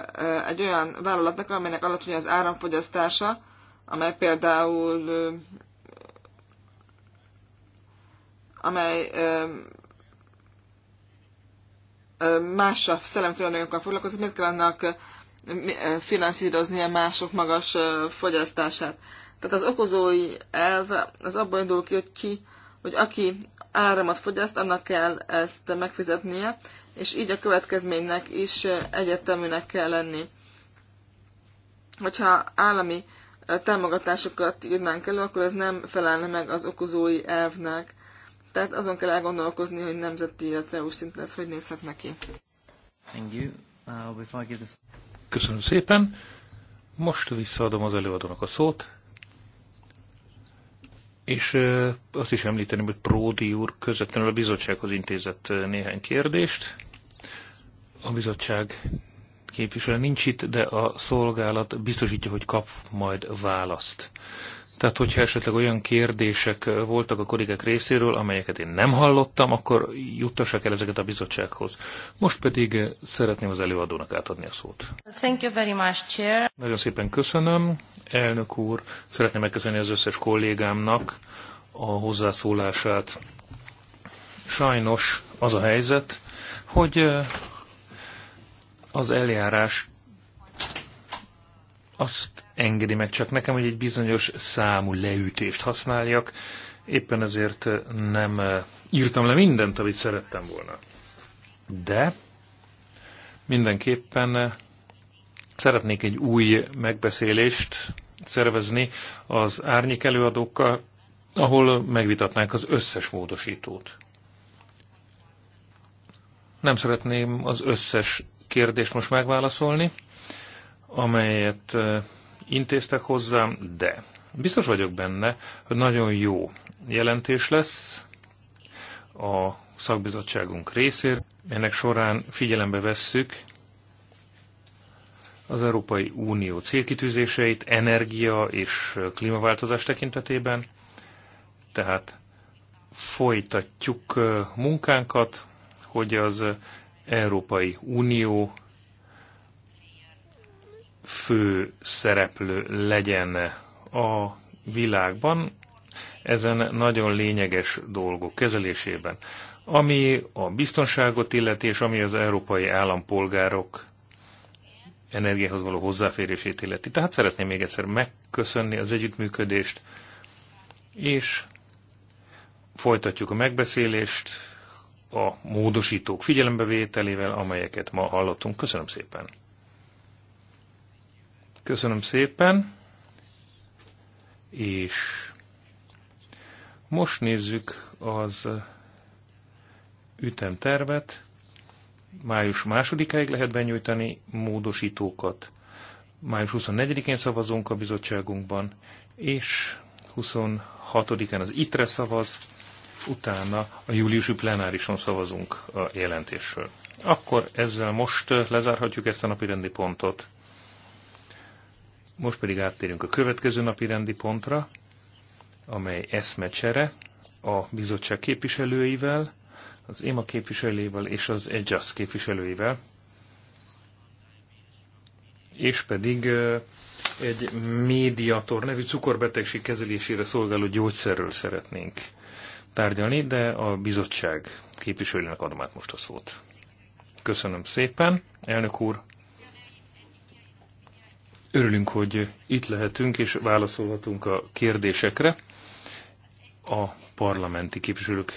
egy olyan vállalatnak, amelynek alacsony az áramfogyasztása, amely például amely más a szellemtelen foglalkozik, miért kell annak finanszíroznia mások magas fogyasztását. Tehát az okozói elv az abban indul ki, hogy ki, hogy aki áramot fogyaszt, annak kell ezt megfizetnie, és így a következménynek is egyeteműnek kell lenni. Hogyha állami támogatásokat írnánk elő, akkor ez nem felelne meg az okozói elvnek. Tehát azon kell elgondolkozni, hogy nemzeti, illetve új szinten ez hogy nézhet neki. Uh, Köszönöm szépen. Most visszaadom az előadónak a szót. És azt is említeném, hogy Pródi úr közvetlenül a bizottsághoz intézett néhány kérdést. A bizottság képviselő nincs itt, de a szolgálat biztosítja, hogy kap majd választ tehát, hogyha esetleg olyan kérdések voltak a kollégák részéről, amelyeket én nem hallottam, akkor juttassak el ezeket a bizottsághoz. Most pedig szeretném az előadónak átadni a szót. Thank you very much, Chair. Nagyon szépen köszönöm, elnök úr. Szeretném megköszönni az összes kollégámnak a hozzászólását. Sajnos az a helyzet, hogy az eljárás azt engedi meg csak nekem, hogy egy bizonyos számú leütést használjak, éppen ezért eh, nem eh, írtam le mindent, amit szerettem volna. De mindenképpen eh, szeretnék egy új megbeszélést szervezni az árnyék előadókkal, ahol megvitatnánk az összes módosítót. Nem szeretném az összes kérdést most megválaszolni, amelyet intéztek hozzám, de biztos vagyok benne, hogy nagyon jó jelentés lesz a szakbizottságunk részéről. Ennek során figyelembe vesszük az Európai Unió célkitűzéseit energia és klímaváltozás tekintetében, tehát folytatjuk munkánkat, hogy az Európai Unió fő szereplő legyen a világban ezen nagyon lényeges dolgok kezelésében, ami a biztonságot illeti, és ami az európai állampolgárok energiához való hozzáférését illeti. Tehát szeretném még egyszer megköszönni az együttműködést, és folytatjuk a megbeszélést a módosítók figyelembevételével, amelyeket ma hallottunk. Köszönöm szépen! Köszönöm szépen, és most nézzük az ütemtervet. Május másodikáig lehet benyújtani módosítókat. Május 24-én szavazunk a bizottságunkban, és 26-án az ITRE szavaz, utána a júliusi plenárison szavazunk a jelentésről. Akkor ezzel most lezárhatjuk ezt a napi rendi pontot. Most pedig áttérünk a következő napi rendi pontra, amely eszmecsere a bizottság képviselőivel, az EMA képviselőivel és az EJAS képviselőivel, és pedig egy médiator nevű cukorbetegség kezelésére szolgáló gyógyszerről szeretnénk tárgyalni, de a bizottság képviselőnek adom át most a szót. Köszönöm szépen, elnök úr, Örülünk, hogy itt lehetünk és válaszolhatunk a kérdésekre a parlamenti képviselők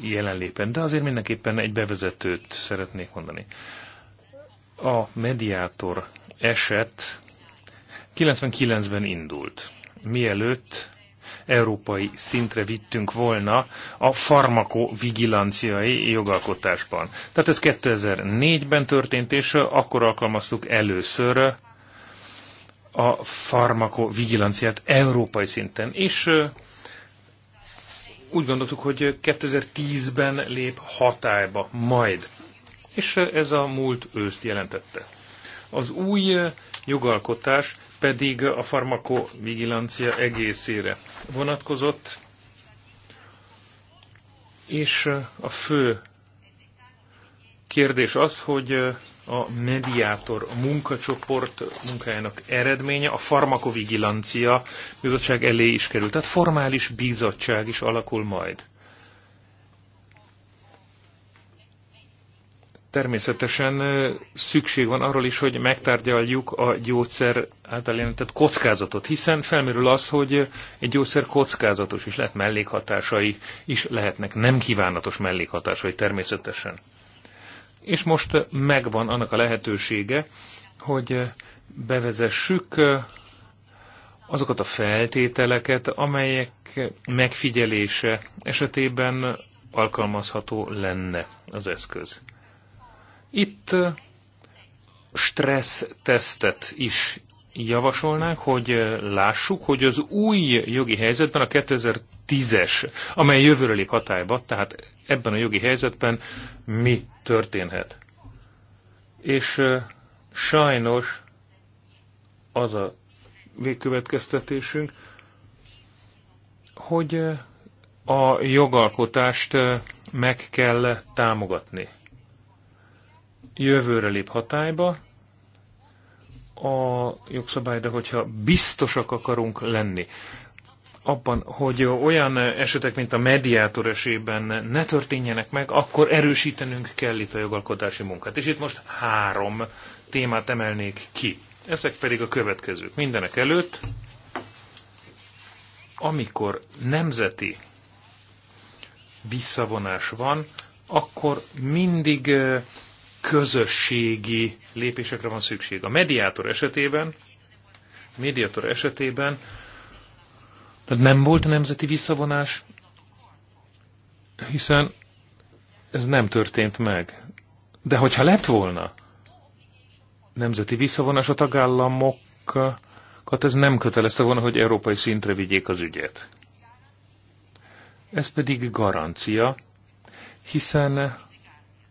jelenlépen, de azért mindenképpen egy bevezetőt szeretnék mondani. A mediátor eset 99-ben indult, mielőtt európai szintre vittünk volna a farmakovigilanciai jogalkotásban. Tehát ez 2004-ben történt, és akkor alkalmaztuk először a farmakovigilanciát európai szinten, és úgy gondoltuk, hogy 2010-ben lép hatályba majd. És ez a múlt őszt jelentette. Az új jogalkotás pedig a farmakovigilancia egészére vonatkozott, és a fő kérdés az, hogy a mediátor a munkacsoport munkájának eredménye a farmakovigilancia bizottság elé is került, Tehát formális bizottság is alakul majd. Természetesen szükség van arról is, hogy megtárgyaljuk a gyógyszer által jelentett kockázatot, hiszen felmerül az, hogy egy gyógyszer kockázatos is lehet, mellékhatásai is lehetnek, nem kívánatos mellékhatásai természetesen és most megvan annak a lehetősége, hogy bevezessük azokat a feltételeket, amelyek megfigyelése esetében alkalmazható lenne az eszköz. Itt stressz tesztet is javasolnánk, hogy lássuk, hogy az új jogi helyzetben a 2010-es, amely jövőre lép hatályba, tehát ebben a jogi helyzetben mi történhet. És uh, sajnos az a végkövetkeztetésünk, hogy uh, a jogalkotást uh, meg kell támogatni. Jövőre lép hatályba a jogszabály, de hogyha biztosak akarunk lenni, abban, hogy olyan esetek, mint a mediátor esében ne történjenek meg, akkor erősítenünk kell itt a jogalkotási munkát. És itt most három témát emelnék ki. Ezek pedig a következők. Mindenek előtt, amikor nemzeti visszavonás van, akkor mindig közösségi lépésekre van szükség. A mediátor esetében, mediátor esetében tehát nem volt nemzeti visszavonás, hiszen ez nem történt meg. De hogyha lett volna nemzeti visszavonás, a tagállamokat ez nem kötelezte volna, hogy európai szintre vigyék az ügyet. Ez pedig garancia, hiszen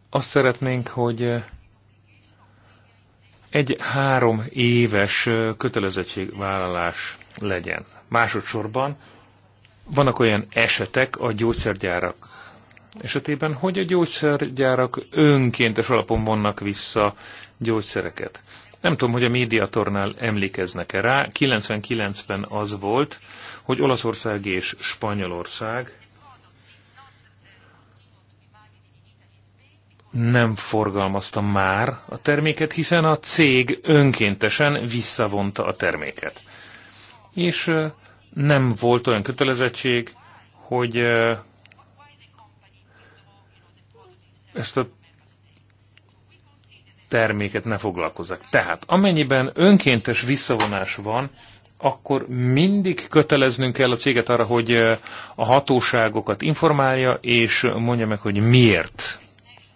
azt szeretnénk, hogy egy három éves kötelezettségvállalás legyen. Másodszorban vannak olyan esetek a gyógyszergyárak esetében, hogy a gyógyszergyárak önkéntes alapon vonnak vissza gyógyszereket. Nem tudom, hogy a médiatornál emlékeznek-e rá. 99 90 az volt, hogy Olaszország és Spanyolország nem forgalmazta már a terméket, hiszen a cég önkéntesen visszavonta a terméket. És nem volt olyan kötelezettség, hogy ezt a terméket ne foglalkozzák. Tehát amennyiben önkéntes visszavonás van, akkor mindig köteleznünk kell a céget arra, hogy a hatóságokat informálja, és mondja meg, hogy miért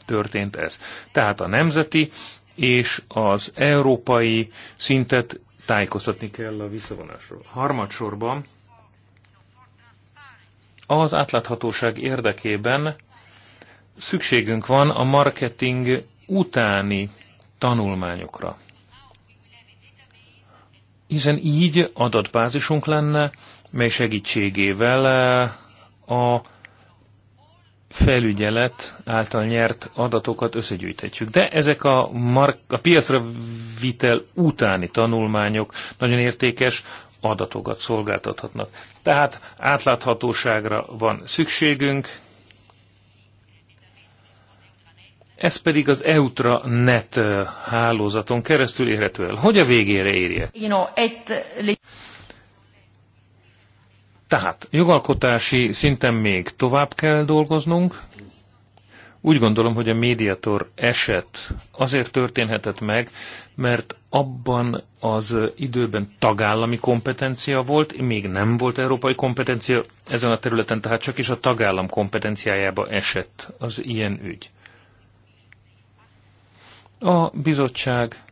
történt ez. Tehát a nemzeti és az európai szintet tájékoztatni kell a visszavonásról. Harmadsorban az átláthatóság érdekében szükségünk van a marketing utáni tanulmányokra. Hiszen így adatbázisunk lenne, mely segítségével eh, a felügyelet által nyert adatokat összegyűjthetjük. De ezek a, mark, a piacra vitel utáni tanulmányok nagyon értékes adatokat szolgáltathatnak. Tehát átláthatóságra van szükségünk, ez pedig az Eutranet eh, hálózaton keresztül érhető el. Hogy a végére érje? Tehát jogalkotási szinten még tovább kell dolgoznunk. Úgy gondolom, hogy a médiator eset azért történhetett meg, mert abban az időben tagállami kompetencia volt, még nem volt európai kompetencia ezen a területen, tehát csak is a tagállam kompetenciájába esett az ilyen ügy. A bizottság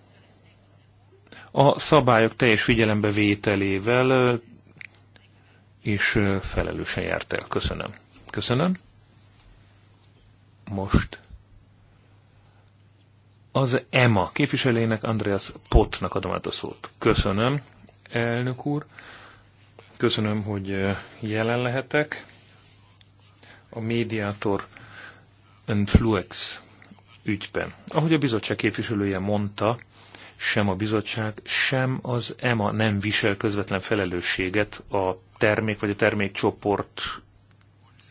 a szabályok teljes figyelembevételével és felelősen járt el. Köszönöm. Köszönöm. Most az EMA képviselőjének, Andreas Potnak adom át a szót. Köszönöm, elnök úr. Köszönöm, hogy jelen lehetek. A médiátor Influex ügyben. Ahogy a bizottság képviselője mondta, sem a bizottság, sem az EMA nem visel közvetlen felelősséget a termék vagy a termékcsoport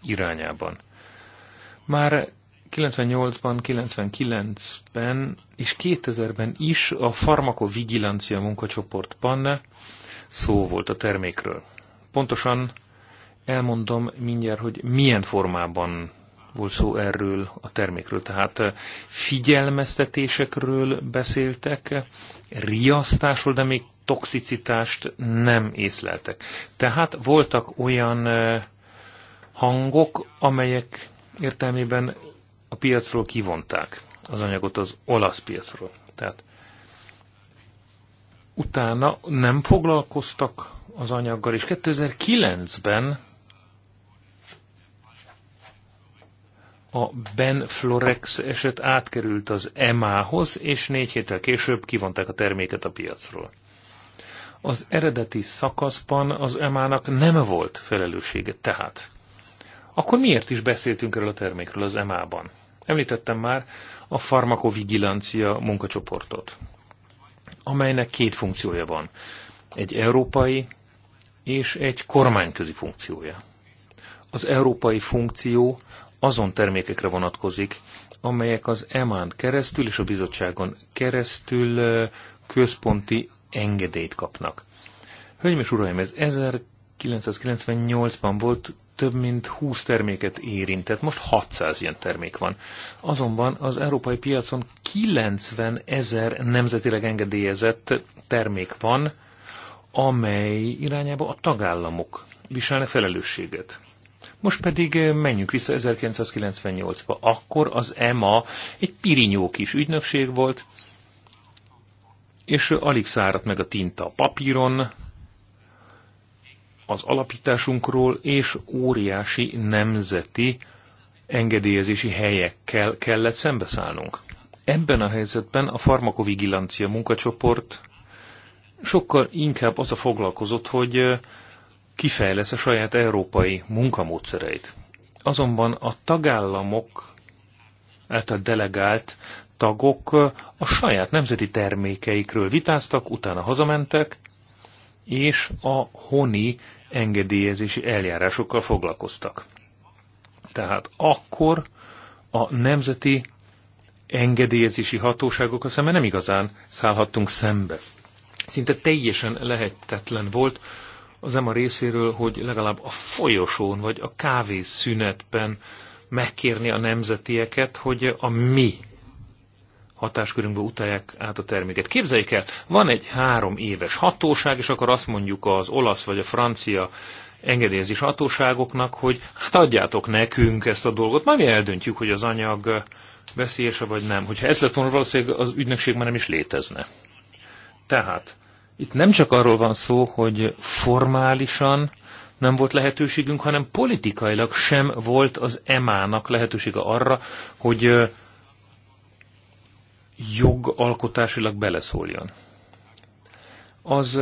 irányában. Már 98-ban, 99-ben és 2000-ben is a farmakovigilancia munkacsoportban szó volt a termékről. Pontosan elmondom mindjárt, hogy milyen formában volt szó erről a termékről. Tehát figyelmeztetésekről beszéltek, riasztásról, de még toxicitást nem észleltek. Tehát voltak olyan hangok, amelyek értelmében a piacról kivonták az anyagot az olasz piacról. Tehát utána nem foglalkoztak az anyaggal, és 2009-ben a Benflorex eset átkerült az EMA-hoz, és négy héttel később kivonták a terméket a piacról. Az eredeti szakaszban az emának nem volt felelőssége tehát. Akkor miért is beszéltünk erről a termékről az emában? Említettem már a farmakovigilancia munkacsoportot, amelynek két funkciója van. Egy európai és egy kormányközi funkciója. Az európai funkció azon termékekre vonatkozik, amelyek az EMA-n keresztül és a bizottságon keresztül központi engedélyt kapnak. Hölgyeim és uraim, ez 1998-ban volt több mint 20 terméket érintett, most 600 ilyen termék van. Azonban az európai piacon 90 ezer nemzetileg engedélyezett termék van, amely irányába a tagállamok viselnek felelősséget. Most pedig eh, menjünk vissza 1998-ba. Akkor az EMA egy pirinyó kis ügynökség volt, és alig száradt meg a tinta a papíron, az alapításunkról, és óriási nemzeti engedélyezési helyekkel kellett szembeszállnunk. Ebben a helyzetben a farmakovigilancia munkacsoport sokkal inkább az a foglalkozott, hogy kifejlesz a saját európai munkamódszereit. Azonban a tagállamok által delegált tagok a saját nemzeti termékeikről vitáztak, utána hazamentek, és a honi engedélyezési eljárásokkal foglalkoztak. Tehát akkor a nemzeti engedélyezési hatóságok szemben nem igazán szállhattunk szembe. Szinte teljesen lehetetlen volt az EMA részéről, hogy legalább a folyosón vagy a kávészünetben megkérni a nemzetieket, hogy a mi hatáskörünkbe utálják át a terméket. Képzeljék el, van egy három éves hatóság, és akkor azt mondjuk az olasz vagy a francia engedélyezés hatóságoknak, hogy hát adjátok nekünk ezt a dolgot, majd mi eldöntjük, hogy az anyag veszélyese vagy nem. Hogyha ez lett volna, valószínűleg az ügynökség már nem is létezne. Tehát itt nem csak arról van szó, hogy formálisan nem volt lehetőségünk, hanem politikailag sem volt az EMA-nak lehetősége arra, hogy jogalkotásilag beleszóljon. Az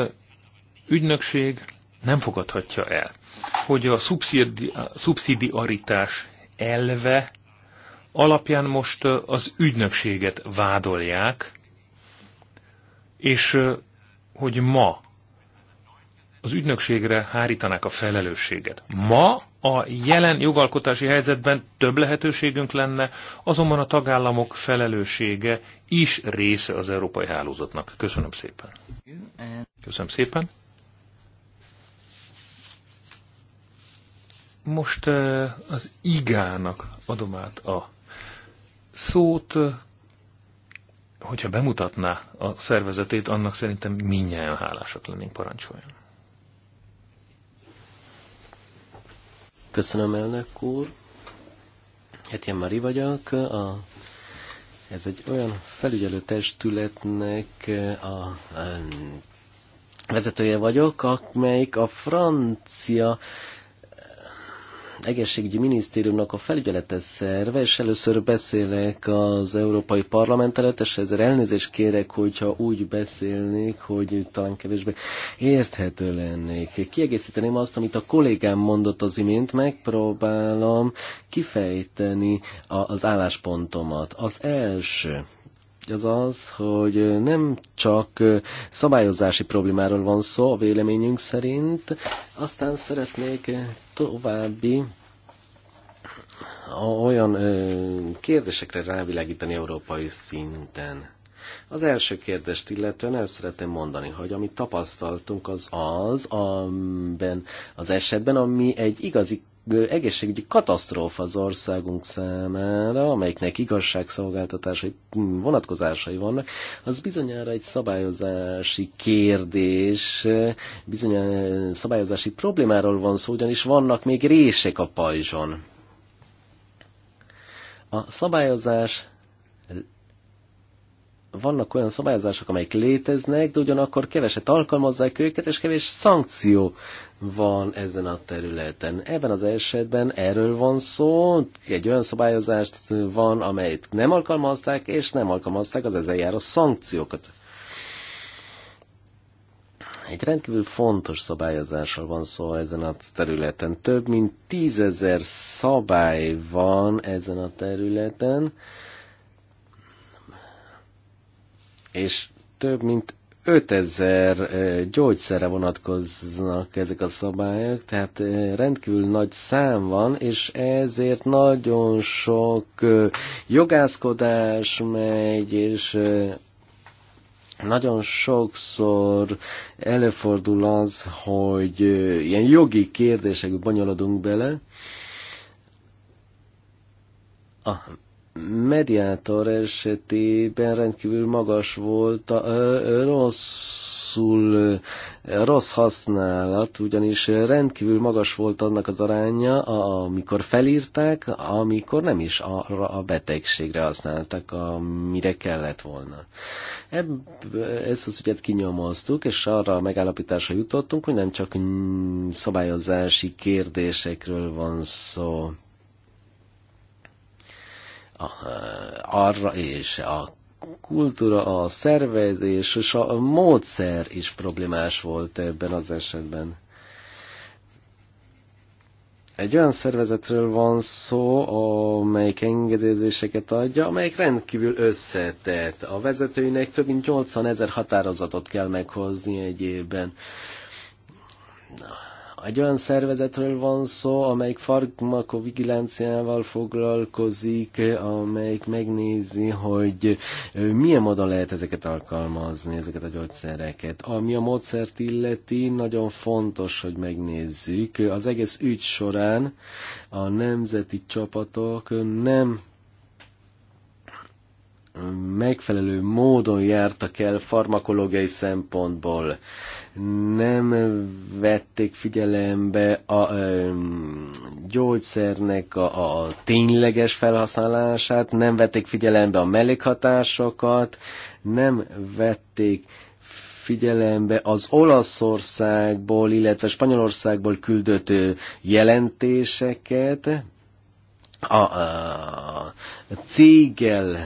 ügynökség nem fogadhatja el, hogy a szubszidiaritás elve alapján most uh, az ügynökséget vádolják, és uh, hogy ma az ügynökségre hárítanák a felelősséget. Ma a jelen jogalkotási helyzetben több lehetőségünk lenne, azonban a tagállamok felelőssége is része az európai hálózatnak. Köszönöm szépen. Köszönöm szépen. Most eh, az igának adom át a szót, hogyha bemutatná a szervezetét, annak szerintem minnyáján hálásak lennénk, parancsoljon. Köszönöm, elnök úr. Hetjen Mari vagyok. A, ez egy olyan felügyelő testületnek a, a vezetője vagyok, amelyik a francia egészségügyi minisztériumnak a felügyelete szerve, és először beszélek az Európai Parlament előtt, és ezzel elnézést kérek, hogyha úgy beszélnék, hogy talán kevésbé érthető lennék. Kiegészíteném azt, amit a kollégám mondott az imént, megpróbálom kifejteni az álláspontomat. Az első az az, hogy nem csak szabályozási problémáról van szó a véleményünk szerint, aztán szeretnék további olyan kérdésekre rávilágítani európai szinten. Az első kérdést illetően el szeretném mondani, hogy amit tapasztaltunk az az, amiben az esetben, ami egy igazi egészségügyi katasztrófa az országunk számára, amelyiknek igazságszolgáltatásai vonatkozásai vannak, az bizonyára egy szabályozási kérdés, bizonyára szabályozási problémáról van szó, ugyanis vannak még rések a pajzson. A szabályozás vannak olyan szabályozások, amelyek léteznek, de ugyanakkor keveset alkalmazzák őket, és kevés szankció van ezen a területen. Ebben az esetben erről van szó, egy olyan szabályozást van, amelyet nem alkalmazták, és nem alkalmazták az ezzel járó szankciókat. Egy rendkívül fontos szabályozásról van szó ezen a területen. Több mint tízezer szabály van ezen a területen és több mint 5000 gyógyszerre vonatkoznak ezek a szabályok, tehát rendkívül nagy szám van, és ezért nagyon sok jogászkodás megy, és nagyon sokszor előfordul az, hogy ilyen jogi kérdésekbe bonyolodunk bele, mediátor esetében rendkívül magas volt a rosszul, rossz használat, ugyanis rendkívül magas volt annak az aránya, amikor felírták, amikor nem is arra a betegségre használtak, amire kellett volna. ezt az ügyet kinyomoztuk, és arra a megállapításra jutottunk, hogy nem csak szabályozási kérdésekről van szó arra, és a kultúra, a szervezés és a módszer is problémás volt ebben az esetben. Egy olyan szervezetről van szó, amelyik engedélyezéseket adja, amelyik rendkívül összetett. A vezetőinek több mint 80 ezer határozatot kell meghozni egy évben egy olyan szervezetről van szó, amelyik farmakovigilanciával foglalkozik, amelyik megnézi, hogy milyen módon lehet ezeket alkalmazni, ezeket a gyógyszereket. Ami a módszert illeti, nagyon fontos, hogy megnézzük. Az egész ügy során a nemzeti csapatok nem megfelelő módon jártak el farmakológiai szempontból. Nem vették figyelembe a ö, gyógyszernek a, a tényleges felhasználását, nem vették figyelembe a mellékhatásokat, nem vették figyelembe az Olaszországból, illetve Spanyolországból küldött jelentéseket, a, a, a céggel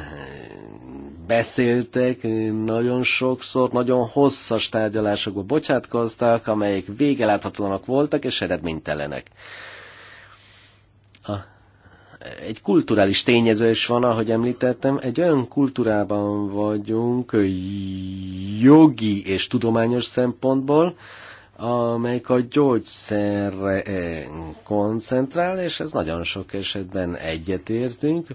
beszéltek, nagyon sokszor, nagyon hosszas tárgyalásokba bocsátkoztak, amelyek végeláthatatlanak voltak és eredménytelenek. A, egy kulturális tényező is van, ahogy említettem, egy olyan kultúrában vagyunk jogi és tudományos szempontból, amelyik a gyógyszerre koncentrál, és ez nagyon sok esetben egyetértünk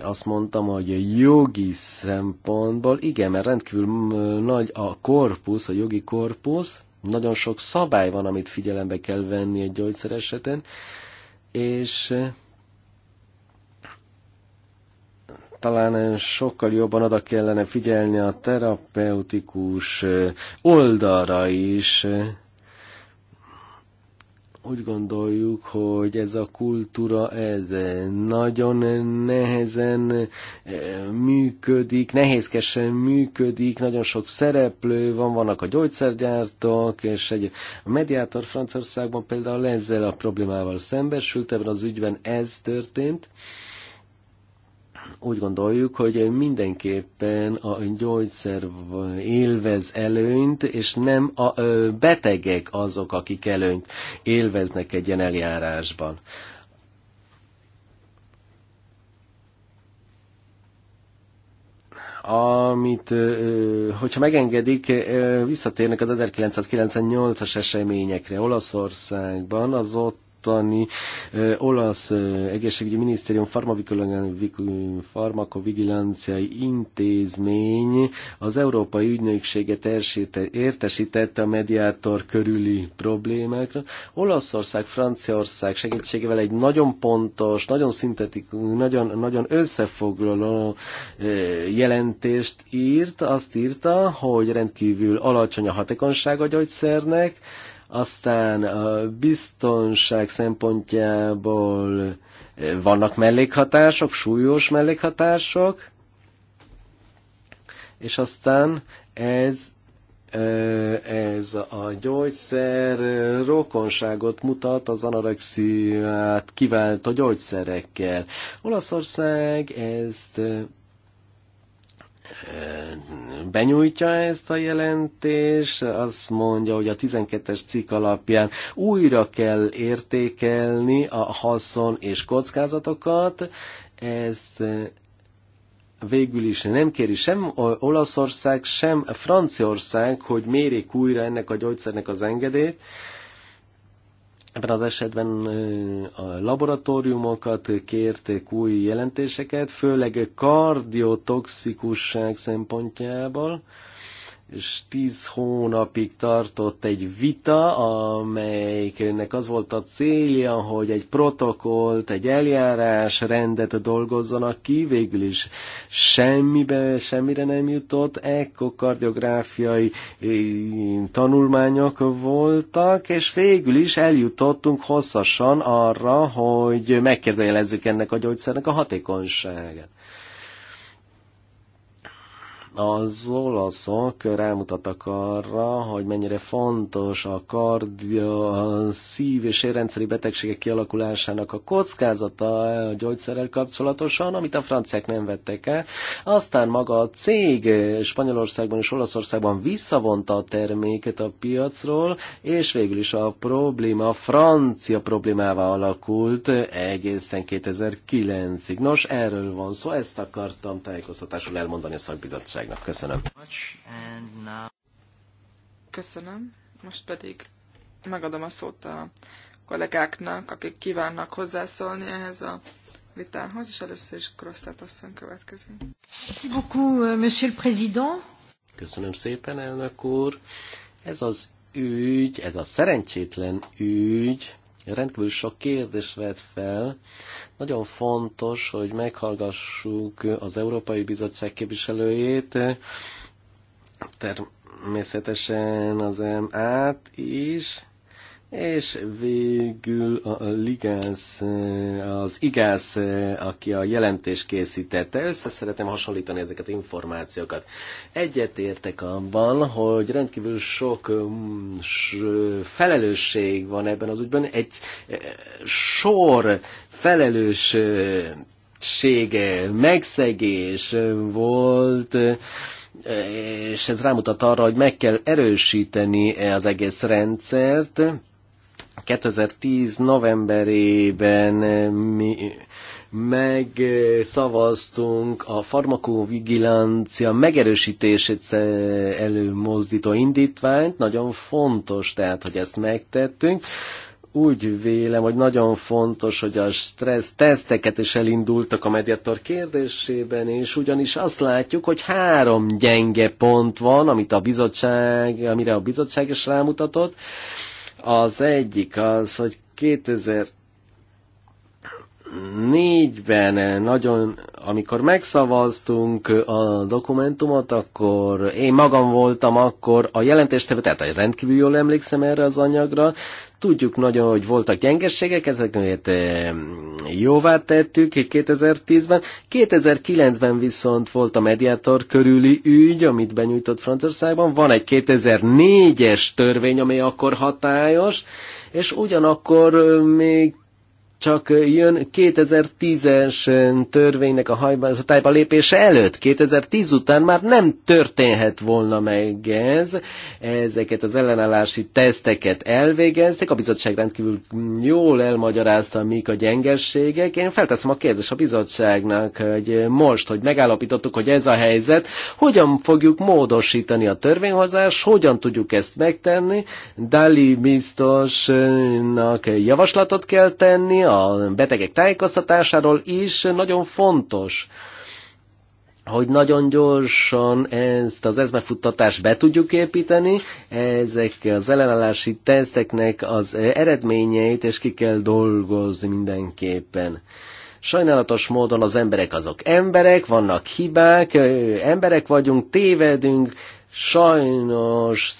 azt mondtam, hogy jogi szempontból igen, mert rendkívül nagy a korpusz, a jogi korpusz, nagyon sok szabály van, amit figyelembe kell venni egy gyógyszer esetén, és eh, talán sokkal jobban oda kellene figyelni a terapeutikus eh, oldalra is, eh, úgy gondoljuk, hogy ez a kultúra, ez nagyon nehezen eh, működik, nehézkesen működik, nagyon sok szereplő van, vannak a gyógyszergyártók, és egy a mediátor Franciaországban például ezzel a problémával szembesült, ebben az ügyben ez történt úgy gondoljuk, hogy mindenképpen a gyógyszer élvez előnyt, és nem a betegek azok, akik előnyt élveznek egy ilyen eljárásban. amit, hogyha megengedik, visszatérnek az 1998-as eseményekre Olaszországban, az ott mostani ö, olasz ö, egészségügyi minisztérium farmakovigilanciai intézmény az Európai Ügynökséget értesítette a mediátor körüli problémákra. Olaszország, Franciaország segítségével egy nagyon pontos, nagyon szintetikus, nagyon, nagyon összefoglaló ö, jelentést írt, azt írta, hogy rendkívül alacsony a hatékonysága a gyógyszernek, aztán a biztonság szempontjából eh, vannak mellékhatások, súlyos mellékhatások, és aztán ez eh, ez a gyógyszer rokonságot mutat az anorexiát kiváltó gyógyszerekkel. Olaszország ezt eh, benyújtja ezt a jelentés, azt mondja, hogy a 12-es cikk alapján újra kell értékelni a haszon és kockázatokat, ezt végül is nem kéri sem Olaszország, sem Franciaország, hogy mérik újra ennek a gyógyszernek az engedélyt, Ebben az esetben a laboratóriumokat kérték új jelentéseket, főleg kardiotoxikusság szempontjából, és tíz hónapig tartott egy vita, amelyiknek az volt a célja, hogy egy protokollt, egy eljárás rendet dolgozzanak ki, végül is semmibe, semmire nem jutott, ekkokardiográfiai tanulmányok voltak, és végül is eljutottunk hosszasan arra, hogy megkérdőjelezzük ennek a gyógyszernek a hatékonyságát az olaszok rámutattak arra, hogy mennyire fontos a kardio, a szív- és érrendszeri betegségek kialakulásának a kockázata a gyógyszerrel kapcsolatosan, amit a franciák nem vettek el. Aztán maga a cég Spanyolországban és Olaszországban visszavonta a terméket a piacról, és végül is a probléma a francia problémává alakult egészen 2009-ig. Nos, erről van szó, ezt akartam tájékoztatásul elmondani a szakbizottság bizottságnak. Köszönöm. Köszönöm. Most pedig megadom a szót a kollégáknak, akik kívánnak hozzászólni ehhez a vitához, és először is Krosztát asszony következik. Euh, köszönöm szépen, elnök úr. Ez az ügy, ez a szerencsétlen ügy, rendkívül sok kérdés vet fel. Nagyon fontos, hogy meghallgassuk az Európai Bizottság képviselőjét, természetesen az MA-t is, és végül a Ligász, az Igász, aki a jelentés készítette, össze szeretem hasonlítani ezeket információkat. egyet értek abban, hogy rendkívül sok um, felelősség van ebben az ügyben, egy eh, sor felelőssége, megszegés volt, eh, és ez rámutat arra, hogy meg kell erősíteni az egész rendszert, 2010 novemberében eh, mi megszavaztunk a farmakovigilancia megerősítését előmozdító indítványt. Nagyon fontos tehát, hogy ezt megtettünk. Úgy vélem, hogy nagyon fontos, hogy a stressz teszteket is elindultak a mediator kérdésében, és ugyanis azt látjuk, hogy három gyenge pont van, amit a bizottság, amire a bizottság is rámutatott az egyik az, hogy 2000 négyben nagyon, amikor megszavaztunk a dokumentumot, akkor én magam voltam akkor a jelentéstevő, tehát rendkívül jól emlékszem erre az anyagra. Tudjuk nagyon, hogy voltak gyengességek, ezeket jóvá tettük 2010-ben, 2009-ben viszont volt a mediátor körüli ügy, amit benyújtott Franciaországban, van egy 2004-es törvény, ami akkor hatályos, és ugyanakkor még csak jön 2010-es törvénynek a, hajba, a tájba lépése előtt. 2010 után már nem történhet volna meg ez. Ezeket az ellenállási teszteket elvégezték. A bizottság rendkívül jól elmagyarázta, mik a gyengességek. Én felteszem a kérdést a bizottságnak, hogy most, hogy megállapítottuk, hogy ez a helyzet, hogyan fogjuk módosítani a törvényhozás, hogyan tudjuk ezt megtenni. Dali biztosnak javaslatot kell tenni, a betegek tájékoztatásáról is nagyon fontos hogy nagyon gyorsan ezt az ezmefuttatást be tudjuk építeni, ezek az ellenállási teszteknek az eredményeit, és ki kell dolgozni mindenképpen. Sajnálatos módon az emberek azok emberek, vannak hibák, emberek vagyunk, tévedünk, sajnos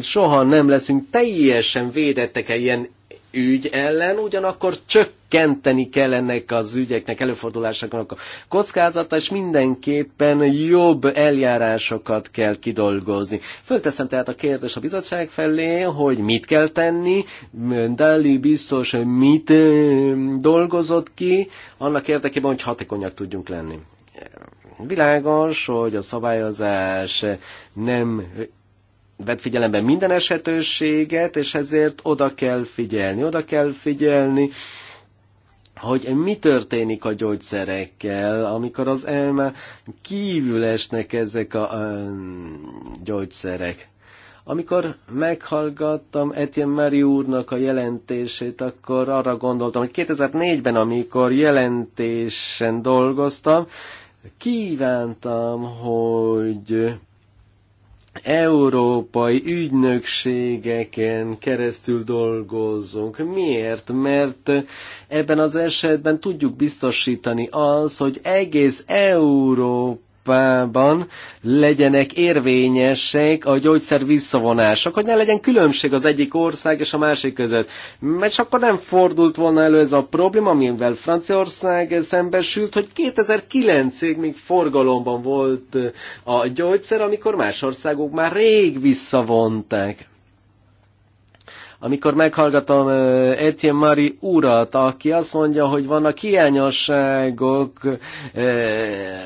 soha nem leszünk teljesen védettek egy ilyen ügy ellen, ugyanakkor csökkenteni kell ennek az ügyeknek, előfordulásoknak a kockázata, és mindenképpen jobb eljárásokat kell kidolgozni. Fölteszem tehát a kérdést a bizottság felé, hogy mit kell tenni, Dali biztos mit dolgozott ki, annak érdekében, hogy hatékonyak tudjunk lenni. Világos, hogy a szabályozás nem vett figyelembe minden esetőséget, és ezért oda kell figyelni. Oda kell figyelni, hogy mi történik a gyógyszerekkel, amikor az elme kívül esnek ezek a ö, gyógyszerek. Amikor meghallgattam Etienne Mari úrnak a jelentését, akkor arra gondoltam, hogy 2004-ben, amikor jelentésen dolgoztam, kívántam, hogy európai ügynökségeken keresztül dolgozzunk. Miért? Mert ebben az esetben tudjuk biztosítani az, hogy egész Európa Európában legyenek érvényesek a gyógyszer visszavonások, hogy ne legyen különbség az egyik ország és a másik között. Mert akkor nem fordult volna elő ez a probléma, amivel Franciaország szembesült, hogy 2009-ig még forgalomban volt a gyógyszer, amikor más országok már rég visszavonták. Amikor meghallgatom Etienne Mari urat, aki azt mondja, hogy vannak hiányosságok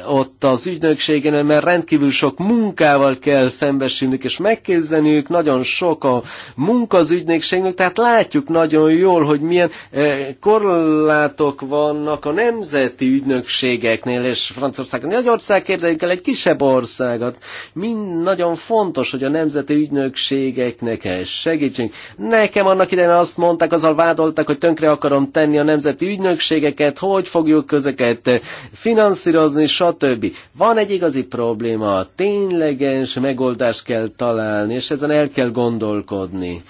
ott az ügynökségen, mert rendkívül sok munkával kell szembesülnünk és megképzenünk, nagyon sok a munka az ügynökségnek, tehát látjuk nagyon jól, hogy milyen korlátok vannak a nemzeti ügynökségeknél, és Franciaország, Nagyország, képzeljük el egy kisebb országot. Mind nagyon fontos, hogy a nemzeti ügynökségeknek segítsünk. Ne Nekem annak idején azt mondták, azzal vádoltak, hogy tönkre akarom tenni a nemzeti ügynökségeket, hogy fogjuk ezeket finanszírozni, stb. Van egy igazi probléma, tényleges megoldást kell találni, és ezen el kell gondolkodni.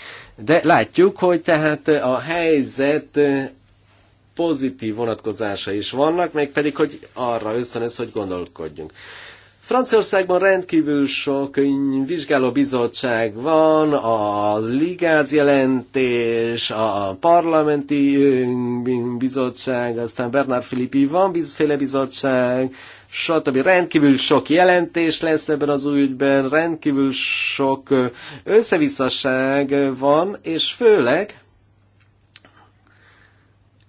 De látjuk, hogy tehát a helyzet pozitív vonatkozása is vannak, meg pedig, hogy arra ösztönöz, hogy gondolkodjunk. Franciaországban rendkívül sok bizottság van, a ligáz jelentés, a parlamenti bizottság, aztán Bernard Filippi van bizféle bizottság, stb. Rendkívül sok jelentés lesz ebben az ügyben, rendkívül sok összevisszaság van, és főleg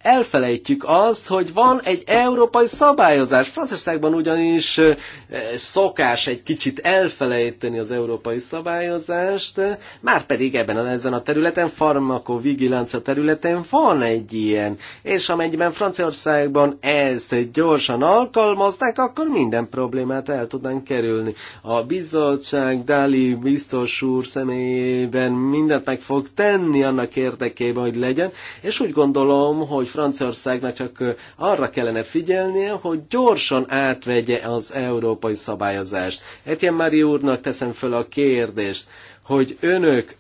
elfelejtjük azt, hogy van egy európai szabályozás. Franciaországban ugyanis szokás egy kicsit elfelejteni az európai szabályozást, már pedig ebben a, ezen a területen, farmakovigilancia területen van egy ilyen, és amennyiben Franciaországban ezt gyorsan alkalmazták, akkor minden problémát el tudnánk kerülni. A bizottság, Dali biztos úr személyében mindent meg fog tenni annak érdekében, hogy legyen, és úgy gondolom, hogy Franciaországnak csak arra kellene figyelnie, hogy gyorsan átvegye az európai szabályozást. Etienne Mari úrnak teszem föl a kérdést, hogy önök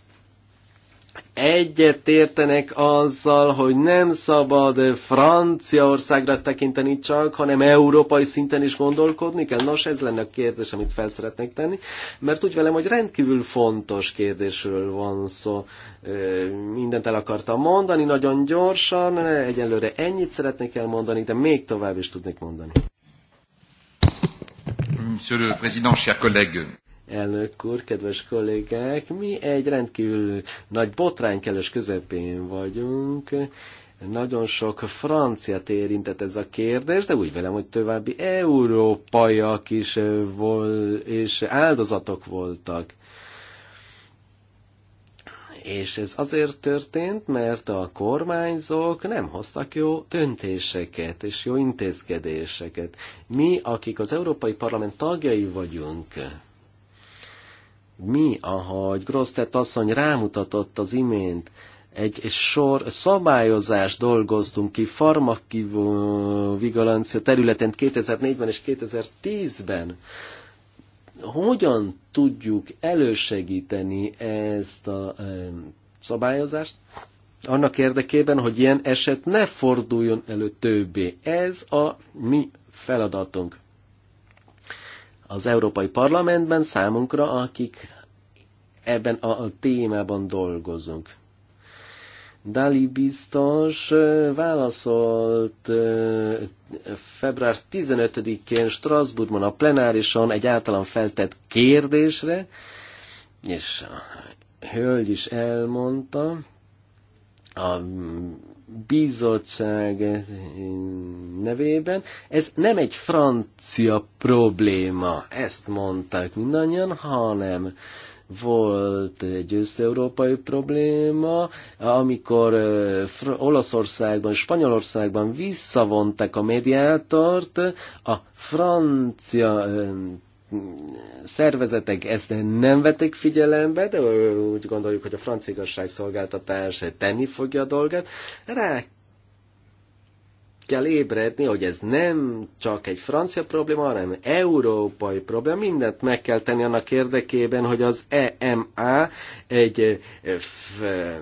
egyet értenek azzal, hogy nem szabad Franciaországra tekinteni csak, hanem európai szinten is gondolkodni kell? Nos, ez lenne a kérdés, amit fel szeretnék tenni, mert úgy velem, hogy rendkívül fontos kérdésről van szó. Mindent el akartam mondani, nagyon gyorsan, egyelőre ennyit szeretnék elmondani, de még tovább is tudnék mondani. Monsieur le Président, chers collègues. Elnök úr, kedves kollégák, mi egy rendkívül nagy botránykeles közepén vagyunk. Nagyon sok franciát érintett ez a kérdés, de úgy velem, hogy további európaiak is vol, és áldozatok voltak. És ez azért történt, mert a kormányzók nem hoztak jó döntéseket és jó intézkedéseket. Mi, akik az Európai Parlament tagjai vagyunk, mi, ahogy Grosztett asszony rámutatott az imént, egy sor szabályozás dolgoztunk ki farmakivigilancia területen 2004-ben és 2010-ben. Hogyan tudjuk elősegíteni ezt a szabályozást? Annak érdekében, hogy ilyen eset ne forduljon elő többé. Ez a mi feladatunk az Európai Parlamentben számunkra, akik ebben a témában dolgozunk. Dali biztos válaszolt február 15-én Strasbourgban a plenárison egy általam feltett kérdésre, és a hölgy is elmondta, a bizottság nevében. Ez nem egy francia probléma, ezt mondták mindannyian, hanem volt egy összeurópai probléma, amikor Olaszországban, Spanyolországban visszavonták a mediátort, a francia szervezetek ezt nem vetik figyelembe, de úgy gondoljuk, hogy a francia igazságszolgáltatás tenni fogja a dolgát. Rá kell ébredni, hogy ez nem csak egy francia probléma, hanem európai probléma. Mindent meg kell tenni annak érdekében, hogy az EMA egy eh, eh,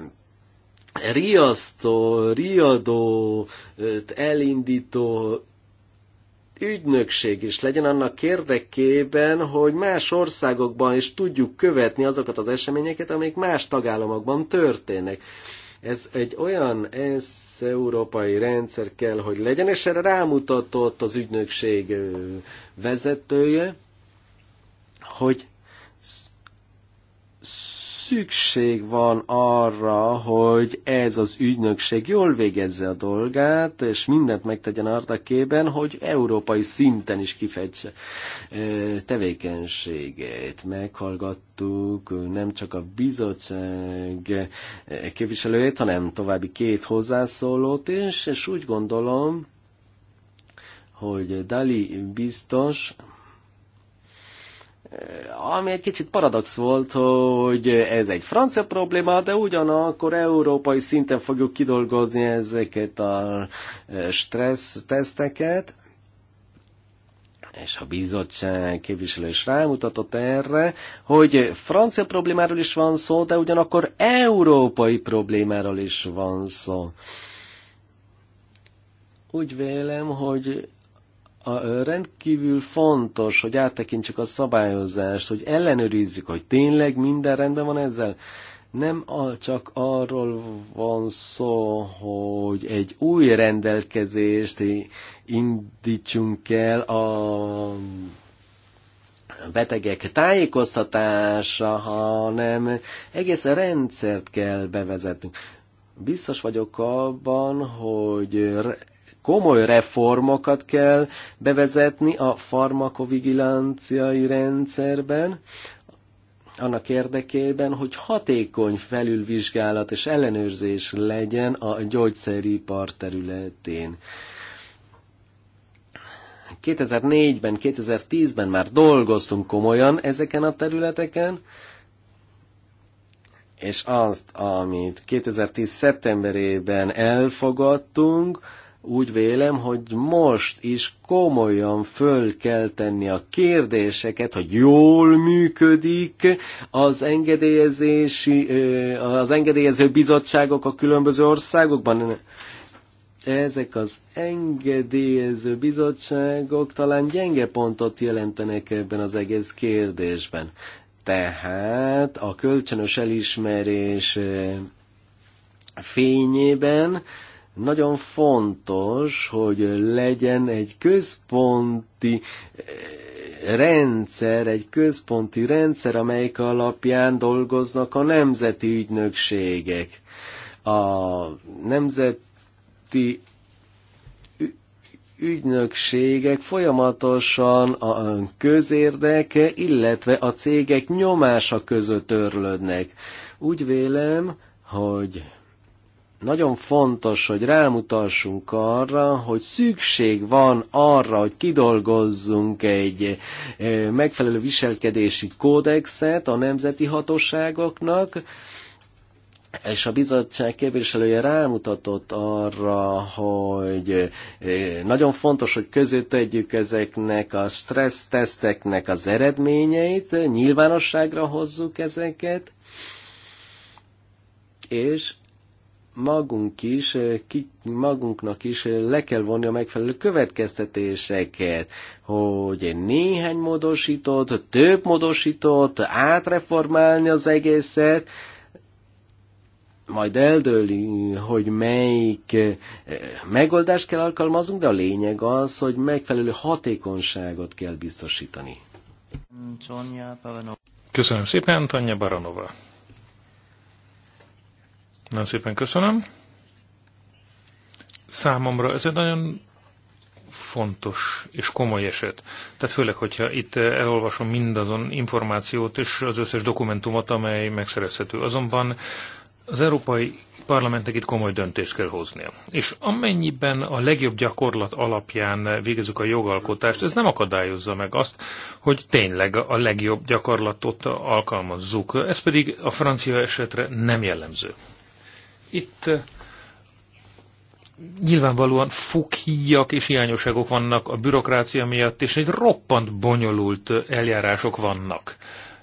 riasztó, riadó, eh, elindító ügynökség is legyen annak érdekében, hogy más országokban is tudjuk követni azokat az eseményeket, amik más tagállamokban történnek. Ez egy olyan ez európai rendszer kell, hogy legyen, és erre rámutatott az ügynökség vezetője, hogy szükség van arra, hogy ez az ügynökség jól végezze a dolgát, és mindent megtegyen ardakében, hogy európai szinten is kifejtse tevékenységét. Meghallgattuk nem csak a bizottság képviselőjét, hanem további két hozzászólót is, és úgy gondolom, hogy Dali biztos, ami egy kicsit paradox volt, hogy ez egy francia probléma, de ugyanakkor európai szinten fogjuk kidolgozni ezeket a e, stressz teszteket, és a bizottság képviselő is rámutatott erre, hogy francia problémáról is van szó, de ugyanakkor európai problémáról is van szó. Úgy vélem, hogy a rendkívül fontos, hogy áttekintsük a szabályozást, hogy ellenőrizzük, hogy tényleg minden rendben van ezzel. Nem a, csak arról van szó, hogy egy új rendelkezést indítsunk el a betegek tájékoztatása, hanem egész rendszert kell bevezetnünk. Biztos vagyok abban, hogy komoly reformokat kell bevezetni a farmakovigilanciai rendszerben, annak érdekében, hogy hatékony felülvizsgálat és ellenőrzés legyen a gyógyszeripar területén. 2004-ben, 2010-ben már dolgoztunk komolyan ezeken a területeken, és azt, amit 2010. szeptemberében elfogadtunk, úgy vélem, hogy most is komolyan föl kell tenni a kérdéseket, hogy jól működik az engedélyezési, az engedélyező bizottságok a különböző országokban. Ezek az engedélyező bizottságok talán gyenge pontot jelentenek ebben az egész kérdésben. Tehát a kölcsönös elismerés fényében nagyon fontos, hogy legyen egy központi eh, rendszer, egy központi rendszer, amelyik alapján dolgoznak a nemzeti ügynökségek. A nemzeti ügynökségek folyamatosan a közérdek, illetve a cégek nyomása között örlődnek. Úgy vélem, hogy nagyon fontos, hogy rámutassunk arra, hogy szükség van arra, hogy kidolgozzunk egy eh, megfelelő viselkedési kódexet a nemzeti hatóságoknak, és a bizottság képviselője rámutatott arra, hogy eh, nagyon fontos, hogy között tegyük ezeknek a stresszteszteknek az eredményeit, nyilvánosságra hozzuk ezeket, és magunk is, eh, ki, magunknak is eh, le kell vonni a megfelelő következtetéseket, hogy néhány módosított, több módosított, átreformálni az egészet, majd eldőli, hogy melyik eh, megoldást kell alkalmaznunk, de a lényeg az, hogy megfelelő hatékonyságot kell biztosítani. Köszönöm szépen, Tanya Baranova. Nagyon szépen köszönöm. Számomra ez egy nagyon fontos és komoly eset. Tehát főleg, hogyha itt elolvasom mindazon információt és az összes dokumentumot, amely megszerezhető. Azonban az Európai Parlamentnek itt komoly döntést kell hoznia. És amennyiben a legjobb gyakorlat alapján végezzük a jogalkotást, ez nem akadályozza meg azt, hogy tényleg a legjobb gyakorlatot alkalmazzuk. Ez pedig a francia esetre nem jellemző. Itt eh, nyilvánvalóan fokhíjak és hiányosságok vannak a bürokrácia miatt, és egy roppant bonyolult eh, eljárások vannak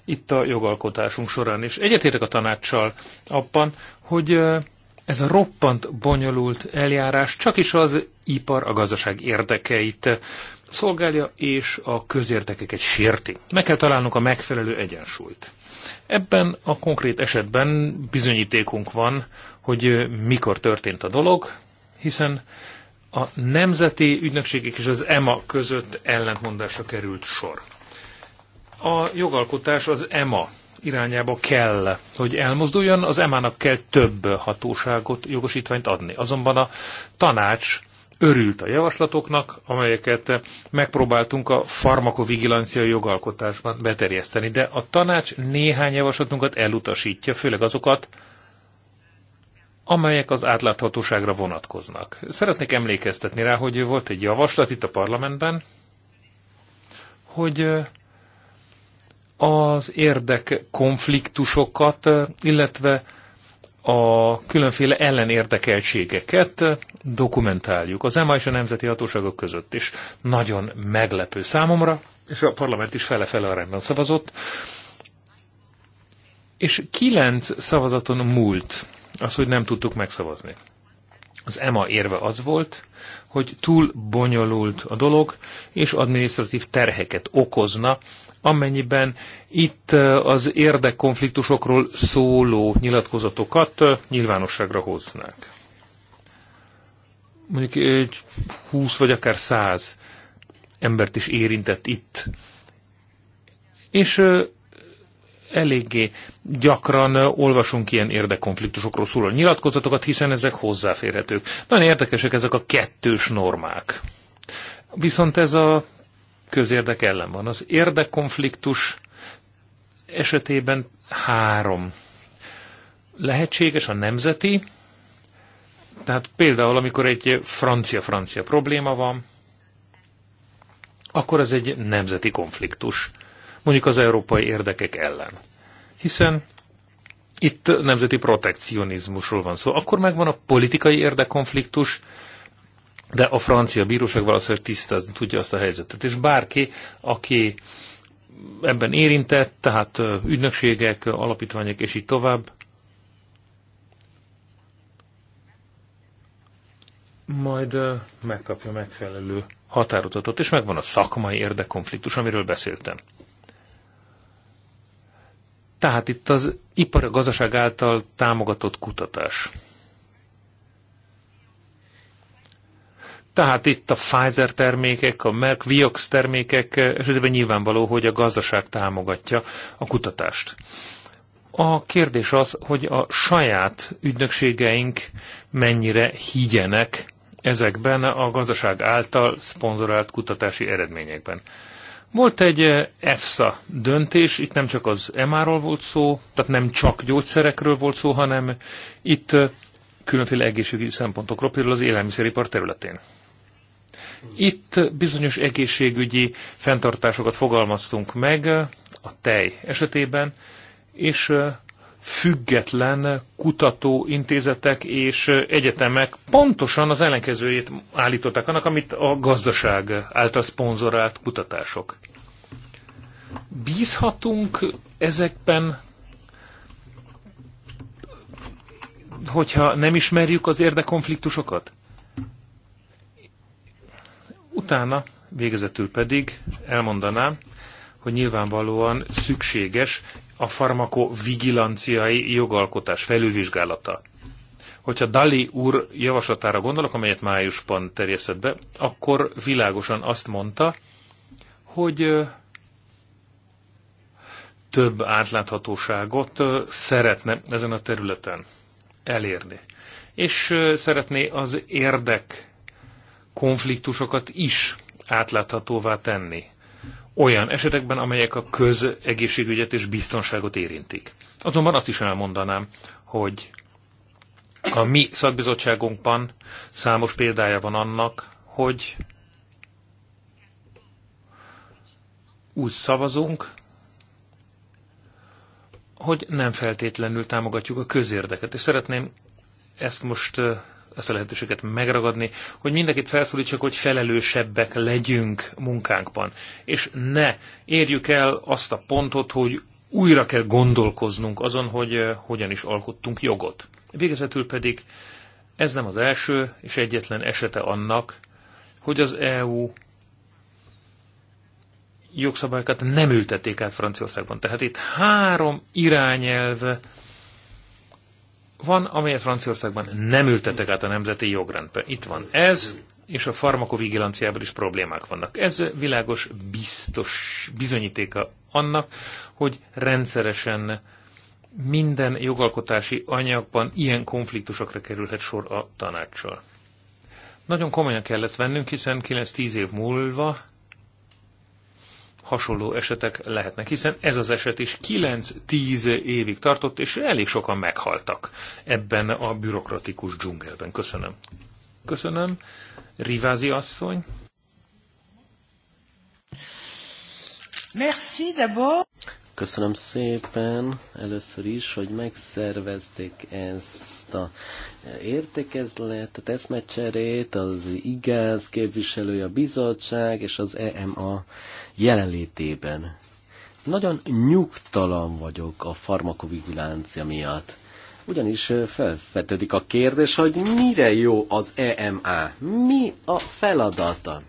itt a jogalkotásunk során. És egyetértek a tanácssal abban, hogy eh, ez a roppant bonyolult eljárás csak is az ipar, a gazdaság érdekeit szolgálja, és a közérdekeket sérti. Meg kell találnunk a megfelelő egyensúlyt. Ebben a konkrét esetben bizonyítékunk van hogy mikor történt a dolog, hiszen a nemzeti ügynökségek és az EMA között ellentmondásra került sor. A jogalkotás az EMA irányába kell, hogy elmozduljon, az EMA-nak kell több hatóságot, jogosítványt adni. Azonban a tanács örült a javaslatoknak, amelyeket megpróbáltunk a farmakovigilancia jogalkotásban beterjeszteni, de a tanács néhány javaslatunkat elutasítja, főleg azokat, amelyek az átláthatóságra vonatkoznak. Szeretnék emlékeztetni rá, hogy volt egy javaslat itt a parlamentben, hogy az érdek konfliktusokat, illetve a különféle ellenérdekeltségeket dokumentáljuk az EMA és a nemzeti hatóságok között is. Nagyon meglepő számomra, és a parlament is fele-fele arányban szavazott, és kilenc szavazaton múlt az, hogy nem tudtuk megszavazni. Az EMA érve az volt, hogy túl bonyolult a dolog, és administratív terheket okozna, amennyiben itt az érdekkonfliktusokról szóló nyilatkozatokat nyilvánosságra hoznák. Mondjuk egy 20 vagy akár 100 embert is érintett itt. És eléggé gyakran olvasunk ilyen érdekkonfliktusokról szóló nyilatkozatokat, hiszen ezek hozzáférhetők. Nagyon érdekesek ezek a kettős normák. Viszont ez a közérdek ellen van. Az érdekkonfliktus esetében három lehetséges a nemzeti, tehát például, amikor egy francia-francia probléma van, akkor ez egy nemzeti konfliktus mondjuk az európai érdekek ellen. Hiszen itt nemzeti protekcionizmusról van szó. Akkor megvan a politikai érdekkonfliktus, de a francia bíróság valószínűleg tisztázni tudja azt a helyzetet. És bárki, aki ebben érintett, tehát ügynökségek, alapítványok és így tovább, majd megkapja megfelelő határozatot, és megvan a szakmai érdekkonfliktus, amiről beszéltem. Tehát itt az ipar a gazdaság által támogatott kutatás. Tehát itt a Pfizer termékek, a Merck Viox termékek esetében nyilvánvaló, hogy a gazdaság támogatja a kutatást. A kérdés az, hogy a saját ügynökségeink mennyire higgyenek ezekben a gazdaság által szponzorált kutatási eredményekben. Volt egy eh, EFSA döntés, itt nem csak az EMA-ról volt szó, tehát nem csak gyógyszerekről volt szó, hanem itt eh, különféle egészségügyi szempontokról, például az élelmiszeripar területén. Itt bizonyos egészségügyi fenntartásokat fogalmaztunk meg eh, a tej esetében, és független kutatóintézetek és egyetemek pontosan az ellenkezőjét állították annak, amit a gazdaság által szponzorált kutatások. Bízhatunk ezekben, hogyha nem ismerjük az érdekonfliktusokat? Utána végezetül pedig elmondanám, hogy nyilvánvalóan szükséges a farmakovigilanciai jogalkotás felülvizsgálata. Hogyha Dali úr javaslatára gondolok, amelyet májusban terjesztett be, akkor világosan azt mondta, hogy több átláthatóságot szeretne ezen a területen elérni. És szeretné az érdek konfliktusokat is átláthatóvá tenni olyan esetekben, amelyek a közegészségügyet és biztonságot érintik. Azonban azt is elmondanám, hogy a mi szakbizottságunkban számos példája van annak, hogy úgy szavazunk, hogy nem feltétlenül támogatjuk a közérdeket. És szeretném ezt most ezt a lehetőséget megragadni, hogy mindenkit felszólítsak, hogy felelősebbek legyünk munkánkban. És ne érjük el azt a pontot, hogy újra kell gondolkoznunk azon, hogy eh, hogyan is alkottunk jogot. Végezetül pedig ez nem az első és egyetlen esete annak, hogy az EU jogszabályokat nem ültették át Franciaországban. Tehát itt három irányelv van, amelyet Franciaországban nem ültetek át a nemzeti jogrendbe. Itt van ez, és a farmakovigilanciában is problémák vannak. Ez világos biztos bizonyítéka annak, hogy rendszeresen minden jogalkotási anyagban ilyen konfliktusokra kerülhet sor a tanácssal. Nagyon komolyan kellett vennünk, hiszen 9-10 év múlva hasonló esetek lehetnek, hiszen ez az eset is 9-10 évig tartott, és elég sokan meghaltak ebben a bürokratikus dzsungelben. Köszönöm. Köszönöm. Rivázi asszony. Merci d'abord. Köszönöm szépen először is, hogy megszervezték ezt a a teszmecserét, az igaz képviselője a bizottság és az EMA jelenlétében. Nagyon nyugtalan vagyok a farmakovigilancia miatt. Ugyanis felfetődik a kérdés, hogy mire jó az EMA? Mi a feladata?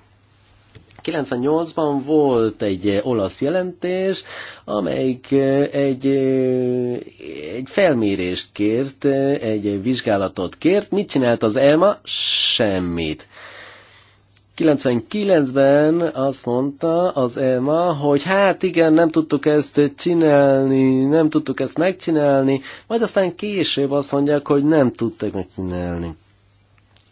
98-ban volt egy eh, olasz jelentés, amelyik eh, egy, eh, egy felmérést kért, egy vizsgálatot kért. Mit csinált az ELMA? Semmit. 99-ben azt mondta az EMA, hogy hát igen, nem tudtuk ezt csinálni, nem tudtuk ezt megcsinálni, majd aztán később azt mondják, hogy nem tudtak megcsinálni.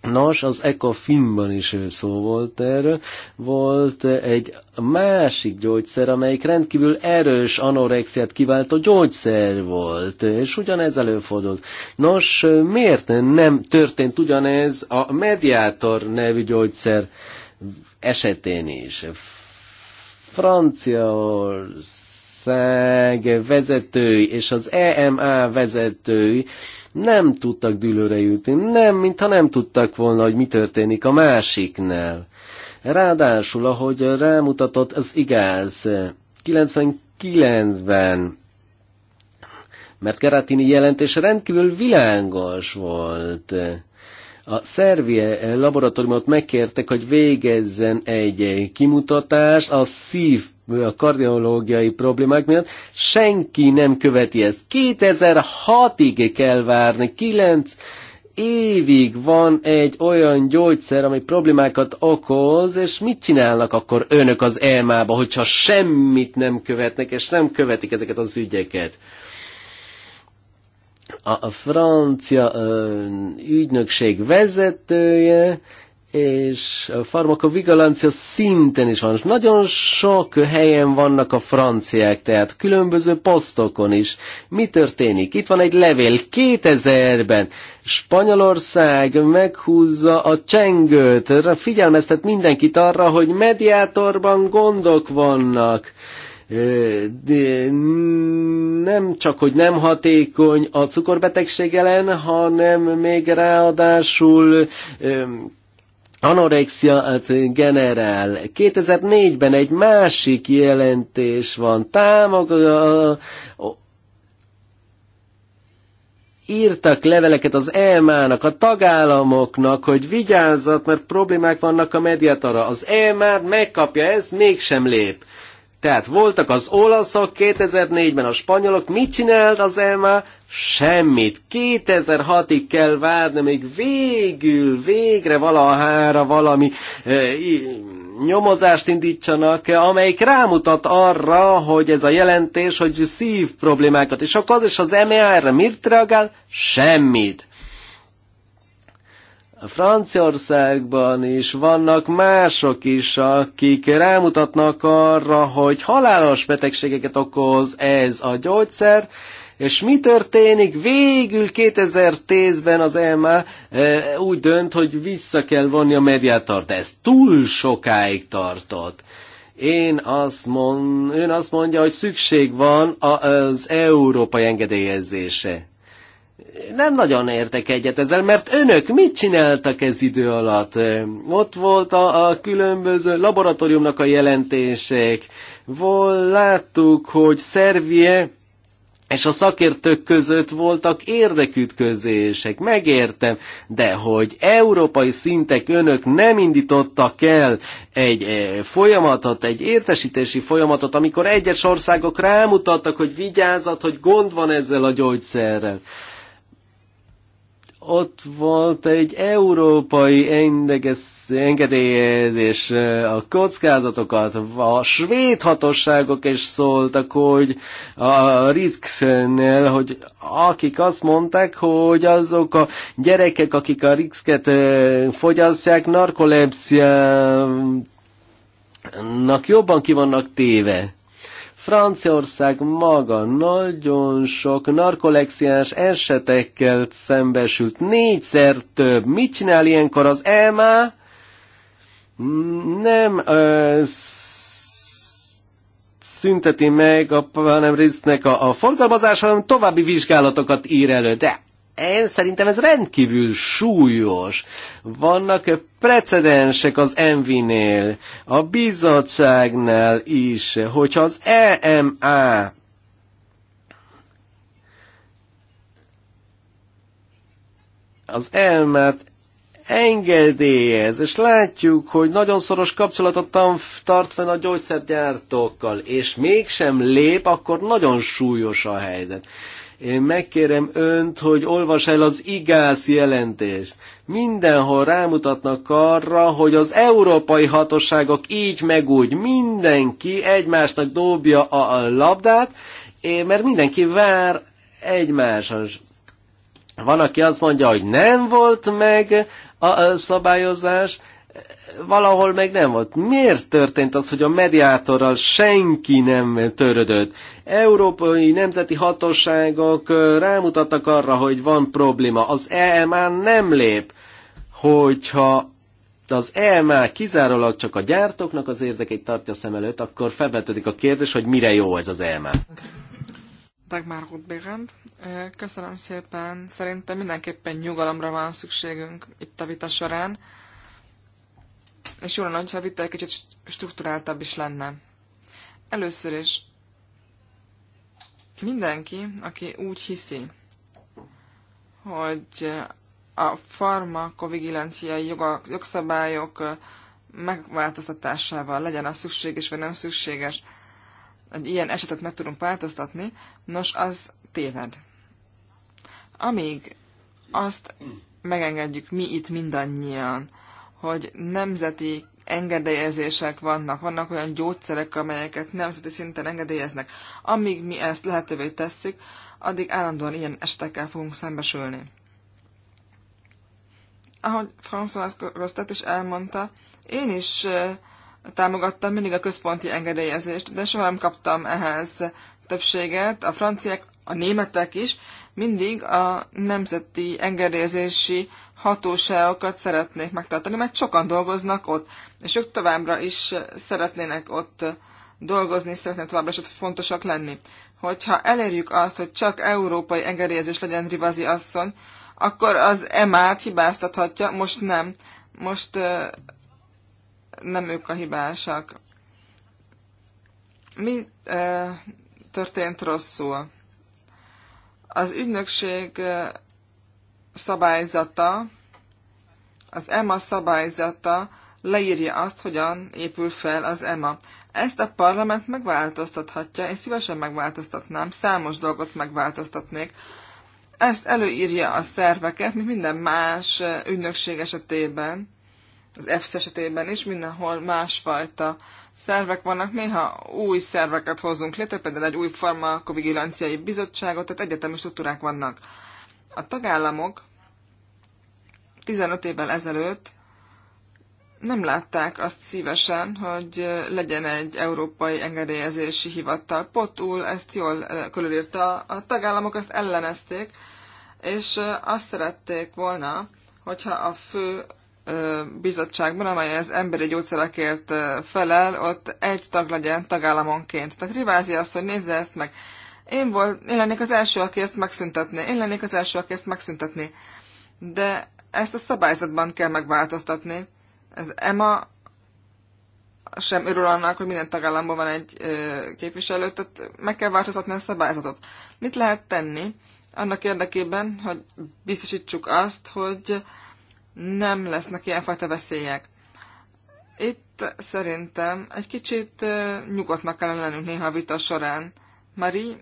Nos, az Ecofinban is szó volt erről. Volt egy másik gyógyszer, amelyik rendkívül erős anorexiát kiváltó gyógyszer volt, és ugyanez előfordult. Nos, miért nem történt ugyanez a mediátor nevű gyógyszer esetén is? Franciaország vezetői és az EMA vezetői nem tudtak dülőre jutni, nem, mintha nem tudtak volna, hogy mi történik a másiknál. Ráadásul, ahogy rámutatott, az igaz, 99-ben mert Keratini jelentés rendkívül világos volt. A Szervie laboratóriumot megkértek, hogy végezzen egy kimutatást a szív a kardiológiai problémák miatt, senki nem követi ezt. 2006-ig kell várni, 9 évig van egy olyan gyógyszer, ami problémákat okoz, és mit csinálnak akkor önök az elmába, hogyha semmit nem követnek, és nem követik ezeket az ügyeket? a francia ügynökség vezetője, és a farmakovigilancia szinten is van. Nagyon sok helyen vannak a franciák, tehát különböző posztokon is. Mi történik? Itt van egy levél 2000-ben. Spanyolország meghúzza a csengőt, figyelmeztet mindenkit arra, hogy mediátorban gondok vannak de nem csak, hogy nem hatékony a cukorbetegség ellen, hanem még ráadásul anorexia generál. 2004-ben egy másik jelentés van, támog, írtak leveleket az EMA-nak, a tagállamoknak, hogy vigyázzat, mert problémák vannak a mediatara. Az EMA megkapja ez, mégsem lép. Tehát voltak az olaszok 2004-ben, a spanyolok, mit csinált az EMA? Semmit. 2006-ig kell várni, még végül, végre valahára valami e, nyomozást indítsanak, eh, amelyik rámutat arra, hogy ez a jelentés, hogy szív problémákat. És akkor az is az EMA erre mit reagál? Semmit. Franciaországban is vannak mások is, akik rámutatnak arra, hogy halálos betegségeket okoz ez a gyógyszer, és mi történik? Végül 2010-ben az EMA e, úgy dönt, hogy vissza kell vonni a mediátort. Ez túl sokáig tartott. Én azt mond, ön azt mondja, hogy szükség van az európai engedélyezése nem nagyon értek egyet ezzel, mert önök mit csináltak ez idő alatt? Ott volt a, a különböző laboratóriumnak a jelentések, Vol, láttuk, hogy Szervie és a szakértők között voltak érdekütközések, megértem, de hogy európai szintek önök nem indítottak el egy eh, folyamatot, egy értesítési folyamatot, amikor egyes országok rámutattak, hogy vigyázat, hogy gond van ezzel a gyógyszerrel ott volt egy európai engedélyezés, a kockázatokat, a svéd hatóságok is szóltak, hogy a Rixnél, hogy akik azt mondták, hogy azok a gyerekek, akik a Rixket fogyasztják, narkolepsziának jobban ki vannak téve. Franciaország maga nagyon sok narkolexiás esetekkel szembesült, négyszer több. Mit csinál ilyenkor az EMA? Nem ö, szünteti meg a hanem résznek a, a forgalmazás, hanem további vizsgálatokat ír elő. De én szerintem ez rendkívül súlyos. Vannak precedensek az Envinél, a bizottságnál is, hogyha az EMA az elmát engedélyez, és látjuk, hogy nagyon szoros kapcsolatot tart fenn a gyógyszergyártókkal, és mégsem lép, akkor nagyon súlyos a helyzet. Én megkérem önt, hogy olvas el az igász jelentést. Mindenhol rámutatnak arra, hogy az európai hatóságok így meg úgy mindenki egymásnak dobja a labdát, mert mindenki vár egymásra. Van, aki azt mondja, hogy nem volt meg a szabályozás, valahol meg nem volt. Miért történt az, hogy a mediátorral senki nem törödött? Európai nemzeti hatóságok rámutattak arra, hogy van probléma. Az EMA nem lép, hogyha az EMA kizárólag csak a gyártóknak az érdekeit tartja szem előtt, akkor felvetődik a kérdés, hogy mire jó ez az EMA. Dagmar Rothbérend. Köszönöm szépen. Szerintem mindenképpen nyugalomra van szükségünk itt a vita során és jó lenne, ha a vita egy kicsit struktúráltabb is lenne. Először is mindenki, aki úgy hiszi, hogy a farmakovigilanciai jogok, jogszabályok megváltoztatásával legyen az szükséges vagy nem szükséges, egy ilyen esetet meg tudunk változtatni, nos, az téved. Amíg azt megengedjük mi itt mindannyian, hogy nemzeti engedélyezések vannak, vannak olyan gyógyszerek, amelyeket nemzeti szinten engedélyeznek. Amíg mi ezt lehetővé tesszük, addig állandóan ilyen estekkel fogunk szembesülni. Ahogy François Rostet is elmondta, én is támogattam mindig a központi engedélyezést, de soha nem kaptam ehhez többséget. A franciák, a németek is mindig a nemzeti engedélyezési hatóságokat szeretnék megtartani, mert sokan dolgoznak ott, és ők továbbra is szeretnének ott dolgozni, szeretnének továbbra is ott fontosak lenni. Hogyha elérjük azt, hogy csak európai engedélyezés legyen Rivazi asszony, akkor az emát hibáztathatja, most nem. Most nem ők a hibásak. Mi történt rosszul? Az ügynökség szabályzata, az EMA szabályzata leírja azt, hogyan épül fel az EMA. Ezt a parlament megváltoztathatja, én szívesen megváltoztatnám, számos dolgot megváltoztatnék. Ezt előírja a szerveket, mint minden más ügynökség esetében, az EFSZ esetében is, mindenhol másfajta szervek vannak, néha új szerveket hozunk létre, például egy új farmakovigilanciai bizottságot, tehát egyetemi struktúrák vannak. A tagállamok 15 évvel ezelőtt nem látták azt szívesen, hogy legyen egy európai engedélyezési hivatal. Potul ezt jól eh, körülírta, a tagállamok ezt ellenezték, és eh, azt szerették volna, hogyha a fő eh, bizottságban, amely az emberi gyógyszerekért felel, ott egy tag legyen tagállamonként. Tehát Rivázi azt, hogy nézze ezt meg, én, volt, én lennék az első, aki ezt megszüntetné. Én lennék az első, aki ezt megszüntetné. De ezt a szabályzatban kell megváltoztatni. Ez Emma sem örül annak, hogy minden tagállamban van egy képviselő, tehát meg kell változtatni a szabályzatot. Mit lehet tenni annak érdekében, hogy biztosítsuk azt, hogy nem lesznek ilyenfajta veszélyek? Itt szerintem egy kicsit nyugodtnak kellene lennünk néha a vita során. Mari,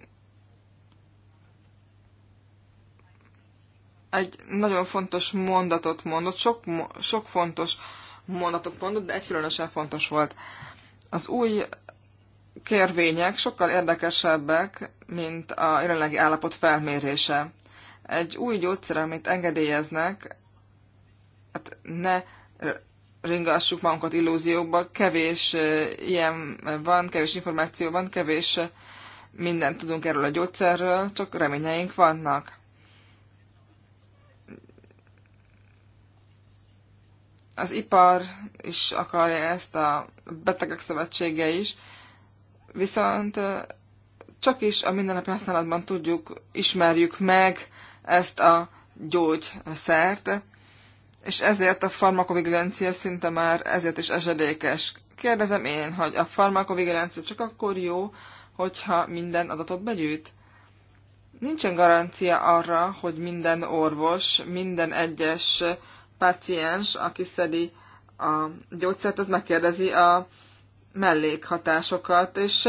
egy nagyon fontos mondatot mondott, sok, sok fontos mondatot mondott, de egy különösen fontos volt. Az új kérvények sokkal érdekesebbek, mint a jelenlegi állapot felmérése. Egy új gyógyszer, amit engedélyeznek, hát ne ringassuk magunkat illúziókba, kevés ilyen van, kevés információ van, kevés mindent tudunk erről a gyógyszerről, csak reményeink vannak. az ipar is akarja ezt, a betegek szövetsége is, viszont csak is a mindennapi használatban tudjuk, ismerjük meg ezt a gyógyszert, és ezért a farmakovigilancia szinte már ezért is esedékes. Kérdezem én, hogy a farmakovigilancia csak akkor jó, hogyha minden adatot begyűjt? Nincsen garancia arra, hogy minden orvos, minden egyes uh, páciens, aki szedi a gyógyszert, az megkérdezi a mellékhatásokat, és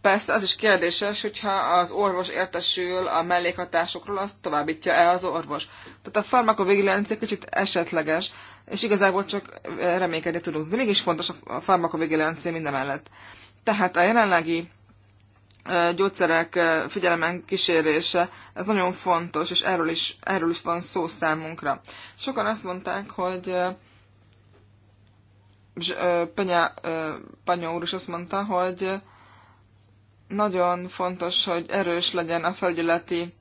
persze az is kérdéses, hogyha az orvos értesül a mellékhatásokról, azt továbbítja-e az orvos. Tehát a farmakovigilencia kicsit esetleges, és igazából csak reménykedni tudunk. Mégis fontos a farmakovigilencia minden mellett. Tehát a jelenlegi gyógyszerek figyelemen kísérése, ez nagyon fontos, és erről is, erről is van szó számunkra. Sokan azt mondták, hogy Panya, Panya úr is azt mondta, hogy nagyon fontos, hogy erős legyen a felügyeleti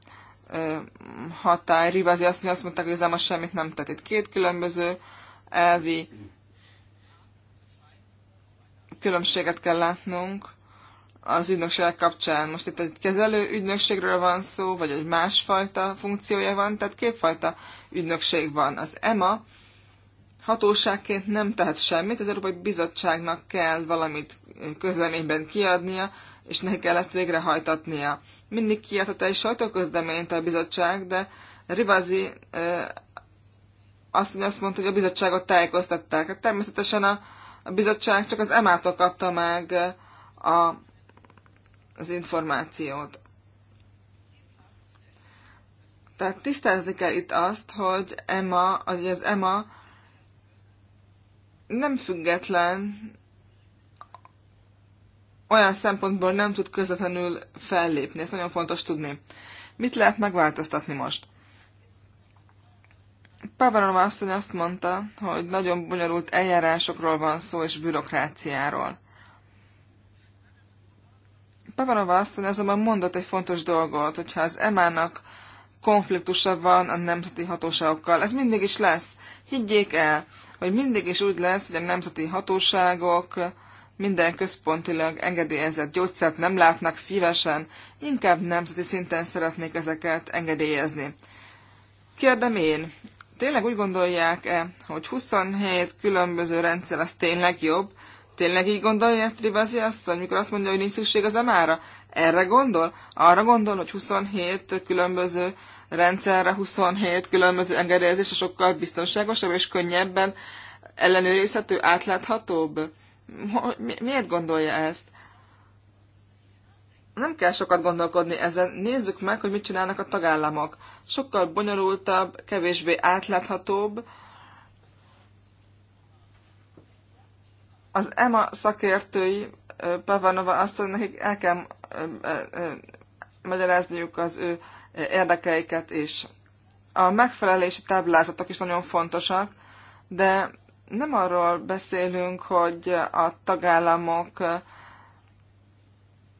hatály. Rivázi azt, azt mondták, hogy az semmit nem tett. Itt két különböző elvi különbséget kell látnunk az ügynökség kapcsán. Most itt egy kezelő ügynökségről van szó, vagy egy másfajta funkciója van, tehát kétfajta ügynökség van. Az EMA hatóságként nem tehet semmit, az Európai Bizottságnak kell valamit közleményben kiadnia, és neki kell ezt végrehajtatnia. Mindig kiadhat egy sajtóközleményt a bizottság, de Rivazi azt, azt mondta, hogy a bizottságot tájékoztatták. Hát természetesen a, a bizottság csak az emától kapta meg a az információt. Tehát tisztázni kell itt azt, hogy EMA, hogy az EMA nem független, olyan szempontból nem tud közvetlenül fellépni. Ezt nagyon fontos tudni. Mit lehet megváltoztatni most? Pavarova asszony azt mondta, hogy nagyon bonyolult eljárásokról van szó és bürokráciáról. Pavanova asszony azonban mondott egy fontos dolgot, hogyha az emának konfliktusa van a nemzeti hatóságokkal. Ez mindig is lesz. Higgyék el, hogy mindig is úgy lesz, hogy a nemzeti hatóságok minden központilag engedélyezett gyógyszert nem látnak szívesen, inkább nemzeti szinten szeretnék ezeket engedélyezni. Kérdem én, tényleg úgy gondolják-e, hogy 27 különböző rendszer az tényleg jobb, Tényleg így gondolja ezt Rivasi asszony, mikor azt mondja, hogy nincs szükség az emára? Erre gondol? Arra gondol, hogy 27 különböző rendszerre, 27 különböző engedélyezésre sokkal biztonságosabb és könnyebben ellenőrizhető, átláthatóbb? Miért gondolja ezt? Nem kell sokat gondolkodni ezen, nézzük meg, hogy mit csinálnak a tagállamok. Sokkal bonyolultabb, kevésbé átláthatóbb, Az EMA szakértői, Pavanova azt mondja, nekik el kell magyarázniuk az ő érdekeiket is. A megfelelési táblázatok is nagyon fontosak, de nem arról beszélünk, hogy a tagállamok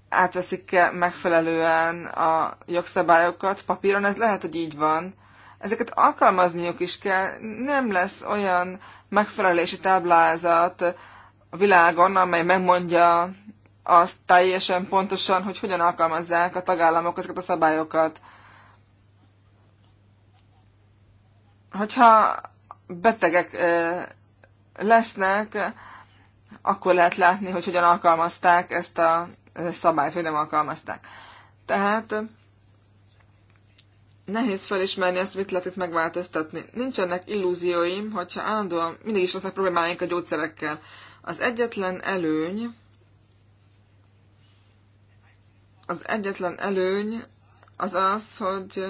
átveszik-e megfelelően a jogszabályokat. Papíron ez lehet, hogy így van. Ezeket alkalmazniuk is kell. Nem lesz olyan megfelelési táblázat, a világon, amely megmondja azt teljesen pontosan, hogy hogyan alkalmazzák a tagállamok ezeket a szabályokat. Hogyha betegek lesznek, akkor lehet látni, hogy hogyan alkalmazták ezt a szabályt, hogy nem alkalmazták. Tehát nehéz felismerni azt, mit lehet itt megváltoztatni. Nincsenek illúzióim, hogyha állandóan mindig is lesznek problémáink a gyógyszerekkel. Az egyetlen előny, az egyetlen előny az az, hogy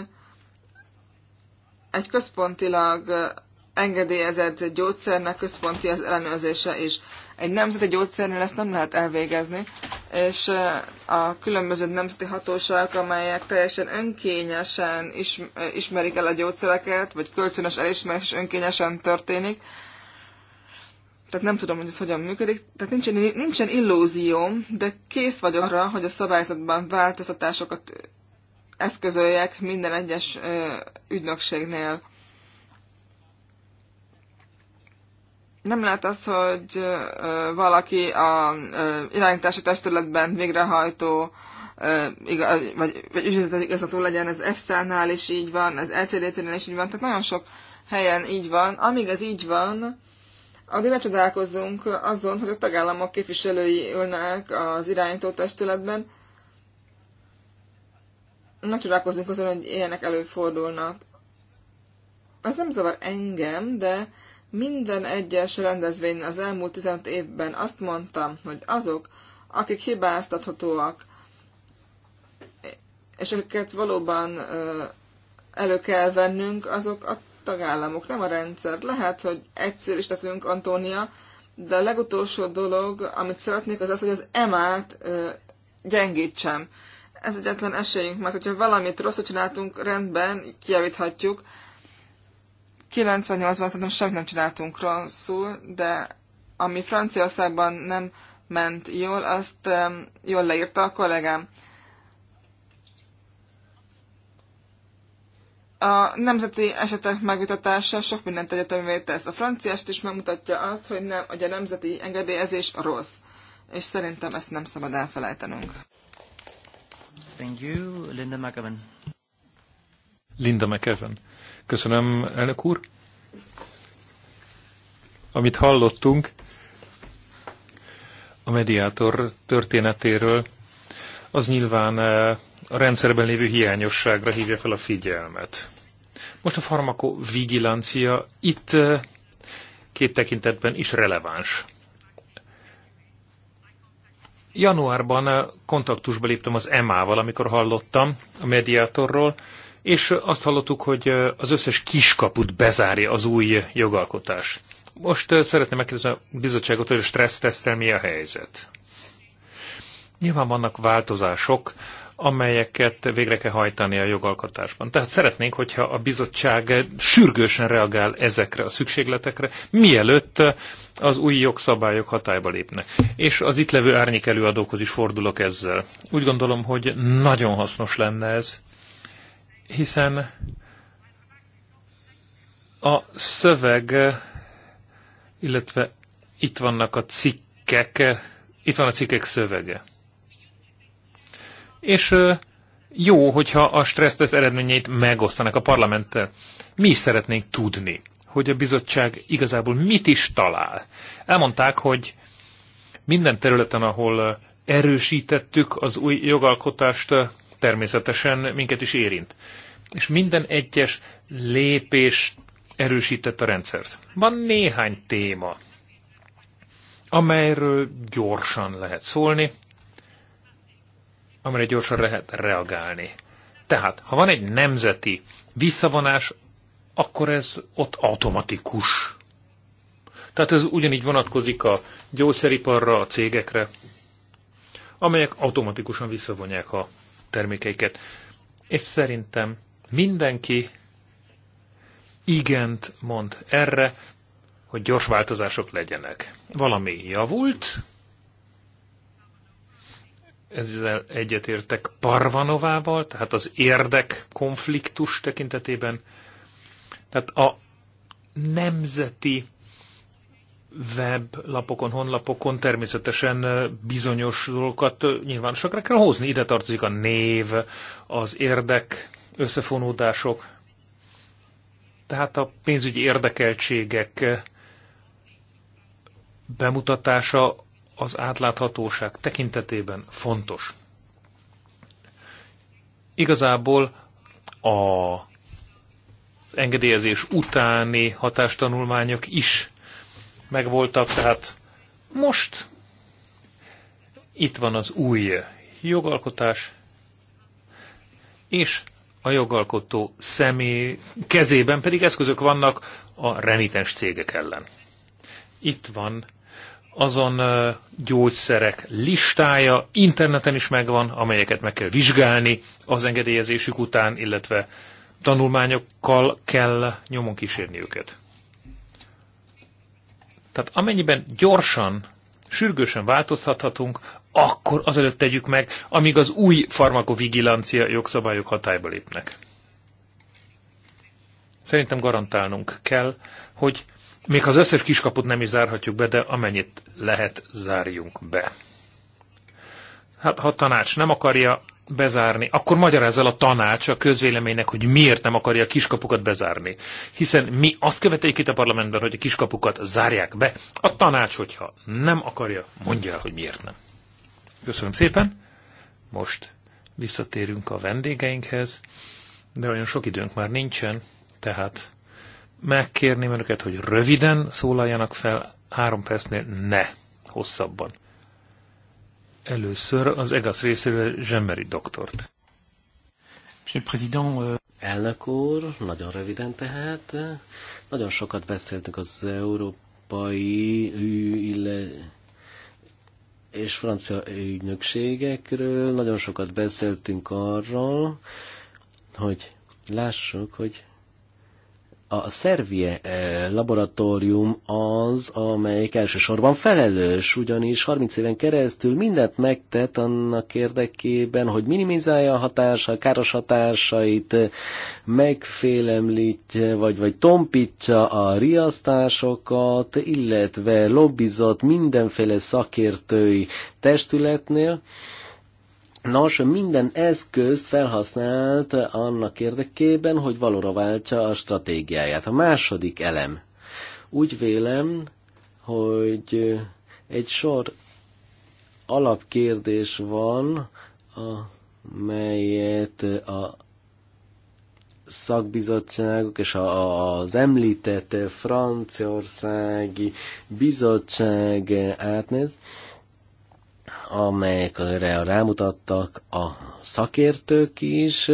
egy központilag engedélyezett gyógyszernek központi az ellenőrzése is. Egy nemzeti gyógyszernél ezt nem lehet elvégezni, és a különböző nemzeti hatóságok, amelyek teljesen önkényesen ismerik el a gyógyszereket, vagy kölcsönös elismerés önkényesen történik, tehát nem tudom, hogy ez hogyan működik, tehát nincsen, nincsen illúzióm, de kész vagyok arra, hogy a szabályzatban változtatásokat eszközöljek minden egyes ügynökségnél. Nem lehet az, hogy valaki a irányítási testületben végrehajtó vagy, vagy üzleti igazgató legyen, ez EFSA-nál is így van, ez LCDC-nél e is így van, tehát nagyon sok helyen így van. Amíg ez így van, addig ne csodálkozzunk azon, hogy a tagállamok képviselői ülnek az irányító testületben. Ne csodálkozzunk azon, hogy ilyenek előfordulnak. Ez nem zavar engem, de minden egyes rendezvény az elmúlt 15 évben azt mondtam, hogy azok, akik hibáztathatóak, és akiket valóban elő kell vennünk, azok a tagállamok, nem a rendszer. Lehet, hogy egyszer is tettünk, Antónia, de a legutolsó dolog, amit szeretnék, az az, hogy az emát gyengítsem. Ez egyetlen esélyünk, mert hogyha valamit rosszul csináltunk, rendben, kijavíthatjuk. 98-ban szerintem semmit nem csináltunk rosszul, de ami Franciaországban nem ment jól, azt jól leírta a kollégám. A nemzeti esetek megvitatása sok mindent egyetemvé tesz. A franciást is megmutatja azt, hogy, nem, hogy a nemzeti engedélyezés rossz. És szerintem ezt nem szabad elfelejtenünk. Thank you, Linda McEwen. Linda McEwen. Köszönöm, elnök úr. Amit hallottunk a mediátor történetéről, az nyilván eh, a rendszerben lévő hiányosságra hívja fel a figyelmet. Most a farmakovigilancia itt eh, két tekintetben is releváns. Januárban eh, kontaktusba léptem az EMA-val, amikor hallottam a mediátorról, és azt hallottuk, hogy eh, az összes kiskaput bezárja az új jogalkotás. Most szeretném megkérdezni a bizottságot, hogy a stressztesztel mi a helyzet. Nyilván vannak változások amelyeket végre kell hajtani a jogalkotásban. Tehát szeretnénk, hogyha a bizottság sürgősen reagál ezekre a szükségletekre, mielőtt az új jogszabályok hatályba lépnek. És az itt levő árnyék előadókhoz is fordulok ezzel. Úgy gondolom, hogy nagyon hasznos lenne ez, hiszen a szöveg, illetve itt vannak a cikkek, itt van a cikkek szövege és jó, hogyha a stressztesz eredményeit megosztanak a parlamenttel. Mi is szeretnénk tudni, hogy a bizottság igazából mit is talál. Elmondták, hogy minden területen, ahol erősítettük az új jogalkotást, természetesen minket is érint. És minden egyes lépés erősített a rendszert. Van néhány téma, amelyről gyorsan lehet szólni, amire gyorsan lehet reagálni. Tehát, ha van egy nemzeti visszavonás, akkor ez ott automatikus. Tehát ez ugyanígy vonatkozik a gyógyszeriparra, a cégekre, amelyek automatikusan visszavonják a termékeiket. És szerintem mindenki igent mond erre, hogy gyors változások legyenek. Valami javult, ezzel egyetértek Parvanovával, tehát az érdek konfliktus tekintetében. Tehát a nemzeti weblapokon, honlapokon természetesen bizonyos dolgokat nyilvánosakra kell hozni. Ide tartozik a név, az érdek, összefonódások, tehát a pénzügyi érdekeltségek bemutatása az átláthatóság tekintetében fontos. Igazából a engedélyezés utáni hatástanulmányok is megvoltak, tehát most itt van az új jogalkotás, és a jogalkotó személy kezében pedig eszközök vannak a renitens cégek ellen. Itt van azon gyógyszerek listája interneten is megvan, amelyeket meg kell vizsgálni az engedélyezésük után, illetve tanulmányokkal kell nyomon kísérni őket. Tehát amennyiben gyorsan, sürgősen változtathatunk, akkor azelőtt tegyük meg, amíg az új farmakovigilancia jogszabályok hatályba lépnek. Szerintem garantálnunk kell, hogy még az összes kiskaput nem is zárhatjuk be, de amennyit lehet, zárjunk be. Hát ha a tanács nem akarja bezárni, akkor Magyar el a tanács a közvéleménynek, hogy miért nem akarja a kiskapukat bezárni. Hiszen mi azt követeljük itt a parlamentben, hogy a kiskapukat zárják be. A tanács, hogyha nem akarja, mondja el, hogy miért nem. Köszönöm szépen. Most visszatérünk a vendégeinkhez, de olyan sok időnk már nincsen, tehát megkérném önöket, hogy röviden szólaljanak fel, három percnél ne hosszabban. Először az EGASZ részéről Zsemberi doktort. Euh, Elnök úr, nagyon röviden tehát. Nagyon sokat beszéltünk az európai ille és francia ügynökségekről. Nagyon sokat beszéltünk arról, hogy lássuk, hogy a Szervie eh, laboratórium az, amelyik elsősorban felelős, ugyanis 30 éven keresztül mindent megtett annak érdekében, hogy minimizálja a hatása, a káros hatásait, megfélemlítse, vagy, vagy tompítsa a riasztásokat, illetve lobbizott mindenféle szakértői testületnél, Nos, minden eszközt felhasznált annak érdekében, hogy valóra váltsa a stratégiáját. A második elem. Úgy vélem, hogy egy sor alapkérdés van, amelyet a szakbizottságok és a, az említett franciaországi bizottság átnéz amelyekre rámutattak a szakértők is.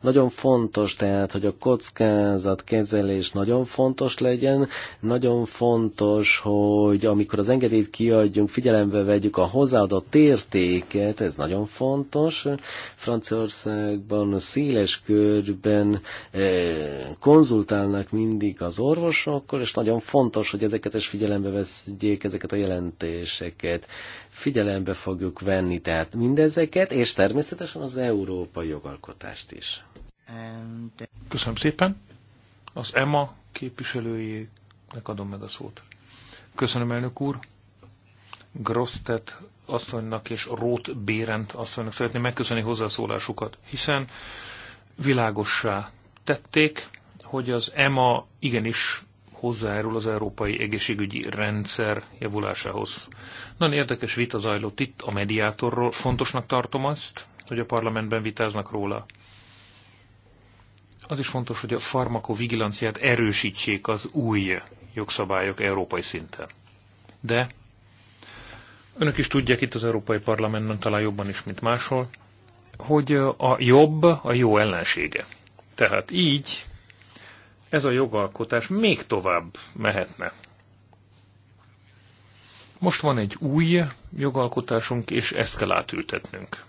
Nagyon fontos tehát, hogy a kezelés nagyon fontos legyen, nagyon fontos, hogy amikor az engedélyt kiadjunk, figyelembe vegyük a hozzáadott értéket, ez nagyon fontos. Franciaországban széles körben eh, konzultálnak mindig az orvosokkal, és nagyon fontos, hogy ezeket is figyelembe vegyék, ezeket a jelentéseket Figyelembe fogjuk venni tehát mindezeket, és természetesen az európai jogalkotást is. Köszönöm szépen. Az EMA képviselőjének adom meg a szót. Köszönöm, elnök úr. Grosztet asszonynak és Rót Bérent asszonynak szeretném megköszönni hozzászólásukat, hiszen világossá tették, hogy az EMA igenis hozzájárul az európai egészségügyi rendszer javulásához. Nagyon érdekes vita zajlott itt a mediátorról. Fontosnak tartom azt, hogy a parlamentben vitáznak róla. Az is fontos, hogy a farmakovigilanciát erősítsék az új jogszabályok európai szinten. De önök is tudják itt az Európai Parlamentben talán jobban is, mint máshol, hogy a jobb a jó ellensége. Tehát így ez a jogalkotás még tovább mehetne. Most van egy új jogalkotásunk, és ezt kell átültetnünk.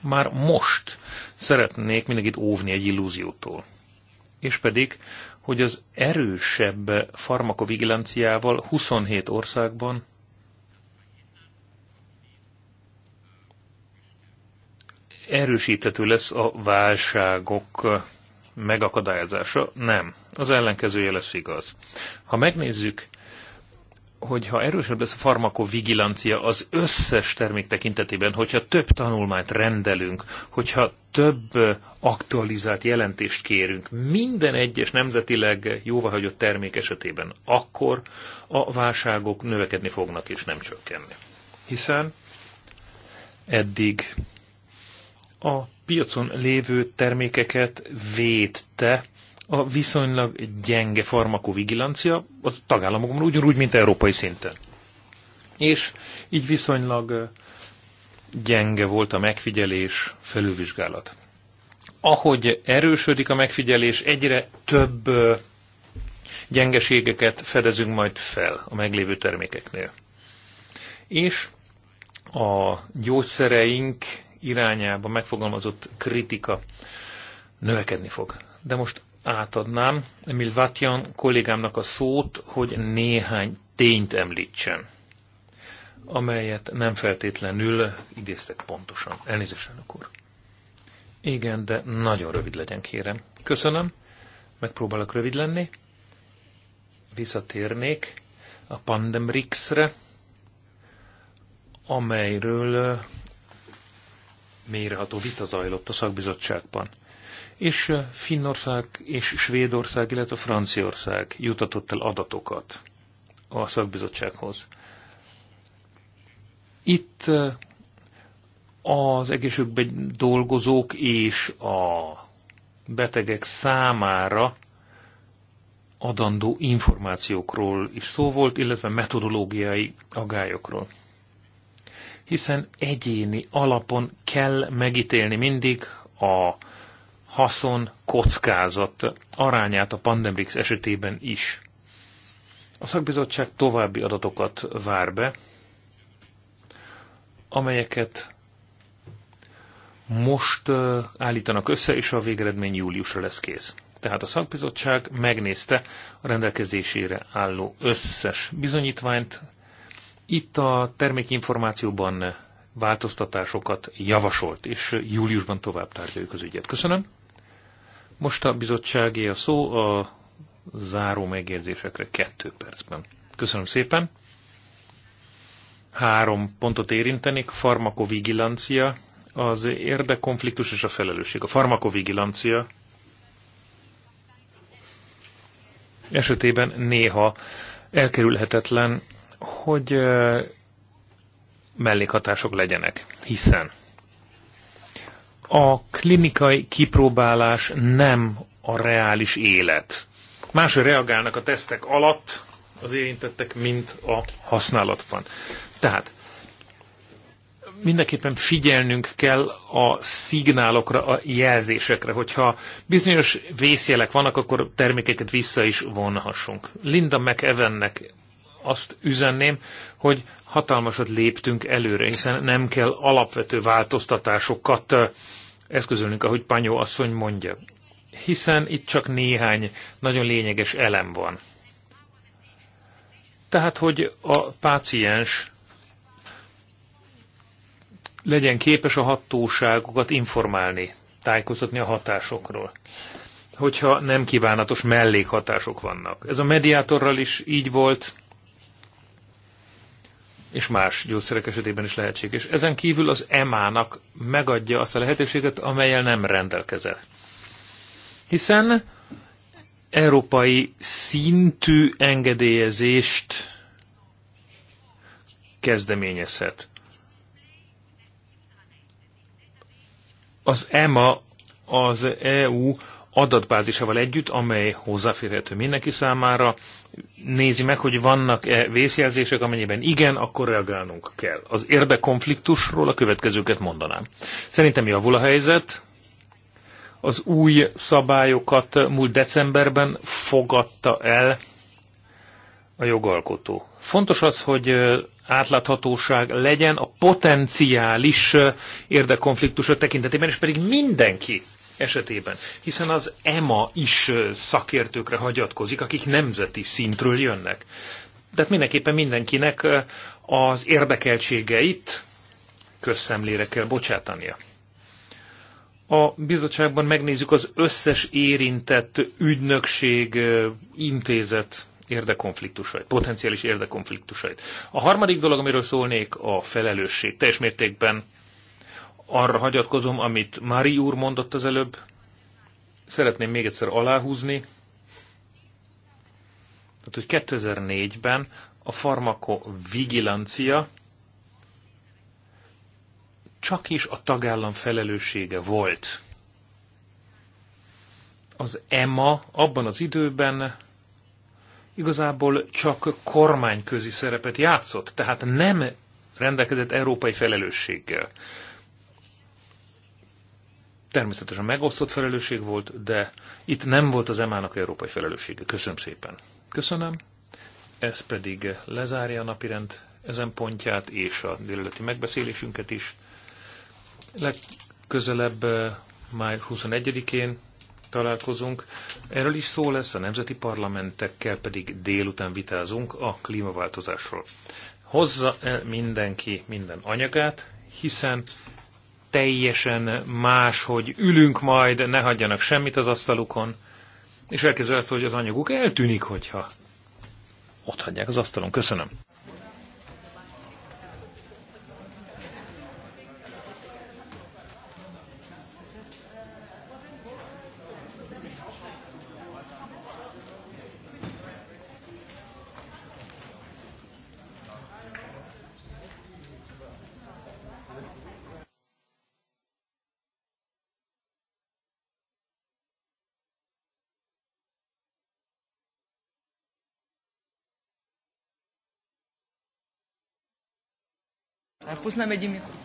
Már most szeretnék mindenkit óvni egy illúziótól. És pedig, hogy az erősebb farmakovigilanciával 27 országban erősíthető lesz a válságok megakadályozása? Nem. Az ellenkezője lesz igaz. Ha megnézzük, hogyha erősebb lesz a farmakovigilancia az összes termék tekintetében, hogyha több tanulmányt rendelünk, hogyha több aktualizált jelentést kérünk minden egyes nemzetileg jóváhagyott termék esetében, akkor a válságok növekedni fognak és nem csökkenni. Hiszen eddig a piacon lévő termékeket védte a viszonylag gyenge farmakovigilancia a tagállamokban ugyanúgy, mint európai szinten. És így viszonylag gyenge volt a megfigyelés, felülvizsgálat. Ahogy erősödik a megfigyelés, egyre több gyengeségeket fedezünk majd fel a meglévő termékeknél. És a gyógyszereink irányába megfogalmazott kritika növekedni fog. De most átadnám Emil Vatjan kollégámnak a szót, hogy néhány tényt említsen, amelyet nem feltétlenül idéztek pontosan. Elnézést, elnök úr. Igen, de nagyon rövid legyen, kérem. Köszönöm, megpróbálok rövid lenni. Visszatérnék a Pandemrixre, amelyről mérható vita zajlott a szakbizottságban. És eh, Finnország és Svédország, illetve Franciaország jutatott el adatokat a szakbizottsághoz. Itt eh, az egészségben dolgozók és a betegek számára adandó információkról is szó volt, illetve metodológiai agályokról hiszen egyéni alapon kell megítélni mindig a haszon kockázat arányát a Pandemrix esetében is. A szakbizottság további adatokat vár be, amelyeket most állítanak össze, és a végeredmény júliusra lesz kész. Tehát a szakbizottság megnézte a rendelkezésére álló összes bizonyítványt, itt a termékinformációban változtatásokat javasolt, és júliusban tovább tárgyaljuk az ügyet. Köszönöm. Most a bizottságé a szó a záró megérzésekre kettő percben. Köszönöm szépen. Három pontot érintenék, farmakovigilancia, az érdekonfliktus és a felelősség. A farmakovigilancia esetében néha elkerülhetetlen hogy mellékhatások legyenek, hiszen a klinikai kipróbálás nem a reális élet. Máshogy reagálnak a tesztek alatt az érintettek, mint a használatban. Tehát mindenképpen figyelnünk kell a szignálokra, a jelzésekre, hogyha bizonyos vészjelek vannak, akkor termékeket vissza is vonhassunk. Linda McEvennek azt üzenném, hogy hatalmasat léptünk előre, hiszen nem kell alapvető változtatásokat eszközölnünk, ahogy Panyó asszony mondja. Hiszen itt csak néhány nagyon lényeges elem van. Tehát, hogy a páciens legyen képes a hatóságokat informálni, tájékoztatni a hatásokról, hogyha nem kívánatos mellékhatások vannak. Ez a mediátorral is így volt, és más gyógyszerek esetében is lehetséges. Ezen kívül az EMA-nak megadja azt a lehetőséget, amelyel nem rendelkezel. Hiszen európai szintű engedélyezést kezdeményezhet. Az EMA az EU adatbázisával együtt, amely hozzáférhető mindenki számára, nézi meg, hogy vannak-e vészjelzések, amennyiben igen, akkor reagálnunk kell. Az érdekkonfliktusról a következőket mondanám. Szerintem javul a helyzet, az új szabályokat múlt decemberben fogadta el a jogalkotó. Fontos az, hogy átláthatóság legyen a potenciális érdekkonfliktusok tekintetében, és pedig mindenki esetében, hiszen az EMA is szakértőkre hagyatkozik, akik nemzeti szintről jönnek. Tehát mindenképpen mindenkinek az érdekeltségeit közszemlére kell bocsátania. A bizottságban megnézzük az összes érintett ügynökség, intézet érdekonfliktusait, potenciális érdekonfliktusait. A harmadik dolog, amiről szólnék, a felelősség. Teljes mértékben arra hagyatkozom, amit Mári úr mondott az előbb. Szeretném még egyszer aláhúzni, tehát, hogy 2004-ben a farmakovigilancia csak is a tagállam felelőssége volt. Az EMA abban az időben igazából csak kormányközi szerepet játszott, tehát nem rendelkezett európai felelősséggel természetesen megosztott felelősség volt, de itt nem volt az EMA-nak európai felelőssége. Köszönöm szépen. Köszönöm. Ez pedig lezárja a napirend ezen pontját és a délelőtti megbeszélésünket is. Legközelebb eh, május 21-én találkozunk. Erről is szó lesz, a nemzeti parlamentekkel pedig délután vitázunk a klímaváltozásról. Hozza el mindenki minden anyagát, hiszen teljesen más, hogy ülünk majd, ne hagyjanak semmit az asztalukon, és elképzelhető, hogy az anyaguk eltűnik, hogyha ott hagyják az asztalon. Köszönöm. poznám egyik